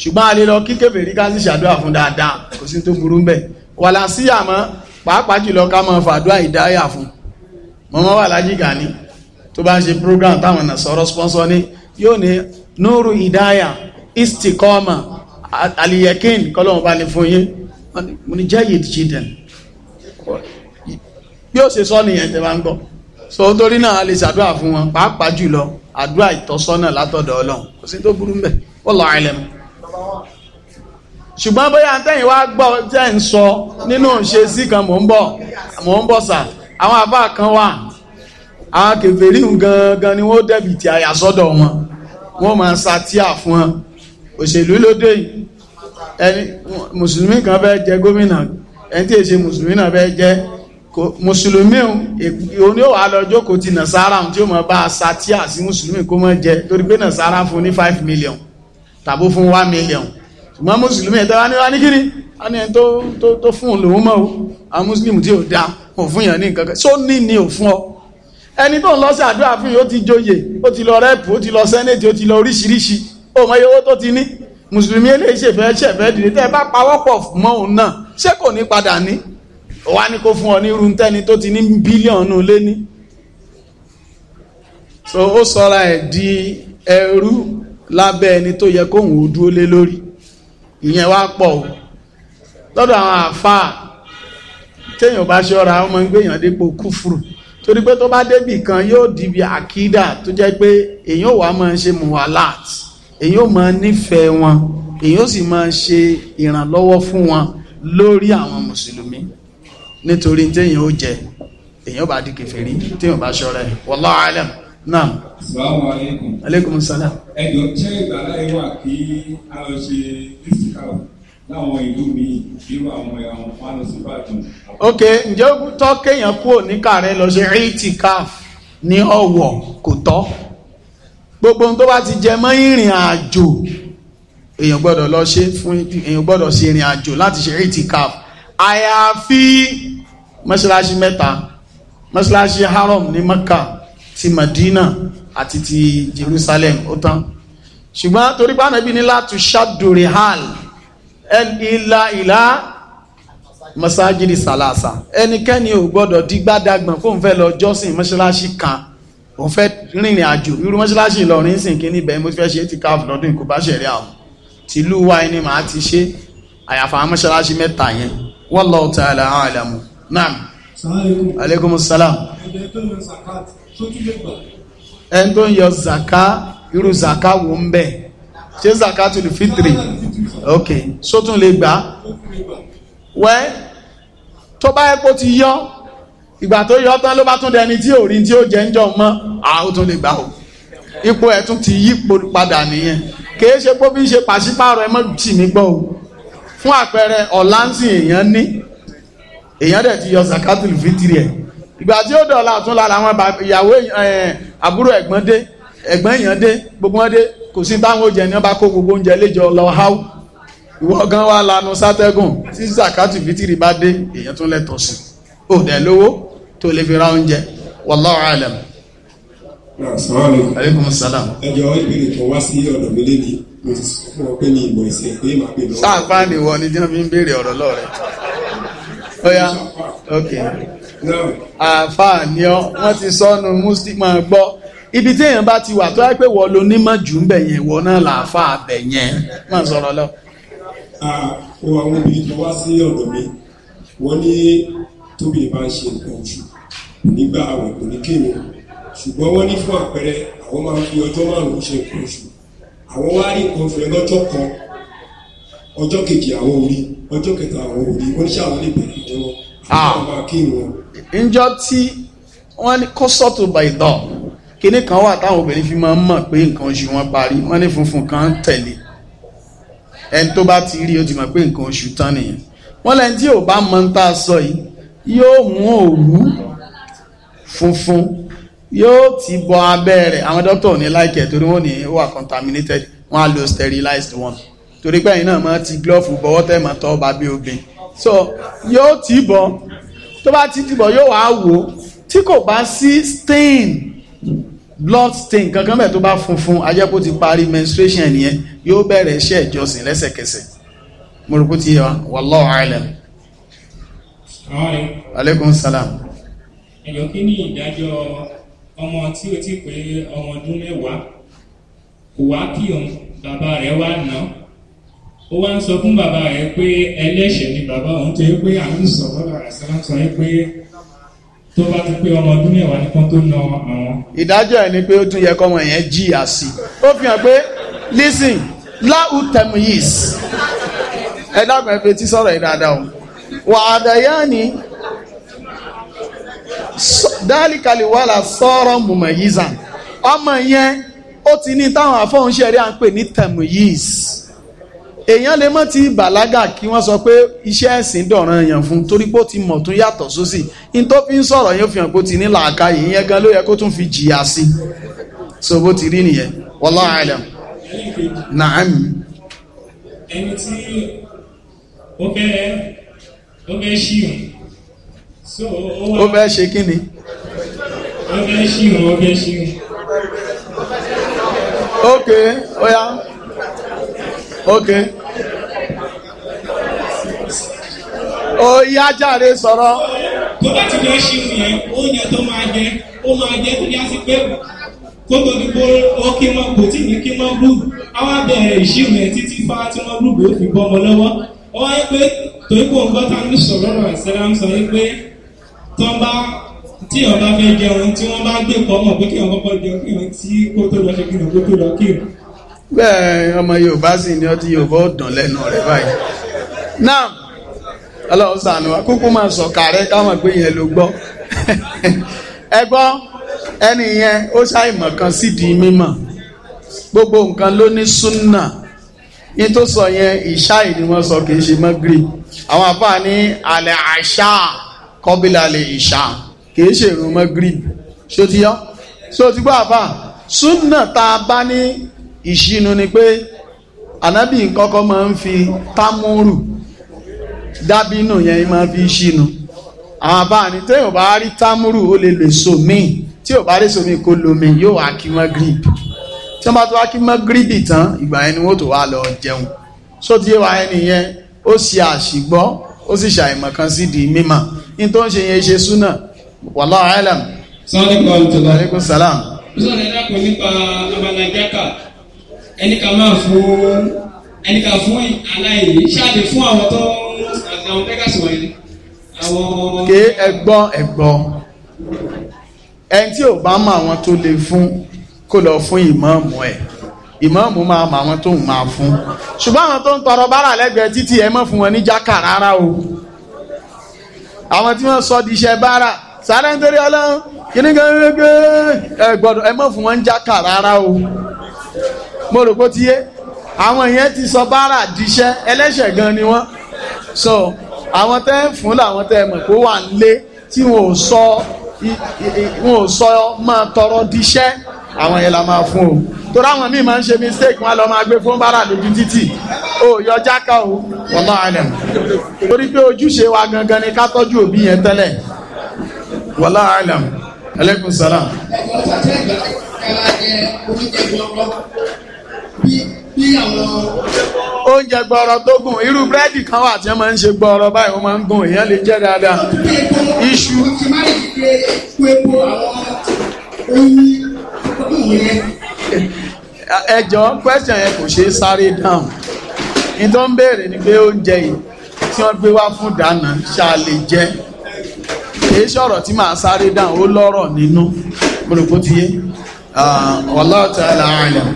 ṣùgbọ́n a lè lọ kí kèfèrí ká sì ṣàdúrà fún dáadáa kò sí tó burú ń bẹ̀ wàlà sí àmọ́ pàápàá jùlọ ká máa fàdúrà ìdáyà fún mọ́mọ́ wà lájìgà ní tó bá ń ṣe program táwọn ọ̀nà sọ̀rọ̀ sponsor ní yóò ní nuru ìdáyà istikọ́ọ̀mà aliyekin kọ́lọ́mù bá ní fún yín mo ní jẹ́ yìí children yóò ṣe sọ nìyẹn tẹ́ bá ń gbọ́ so torí náà a lè ṣàdúrà fún wọn pàápàá jùlọ àdúrà ìtọ́sọ́nà látọ̀dọ̀ ọlọ́run kò sí tó burú mbẹ̀ wallahu alam ṣùgbọ́n bóyá tẹ́yìn wá gbọ́ jẹ́ ń sọ nínú ṣe sí kan mò ń bọ̀ mò ń bọ̀ sà àwọn àbá kan wà àwọn kèfèrí gangan ni wọ́n dẹ̀bì tí àyà sọ́dọ̀ wọn wọ́n máa sa tíà fún wọn òṣèlú lóde ẹni mùsùlùmí kan fẹ́ jẹ gómìnà ẹni tí èṣe mùsùlùmí náà fẹ́ jẹ mùsùlùmí òun yóò wá lọ jókòó ti nàṣàrà tí ó máa bá a sa tíà sí mùsùlùmí kó máa jẹ torí pé nàṣàrà fún ní five million tàbó fún one million ṣùgbọ́n mùsùlùmí ẹ̀tọ́ wá ní wá ní kíní a ní ẹni tó fún olówó mọ́ o àwọn mùsùlùmí tí ò dá ò fún yàn ní nǹkan kan só ní ni ò fún ọ ẹni tó ń lọ sí àdúrà fún yìí ó ti joyè ó ti lọ rẹ́pù ó ti lọ sẹ́nẹ̀tì ó ti lọ oríṣiríṣi ó mọ iye owó tó ti ní mùsùlùmí eléyìí ṣèfẹ́ ṣẹ̀fẹ́ dìde tẹ́ ẹ bá pawọ́pọ̀ mọ́ òun náà ṣé kò ní padà ní wá ní kó fún ọ ní irú tẹ́ni tó ti ní bílíọ̀nù ẹrú lábẹ́ ẹni tó yẹ kóhùn ó dúró lé lórí ìyẹn wá pọ̀ o lọ́dọ̀ àwọn àfáà téèyàn bá ṣọ́ra ọmọ ń gbéyàn dípò kúfùrù torí pé tó bá débì kan yóò dìbì àkídà tó jẹ́ pé èyàn ò wá máa ṣe muwalat èyàn ò máa nífẹ̀ẹ́ wọn èyàn ò sì máa ṣe ìrànlọ́wọ́ fún wọn lórí àwọn mùsùlùmí nítorí téèyàn ó jẹ èyàn bá di kèfèrí téèyàn bá ṣọ́ra ẹ̀ wallahu alam Naam. Salaamu aleykum. Aleykum salaam. Ẹ̀jọ̀ ṣé ìgbàláyé wà kí a lọ ṣe ìsìkáwò láwọn ìlú míì irú àwọn àwọn fáànù sí Ìbàdàn. Ok, ǹjẹ́ ó tọ́ kéèyàn kúrò ní kàrẹ́ lọ ṣe itikaf ní Ọ̀wọ̀ kò tọ́. Gbogbo ohun tó bá ti jẹ mọ́ ìrìn àjò èèyàn gbọ́dọ̀ lọ ṣe fún èèyàn gbọ́dọ̀ ṣe ìrìn àjò láti ṣe itikaf. Àyàfi mọ́ṣáláṣí mẹ́ta, mọ́ṣáláṣí haram ní Mẹ́kà ti Madina àti ti Jerusalem ó tán ṣùgbọ́n torí pé ànábì ní látú ṣàdùrì hàl ìlà ìlà masajidi salasa ẹnikẹ́ni ò gbọ́dọ̀ di gbádàgbọ̀n kó n fẹ́ lọ jọ́sìn mọ́ṣáláṣí kan òun fẹ́ rìnrìn àjò irú mọ́ṣáláṣí Ìlọrin sìn kí níbẹ̀ mo fẹ́ ṣe é ti káàfù lọ́dún kò bá ṣẹ̀rí àwọn tìlú wa ẹni màá ti ṣe àyàfà mọ́ṣáláṣí mẹ́ta yẹn wallahu ta'ala a'lamu naam aleykum salaam. ẹgbẹ́ tó ń sakat ẹni tó ń yọ zaka irú zaka wo ń bẹ ṣé zaka tó lè fitiri ok sótún lè gbà wẹ tó bá yẹ kó ti yọ ìgbà tó yọ tán ló bá tún dẹni tí ò rí tí ó jẹ ń jọ mọ àwọn tó lè gbà o ipò ẹ̀ tún ti yí padà nìyẹn kìí ṣe pé bí ń ṣe pàṣípààrọ̀ ẹ mọ tì mí gbọ́ o fún àpẹẹrẹ ọ̀làǹsìn èèyàn ní èèyàn dẹ̀ ti yọ zaka tó lè fitiri ẹ̀ ìgbà tí ó dọ̀la tún lára àwọn ìyàwó àbúrò ẹ̀gbọ́n dé ẹ̀gbọ́n èèyàn dé gbogbo wọn dé kò sí táwọn oúnjẹ ní wọn bá kó gbogbo oúnjẹ léjọ lọ háù ìwọ gan wa lanu sátẹ́gùn tí zakati fitiri bá dé èèyàn tún lẹ́tọ̀ọ́ sí ò dẹ̀ lówó tó lè fi ra oúnjẹ wallahu alam. aleykum salaam. ẹjọ ìbéèrè kan wá sí ọ̀dọ̀ mi lé ní mo ti sọ fún ọ pé ní ìmọ̀ ìsìn pé màá pè lọ. sáà fáànì wọ ni jẹ́ mi ń béèrè ok àfà ni ọ wọ́n ti sọnù mùsùlùmí gbọ́ ibi tí èèyàn bá ti wà tó yẹ pé wọ́n lo onímọ̀ jù ń bẹ̀ yẹn wọ́n náà làáfà bẹ̀ yẹn má sọ̀rọ̀ lọ. àwọn àwọn obìnrin tó wá sí ọ̀dọ̀ mi wọ́n ní tóbi bá ń ṣe nǹkan oṣù nígbà àwọn kò ní kéwò ṣùgbọ́n wọ́n ní fún àpẹẹrẹ àwọn máa ń fi ọjọ́ márùn-ún ṣe nǹkan oṣù àwọn wá rí nǹkan fẹ́ lọ́jọ́ kan ọjọ́ kejì àwọn orí ọjọ́ kẹta àwọn orí wọ́n ṣàwọn lè bẹ̀rẹ̀ jọ àwọn máa ńjọ́ tí wọ́n ní kó sọ́tò bàìdọ̀ kíní kan wà táwọn obìnrin fi máa ń mọ̀ pé nǹkan oṣù wọn parí wọ́n ní funfun kan ń tẹ̀lé ẹni tó bá ti rí o ti mọ̀ pé nǹkan oṣù tán nìyẹn wọ́n lẹ́ni tí ò bá mọ ń tá a sọ yìí yóò mú òwú funfun yóò ti bọ abẹ́ rẹ̀ àwọn dókítà ò ní láìkẹ̀ torí wọ́n ní wà contaminated wọ́n á lo sterilized one torí pé ẹ̀yin náà máa ti glove bọ́wọ́ tẹ̀ mọ́ tọ́ ọba bí obìnrin so yóò ti bọ tó bá ti dìbò yóò wá wò tí kò bá sí stain blood stain kankan bẹ́ẹ̀ tó bá funfun ajẹ́ kó ti parí menstruation nìyẹn yóò bẹ̀rẹ̀ iṣẹ́ ìjọsìn lẹ́sẹ̀kẹsẹ̀ mo rò pé ti yẹ wa wallahu alam. aleykum salaam. ẹ̀yọ́ kí ni ìdájọ́ ọmọ tí o ti pé ọmọ ọdún mẹ́wàá kò wá kí òun bàbá rẹ̀ wá náà ó wá ń sọ fún bàbá rẹ̀ pé ẹlẹ́ṣẹ̀ ni bàbá òun tó yẹ pé àwọn sọ̀rọ̀ lọ́dọ̀ àṣàlá sọ yẹ pé tó bá ti pé ọmọ ọdún mẹ́wàá nìkan tó na àwọn. ìdájọ́ ẹ̀ ni pé ó tún yẹ kọ́mọ yẹn jìyà sí i ó fi hàn pé listen láwù tẹ̀mù yìí ẹ dákun ẹ fi etí sọ̀rọ̀ yìí dáadáa o wà á dàyà ni dáríkalì wà lá sọ̀rọ̀ mùmọ̀ yìí zàn ọmọ yẹn ó ti ní táwọn afọ́húnṣẹ́ rí à ń pè ní tẹ̀mù yìí. èèyàn lè mọ́ ti bàlágà kí wọ́n sọ pé iṣẹ́ ẹ̀sìn dọ̀ràn èèyàn fún torí pé ó ti mọ̀ tún yàtọ̀ sósì in tó fi ń sọ̀rọ̀ yóò fi hàn pé ó ti ní làákàyè ìyẹn gan ló yẹ kó tún fi jìyà sí so bó ti rí nìyẹn wallahu alam naam. ẹni tí ó fẹ́ ó fẹ́ ṣíwọ̀n so ó wá. ó fẹ́ ṣe kí ni. ó fẹ́ ṣíwọ̀n ó fẹ́ o ok ó yá. Oh, yeah. ok oyi ajáre sọ̀rọ̀. tó bá ti lọ ṣe yẹn oúnjẹ tó máa jẹ ó máa jẹ tó yá sí pé kó tó di pé ó kí wọn kò tí ní kí wọn rú àwọn abẹ́rẹ́ ìṣirò yẹn títí fá tí wọn rú bò ó fi bọ́ ọmọ lọ́wọ́ wọn yẹ pé torí pé òǹkọ́ tá a ń sọ̀rọ̀ rẹ̀ sẹ́lá ń sọ yẹ pé tó ń bá tí ọba fẹ́ jẹun tí wọ́n bá gbé pọ̀ mọ̀ pé kí wọn kọ́kọ́ jẹun kí wọn tí kó tó lọ ṣe kí wọn kó tó lọ kí wọn bẹ́ẹ̀ ọmọ Yorùbá sì ni ọtí Yorùbá ó dùn lẹ́nu rẹ̀ báyìí náà ọlọ́run sànù wa kúkú máa sọ̀kà rẹ káwọn pé yẹn ló gbọ́ ẹ gbọ́ ẹni yẹn ó ṣàìmọ̀ kan sídìí mímọ̀ gbogbo nǹkan ló ní súnà ní tó sọ yẹn ìṣáì ni wọ́n sọ kì í ṣe mọ́gírì àwọn àfáà ní alẹ́ àṣà kọ́bílà lè ìṣà kì í ṣèrò mọ́gírì ṣó ti yọ ṣó ti gbọ́ àfáà súnà tá a bá ní ìṣínú ni pé ànábì kọ́kọ́ máa ń fi támúrù dábínú yẹn máa fi ṣínú àwọn abáàní tí ò bá rí támúrù ó lè lè so míì tí ò bá rí so míì kó lomi yóò wá kí wọ́n gírìbì tí wọ́n bá tó wá kí wọ́n gírìbì tán ìgbà yẹn ni wọ́n tó wá lọ jẹun só ti yé wa ẹni yẹn ó ṣe àṣìgbọ́ ó sì ṣàìmọ̀ kan sí di mímọ̀ ní tó ń ṣe yẹn ṣe súnà wàláhàlám. sọ́ni kọ́ńtò lọ́wọ́. aleykum salaam. sọ́ni náà kò nípa abala jákà ẹni ká máa fún ẹni ká fún aláìní ṣáàdì fún àwọn tó àwọn mẹ́gàsì wọ̀nyí. ké ẹgbọ́n ẹgbọ́n ẹni tí ò bá mọ àwọn tó lè fún kó lọ fún ìmáàmù ẹ̀ ìmáàmù máa mọ àwọn tó ń máa fún ṣùgbọ́n àwọn tó ń tọrọ bárà lẹ́gbẹ̀ẹ́ títí ẹ mọ̀ fún wọn ní jákà rárá o àwọn tí wọ́n sọ di iṣẹ́ bárà sáré nítorí ọlọ́run kìnnìkan ẹ gbọ́dọ̀ ẹ mọ̀ fún wọn ní jákà rárá o mo rò pé ti yé àwọn yẹn ti sọ báárà díṣẹ́ ẹlẹ́ṣẹ̀ gan ni wọ́n so àwọn tẹ́ ń fún làwọn tẹ́ mọ̀ kó wà nílé tí wọn ò sọ wọn ò sọ máa tọrọ díṣẹ́ àwọn yẹn la máa fún o torí àwọn míì máa ń ṣe mistake wọn lọ máa gbé fún báárà lójú títì o yọ jákà o wọlọ́ àlẹ́ torí pé ojúṣe wa gangan ni ká tọ́jú òbí yẹn tẹ́lẹ̀ wọlọ́ àlẹ́ alaikum salaam bí àwọn oúnjẹ gbọrọ tó gùn irú búrẹ́dì kan wà tí wọ́n máa ń ṣe gbọrọ báyìí wọ́n máa ń gùn èèyàn lè jẹ dáadáa iṣu. ẹjọ́ question yẹn kò ṣeé sáré dáhùn ní tó ń béèrè ni pé oúnjẹ yìí tí wọ́n gbé wá fún ìdáná ṣá lè jẹ èyí sọ̀rọ̀ tí màá sáré dáhùn ó lọ́rọ̀ nínú mo rò bó ti yé ah, wallahu ta'ala alam.